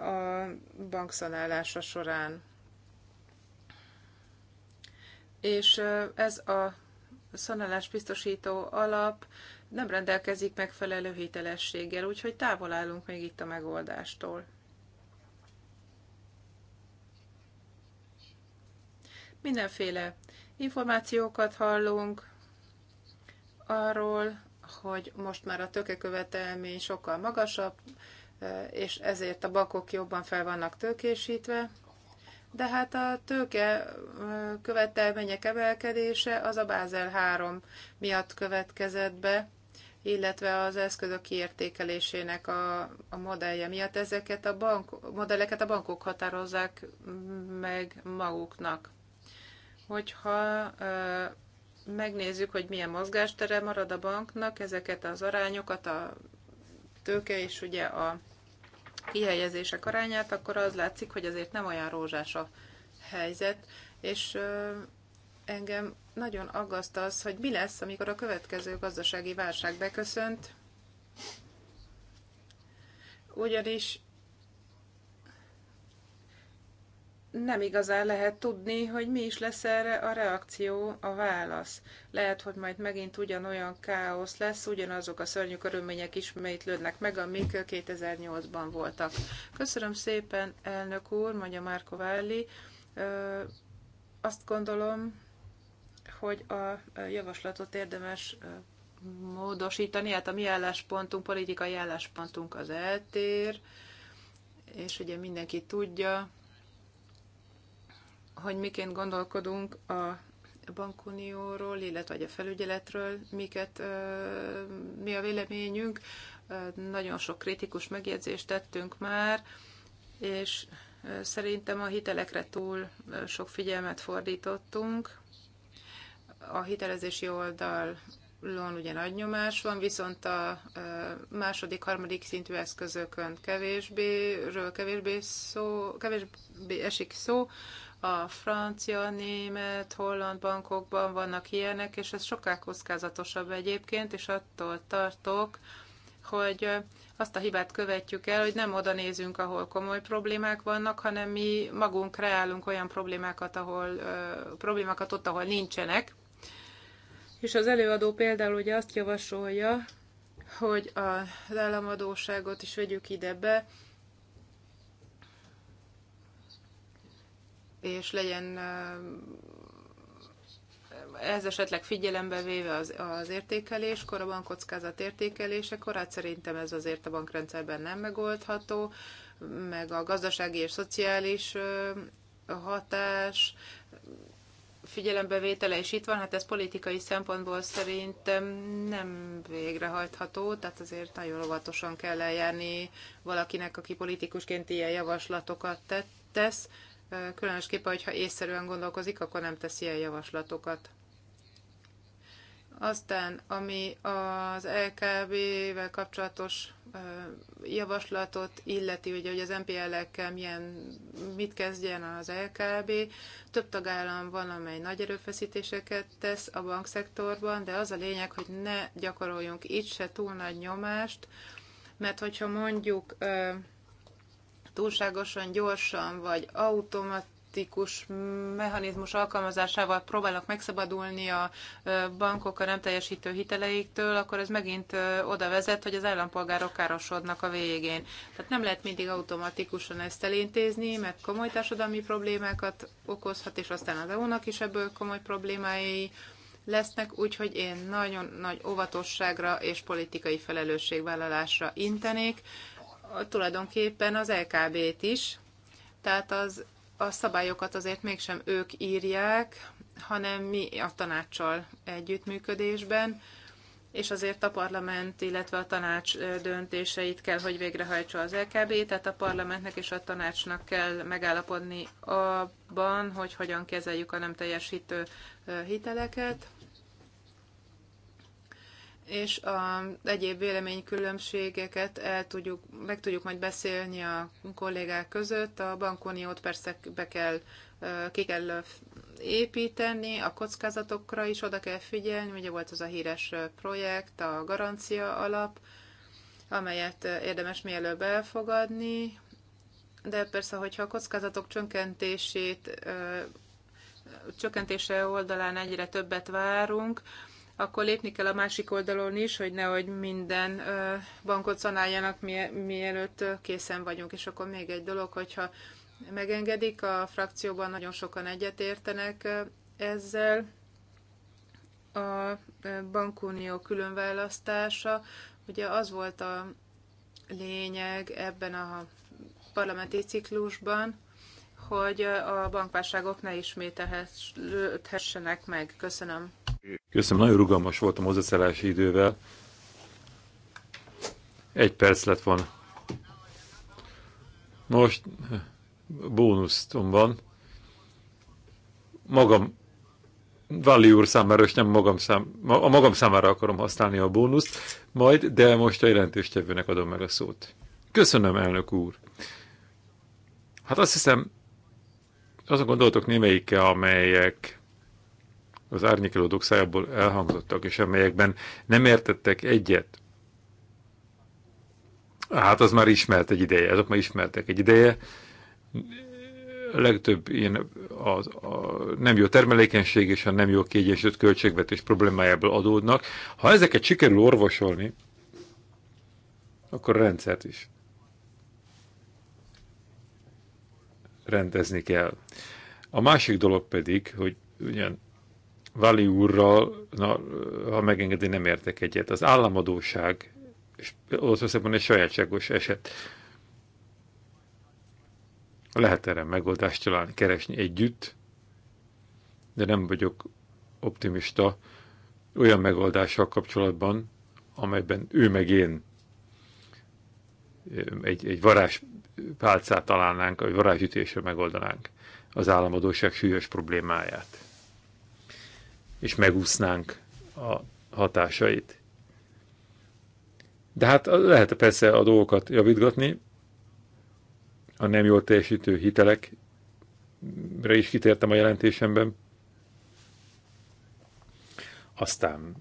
a bankszanálása során. És ez a szanálás biztosító alap nem rendelkezik megfelelő hitelességgel, úgyhogy távol állunk még itt a megoldástól. Mindenféle információkat hallunk arról, hogy most már a tökekövetelmény sokkal magasabb, és ezért a bakok jobban fel vannak tőkésítve, de hát a tőke követelmények emelkedése az a Bázel 3 miatt következett be, illetve az eszközök kiértékelésének a, a modellje miatt ezeket a bank, modelleket a bankok határozzák meg maguknak hogyha megnézzük, hogy milyen mozgástere marad a banknak, ezeket az arányokat, a tőke és ugye a kihelyezések arányát, akkor az látszik, hogy azért nem olyan rózsás a helyzet, és engem nagyon aggaszt az, hogy mi lesz, amikor a következő gazdasági válság beköszönt, ugyanis nem igazán lehet tudni, hogy mi is lesz erre a reakció, a válasz. Lehet, hogy majd megint ugyanolyan káosz lesz, ugyanazok a szörnyű körülmények ismétlődnek meg, amik 2008-ban voltak. Köszönöm szépen, elnök úr, mondja Márko Válli. Azt gondolom, hogy a javaslatot érdemes módosítani, hát a mi álláspontunk, politikai álláspontunk az eltér, és ugye mindenki tudja, hogy miként gondolkodunk a bankunióról, illetve a felügyeletről, miket, mi a véleményünk. Nagyon sok kritikus megjegyzést tettünk már, és szerintem a hitelekre túl sok figyelmet fordítottunk. A hitelezési oldal lón ugye nagy nyomás van, viszont a második, harmadik szintű eszközökön kevésbé, ről kevésbé, szó, kevésbé esik szó, a francia, német, holland bankokban vannak ilyenek, és ez sokkal kockázatosabb egyébként, és attól tartok, hogy azt a hibát követjük el, hogy nem oda nézünk, ahol komoly problémák vannak, hanem mi magunk kreálunk olyan problémákat, ahol, ö, problémákat ott, ahol nincsenek. És az előadó például ugye azt javasolja, hogy az államadóságot is vegyük ide be, és legyen ez esetleg figyelembe véve az, az értékeléskor, a bankkockázat értékelésekor, hát szerintem ez azért a bankrendszerben nem megoldható, meg a gazdasági és szociális hatás figyelembevétele is itt van, hát ez politikai szempontból szerintem nem végrehajtható, tehát azért nagyon óvatosan kell eljárni valakinek, aki politikusként ilyen javaslatokat tett, tesz különösképpen, hogyha észszerűen gondolkozik, akkor nem tesz ilyen javaslatokat. Aztán, ami az LKB-vel kapcsolatos javaslatot illeti, ugye, hogy az MPL-ekkel milyen, mit kezdjen az LKB. Több tagállam van, amely nagy erőfeszítéseket tesz a bankszektorban, de az a lényeg, hogy ne gyakoroljunk itt se túl nagy nyomást, mert hogyha mondjuk túlságosan gyorsan vagy automatikus mechanizmus alkalmazásával próbálnak megszabadulni a bankok a nem teljesítő hiteleiktől, akkor ez megint oda vezet, hogy az állampolgárok károsodnak a végén. Tehát nem lehet mindig automatikusan ezt elintézni, mert komoly társadalmi problémákat okozhat, és aztán az EU-nak is ebből komoly problémái lesznek, úgyhogy én nagyon nagy óvatosságra és politikai felelősségvállalásra intenék, tulajdonképpen az LKB-t is, tehát az, a szabályokat azért mégsem ők írják, hanem mi a tanácssal együttműködésben, és azért a parlament, illetve a tanács döntéseit kell, hogy végrehajtsa az LKB, tehát a parlamentnek és a tanácsnak kell megállapodni abban, hogy hogyan kezeljük a nem teljesítő hiteleket és a egyéb véleménykülönbségeket el tudjuk, meg tudjuk majd beszélni a kollégák között. A bankuniót persze be kell, ki kell építeni, a kockázatokra is oda kell figyelni. Ugye volt az a híres projekt, a garancia alap, amelyet érdemes mielőbb elfogadni, de persze, hogyha a kockázatok csökkentését csökkentése oldalán egyre többet várunk, akkor lépni kell a másik oldalon is, hogy nehogy minden bankot szanáljanak, mielőtt készen vagyunk. És akkor még egy dolog, hogyha megengedik, a frakcióban nagyon sokan egyetértenek ezzel, a bankunió különválasztása, ugye az volt a lényeg ebben a parlamenti ciklusban, hogy a bankválságok ne ismételhessenek meg. Köszönöm. Köszönöm, nagyon rugalmas voltam hozzászállási idővel. Egy perc lett van. Most eh, bónusztom van. Magam, Valli úr számára, és nem magam szám, a magam számára akarom használni a bónuszt, majd, de most a jelentéstevőnek adom meg a szót. Köszönöm, elnök úr. Hát azt hiszem, a gondolatok némelyike, amelyek az árnyékelődők szájából elhangzottak, és amelyekben nem értettek egyet, hát az már ismert egy ideje, azok már ismertek egy ideje, a legtöbb ilyen az, a nem jó termelékenység és a nem jó kiegyensúlyozott költségvetés problémájából adódnak. Ha ezeket sikerül orvosolni, akkor a rendszert is rendezni kell. A másik dolog pedig, hogy ugyan Vali úrral, na, ha megengedi, nem értek egyet. Az államadóság Olaszországban egy sajátságos eset. Lehet erre megoldást találni, keresni együtt, de nem vagyok optimista olyan megoldással kapcsolatban, amelyben ő meg én egy, egy varázs pálcát találnánk, vagy varázsütésre megoldanánk az államadóság súlyos problémáját. És megúsznánk a hatásait. De hát lehet persze a dolgokat javítgatni, a nem jól teljesítő hitelekre is kitértem a jelentésemben. Aztán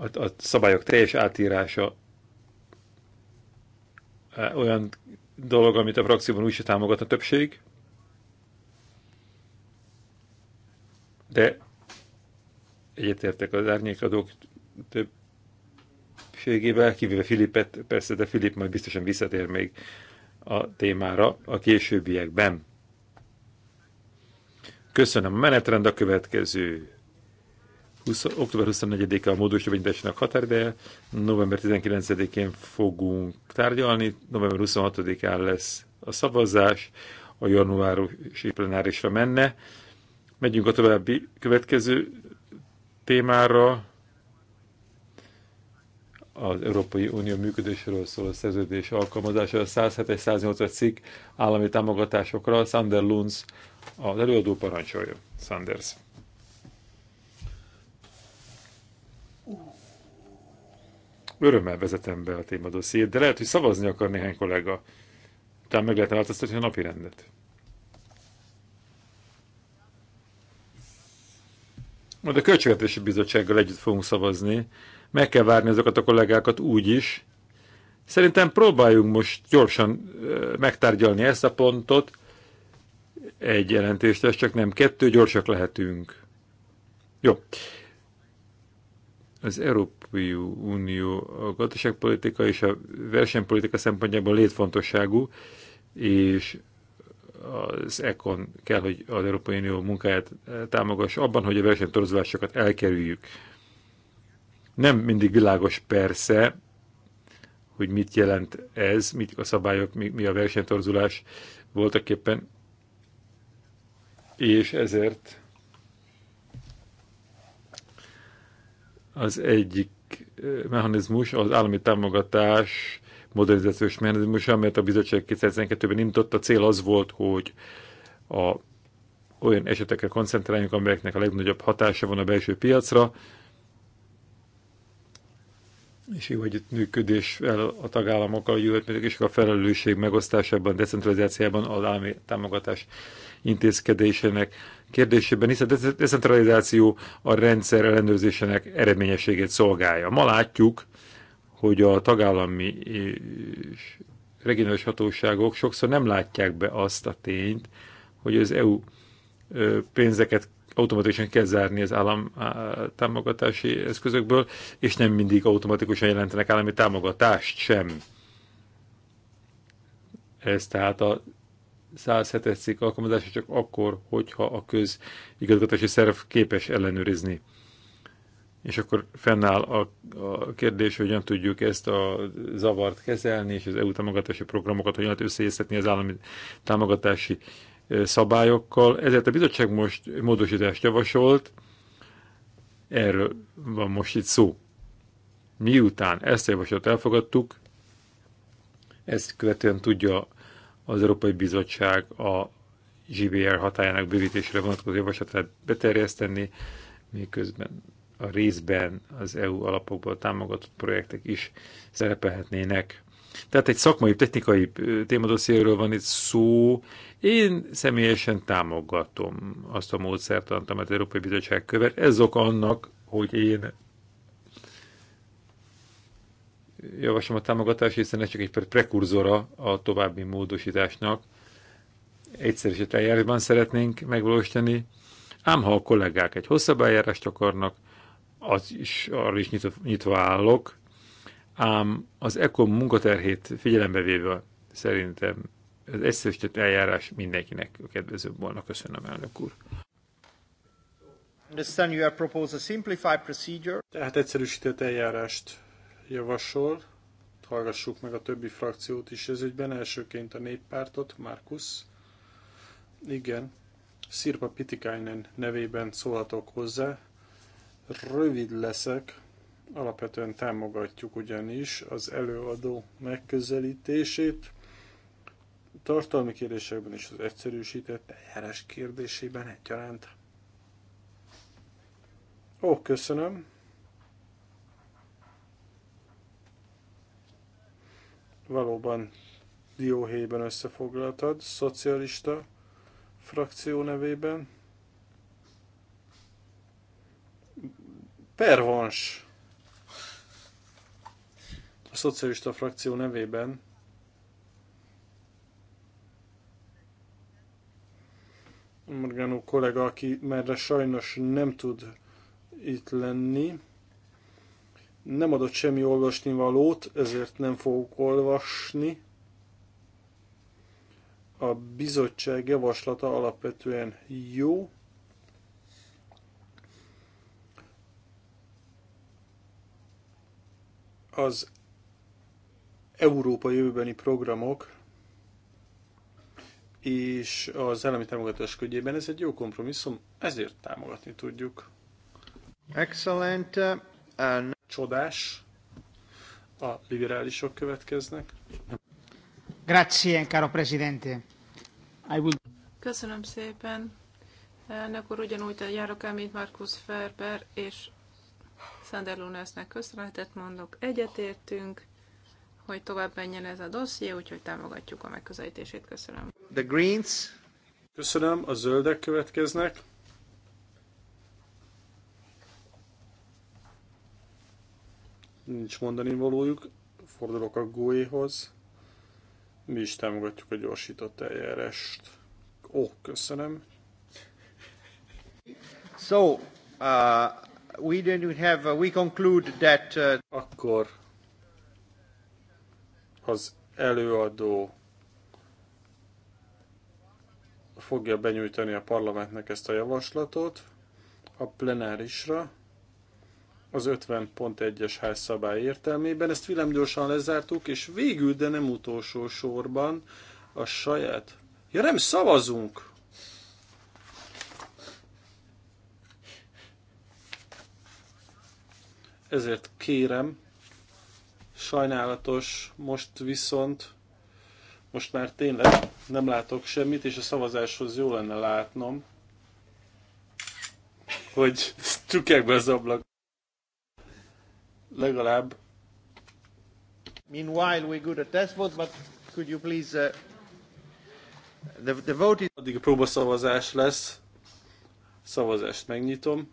a, a szabályok teljes átírása e, olyan dolog, amit a frakcióban úgyse támogat a többség, de egyetértek az árnyékadók többségével, kivéve Filipet, persze, de Filip majd biztosan visszatér még a témára a későbbiekben. Köszönöm. A menetrend a következő. 20, október 24-e a módosítványításnak határideje, november 19-én fogunk tárgyalni, november 26-án lesz a szavazás, a januárusi plenárisra menne. Megyünk a további következő témára, az Európai Unió szól szóló szerződés alkalmazása, a 107 108 cikk állami támogatásokra, Sander Lunds, az előadó parancsolja. Sanders. örömmel vezetem be a témadossziét, de lehet, hogy szavazni akar néhány kollega. Utána meg lehetne változtatni a napi rendet. Majd a Költségvetési Bizottsággal együtt fogunk szavazni. Meg kell várni azokat a kollégákat úgy is. Szerintem próbáljunk most gyorsan megtárgyalni ezt a pontot. Egy jelentést, ez csak nem kettő, gyorsak lehetünk. Jó az Európai Unió a gazdaságpolitika és a versenypolitika szempontjából létfontosságú, és az ECON kell, hogy az Európai Unió munkáját eh, támogass abban, hogy a versenytorzulásokat elkerüljük. Nem mindig világos persze, hogy mit jelent ez, mit a szabályok, mi, mi a versenytorzulás voltak éppen, és ezért Az egyik mechanizmus az állami támogatás modernizációs mechanizmus, amelyet a bizottság 2012-ben indított. A cél az volt, hogy a, olyan esetekre koncentráljunk, amelyeknek a legnagyobb hatása van a belső piacra, és jó együttműködés a tagállamokkal, a és a felelősség megosztásában, decentralizációban, az állami támogatás intézkedésének kérdésében, hiszen a decentralizáció a rendszer ellenőrzésének eredményességét szolgálja. Ma látjuk, hogy a tagállami és regionális hatóságok sokszor nem látják be azt a tényt, hogy az EU pénzeket automatikusan kell zárni az állam támogatási eszközökből, és nem mindig automatikusan jelentenek állami támogatást sem. Ez tehát a 107-es cikk alkalmazása csak akkor, hogyha a közigazgatási szerv képes ellenőrizni. És akkor fennáll a, a kérdés, hogy hogyan tudjuk ezt a zavart kezelni, és az EU támogatási programokat hogyan lehet összeésztetni az állami támogatási szabályokkal. Ezért a bizottság most módosítást javasolt, erről van most itt szó. Miután ezt a javaslatot elfogadtuk, ezt követően tudja az Európai Bizottság a GBR hatájának bővítésére vonatkozó javaslatát beterjeszteni, miközben a részben az EU alapokból támogatott projektek is szerepelhetnének. Tehát egy szakmai, technikai témadosszéről van itt szó. Én személyesen támogatom azt a módszertant, amit az Európai Bizottság követ. Ez ok annak, hogy én javaslom a támogatás, hiszen ez csak egy prekurzora a további módosításnak. Egyszerűsített eljárásban szeretnénk megvalósítani, ám ha a kollégák egy hosszabb eljárást akarnak, az is, arra is nyitva, nyitva állok, ám az ECO munkaterhét figyelembe véve szerintem az egyszerűsített eljárás mindenkinek a kedvezőbb volna. Köszönöm, elnök úr. a Tehát egyszerűsített eljárást javasol. Hallgassuk meg a többi frakciót is ez ügyben. Elsőként a néppártot, Markus. Igen, Szirpa Pitikainen nevében szólhatok hozzá. Rövid leszek, alapvetően támogatjuk ugyanis az előadó megközelítését. Tartalmi kérdésekben is az egyszerűsített eljárás kérdésében egyaránt. Ó, köszönöm. valóban dióhéjban összefoglaltad, szocialista frakció nevében. Pervans! A szocialista frakció nevében Morgánó kollega, aki merre sajnos nem tud itt lenni, nem adott semmi olvasni valót, ezért nem fogok olvasni. A bizottság javaslata alapvetően jó. Az Európa jövőbeni programok és az állami támogatás ködjében ez egy jó kompromisszum, ezért támogatni tudjuk. Excellent. And uh, csodás. A liberálisok következnek. Grazie, caro presidente. I will... Köszönöm szépen. Elnök úr, ugyanúgy járok el, mint Markus Ferber, és Sander Lunesnek köszönetet mondok. Egyetértünk, hogy tovább menjen ez a dosszié, úgyhogy támogatjuk a megközelítését. Köszönöm. The Greens. Köszönöm, a zöldek következnek. nincs mondani valójuk, fordulok a GUI-hoz. Mi is támogatjuk a gyorsított eljárást. Ó, oh, köszönöm. So, uh, we didn't have, uh, we conclude that... Uh... Akkor az előadó fogja benyújtani a parlamentnek ezt a javaslatot a plenárisra az 50.1-es házszabály értelmében. Ezt gyorsan lezártuk, és végül, de nem utolsó sorban a saját... Ja nem, szavazunk! Ezért kérem, sajnálatos, most viszont most már tényleg nem látok semmit, és a szavazáshoz jó lenne látnom, hogy csukják be az ablak legalább Meanwhile, we go to test vote, but could you please... Uh, the, the vote is... Addig a próbaszavazás lesz. Szavazást megnyitom.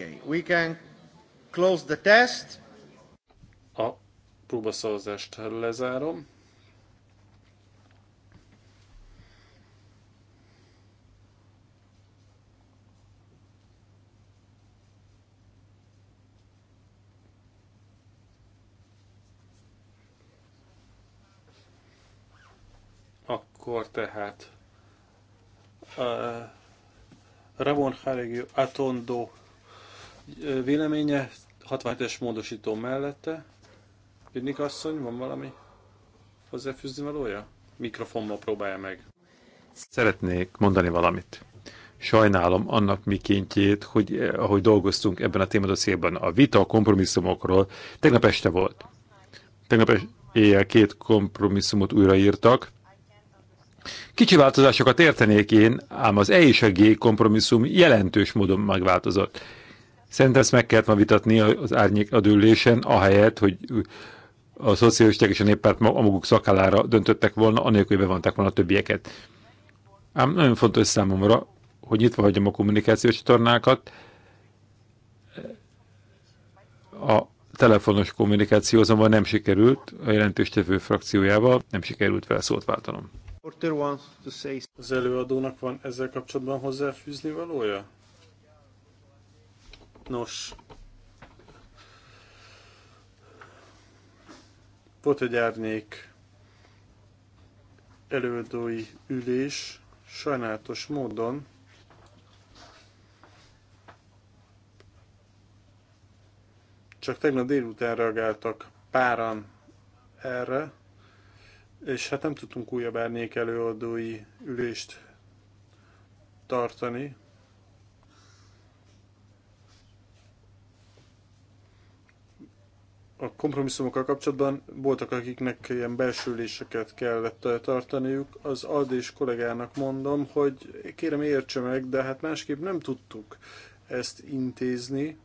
Okay, we can close the test. A próbaszavazást lezárom. akkor tehát uh, Ramon Jaregui Atondo véleménye, 67-es módosító mellette. Pirnik asszony, van valami hozzáfűzni valója? Mikrofonba próbálja meg. Szeretnék mondani valamit. Sajnálom annak mikéntjét, hogy eh, ahogy dolgoztunk ebben a témadosszében, a vita a kompromisszumokról tegnap este volt. Tegnap éjjel két kompromisszumot újraírtak, Kicsi változásokat értenék én, ám az E és a G kompromisszum jelentős módon megváltozott. Szerintem ezt meg kellett ma vitatni az árnyék adőlésen, ahelyett, hogy a szocialisták és a néppárt a maguk szakálára döntöttek volna, anélkül, hogy bevonták volna a többieket. Ám nagyon fontos számomra, hogy nyitva hagyjam a kommunikációs csatornákat, a telefonos kommunikáció azonban nem sikerült, a tevő frakciójával nem sikerült vele szót váltanom. Az előadónak van ezzel kapcsolatban hozzáfűzni valója? Nos, volt egy árnyék előadói ülés, sajnálatos módon csak tegnap délután reagáltak páran erre, és hát nem tudtunk újabb árnyék előadói ülést tartani. a kompromisszumokkal kapcsolatban voltak, akiknek ilyen belsüléseket kellett tartaniuk. Az Aldés kollégának mondom, hogy kérem értse meg, de hát másképp nem tudtuk ezt intézni,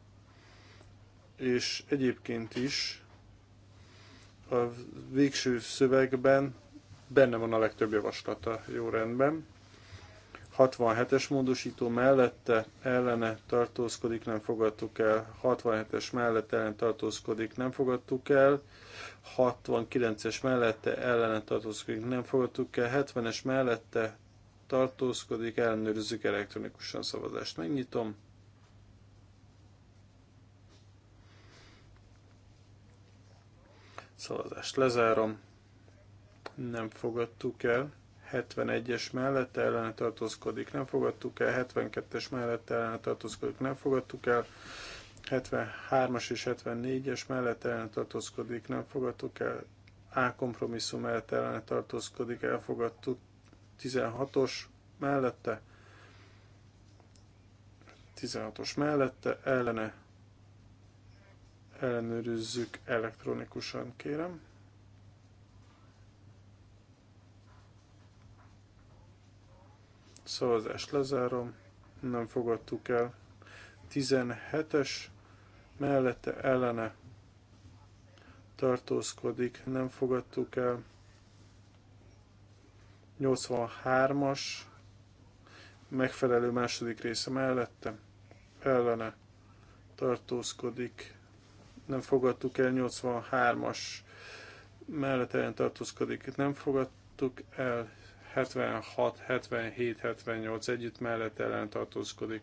és egyébként is a végső szövegben benne van a legtöbb javaslata, jó rendben. 67-es módosító mellette ellene tartózkodik, nem fogadtuk el. 67-es mellette ellen tartózkodik, nem fogadtuk el. 69-es mellette ellene tartózkodik, nem fogadtuk el. 70-es mellette tartózkodik, ellenőrizzük elektronikusan szavazást. Megnyitom. Szavazást lezárom. Nem fogadtuk el. 71-es mellette ellene tartózkodik, nem fogadtuk el, 72-es mellette ellene tartózkodik, nem fogadtuk el, 73-as és 74-es mellette ellene tartózkodik, nem fogadtuk el, A kompromisszum mellett ellene tartózkodik, elfogadtuk, 16-os mellette, 16-os mellette, ellene ellenőrizzük elektronikusan, kérem. Szavazást lezárom. Nem fogadtuk el. 17-es mellette ellene tartózkodik. Nem fogadtuk el. 83-as megfelelő második része mellette ellene tartózkodik. Nem fogadtuk el 83-as mellette ellen tartózkodik. Nem fogadtuk el 76, 77, 78 együtt mellett ellen tartózkodik.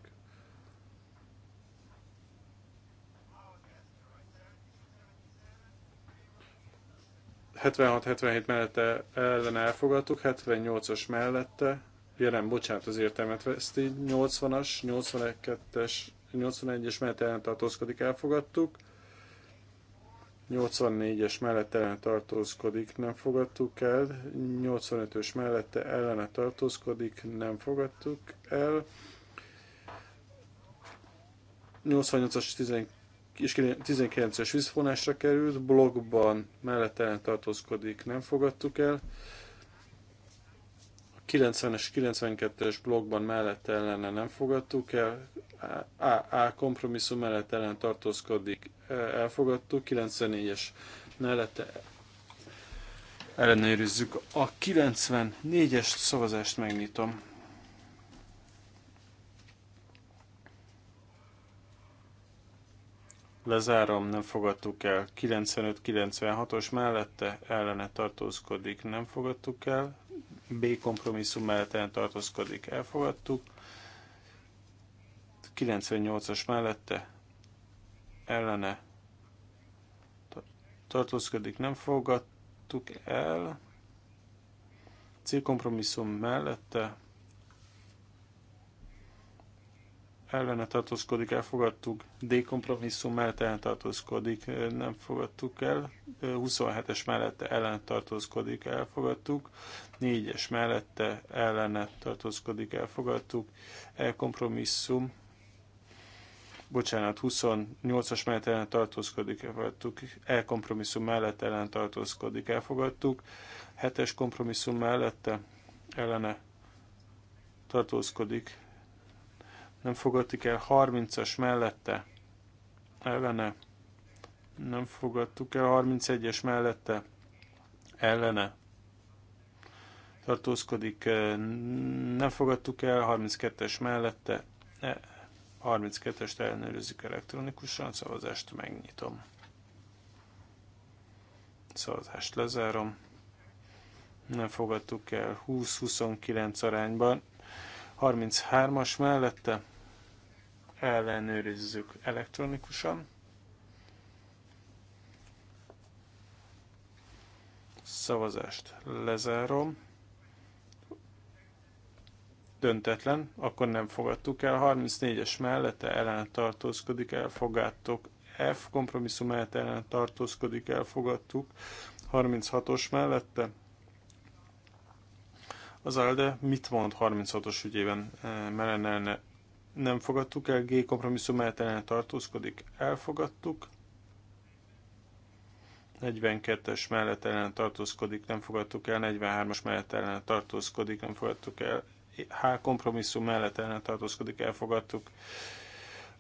...76-77 mellette ellen elfogadtuk, 78-as mellette, jelen, bocsánat, az értelmet veszti, 80-as, 82-es, 81-es mellette ellen tartózkodik, elfogadtuk, 84-es mellette ellene tartózkodik, nem fogadtuk el. 85-ös mellette ellene tartózkodik, nem fogadtuk el. 88-as és 19-es vízfonásra került, blogban mellette ellen tartózkodik, nem fogadtuk el. 90-es, 92-es blogban mellett ellene nem fogadtuk el, A, A kompromisszum mellett ellen tartózkodik, e, elfogadtuk, 94-es mellette ellenőrizzük. A 94-es szavazást megnyitom. Lezárom, nem fogadtuk el. 95-96-os mellette ellene tartózkodik, nem fogadtuk el. B kompromisszum mellett tartózkodik, elfogadtuk. 98-as mellette ellene tartózkodik, nem fogadtuk el. C kompromisszum mellette ellene tartózkodik, elfogadtuk. D kompromisszum mellett ellen tartózkodik, nem fogadtuk el. 27-es mellette ellen tartózkodik, elfogadtuk. 4-es mellette ellene tartózkodik, elfogadtuk. E kompromisszum, bocsánat, 28-as mellett ellen tartózkodik, elfogadtuk. E kompromisszum mellett ellen tartózkodik, elfogadtuk. 7-es kompromisszum mellette ellene tartózkodik, nem fogadtuk el 30-as mellette ellene, nem fogadtuk el 31-es mellette ellene, tartózkodik, eh, nem fogadtuk el 32-es mellette, 32-est e, ellenőrizzük elektronikusan, szavazást megnyitom. Szavazást lezárom. Nem fogadtuk el 20-29 arányban. 33-as mellette ellenőrizzük elektronikusan. Szavazást lezárom. Döntetlen, akkor nem fogadtuk el. 34-es mellette ellen tartózkodik, elfogadtuk. F kompromisszum mellett ellen tartózkodik, elfogadtuk. 36-os mellette az ALDE mit mond 36-os ügyében, eh, mert nem fogadtuk el, G kompromisszum ellene tartózkodik, elfogadtuk. 42-es mellett ellen tartózkodik, nem fogadtuk el, 43-as mellett ellen tartózkodik, nem fogadtuk el, H kompromisszum mellett ellen tartózkodik, elfogadtuk.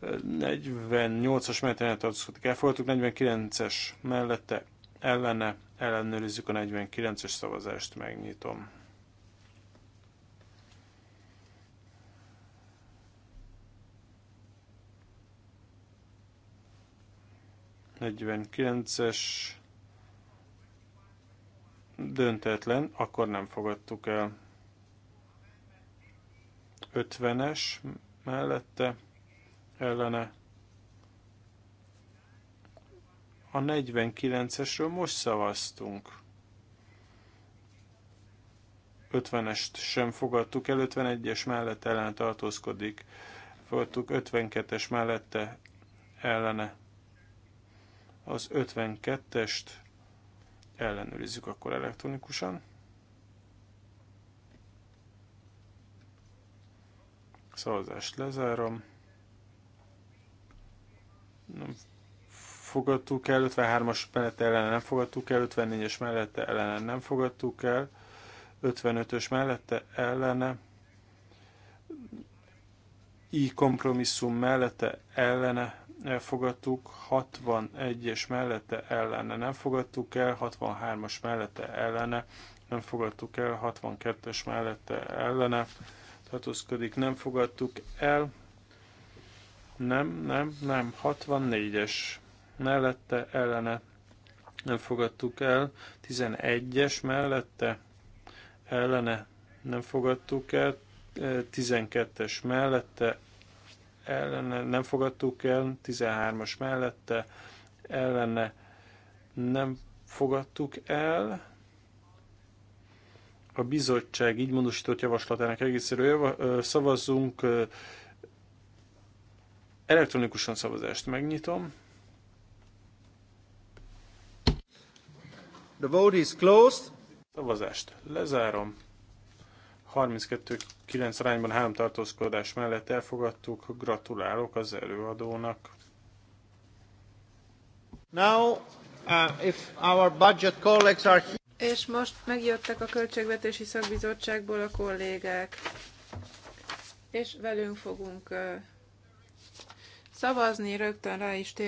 48-as mellett ellen tartózkodik, elfogadtuk, 49-es mellette ellene ellenőrizzük a 49-es szavazást, megnyitom. 49-es döntetlen, akkor nem fogadtuk el. 50-es mellette ellene. A 49-esről most szavaztunk. 50-est sem fogadtuk el, 51-es mellett ellen tartózkodik. Fogadtuk 52-es mellette ellene az 52-est ellenőrizzük akkor elektronikusan. Szavazást lezárom. Nem fogadtuk el, 53-as mellette ellen nem fogadtuk el, 54-es mellette ellene nem fogadtuk el, 55-ös mellette ellene, i kompromisszum mellette ellene elfogadtuk, 61-es mellette ellene nem fogadtuk el, 63-as mellette ellene nem fogadtuk el, 62-es mellette ellene tartózkodik, nem fogadtuk el, nem, nem, nem, 64-es mellette ellene nem fogadtuk el, 11-es mellette ellene nem fogadtuk el, 12-es mellette ellene nem fogadtuk el, 13-as mellette ellene nem fogadtuk el. A bizottság így módosított javaslatának egészéről szavazzunk. Elektronikusan szavazást megnyitom. The vote is closed. Szavazást lezárom. 32-9 arányban három tartózkodás mellett elfogadtuk. Gratulálok az előadónak. Now, uh, if our budget colleagues are here... És most megjöttek a Költségvetési Szakbizottságból a kollégák, és velünk fogunk uh, szavazni, rögtön rá is tér.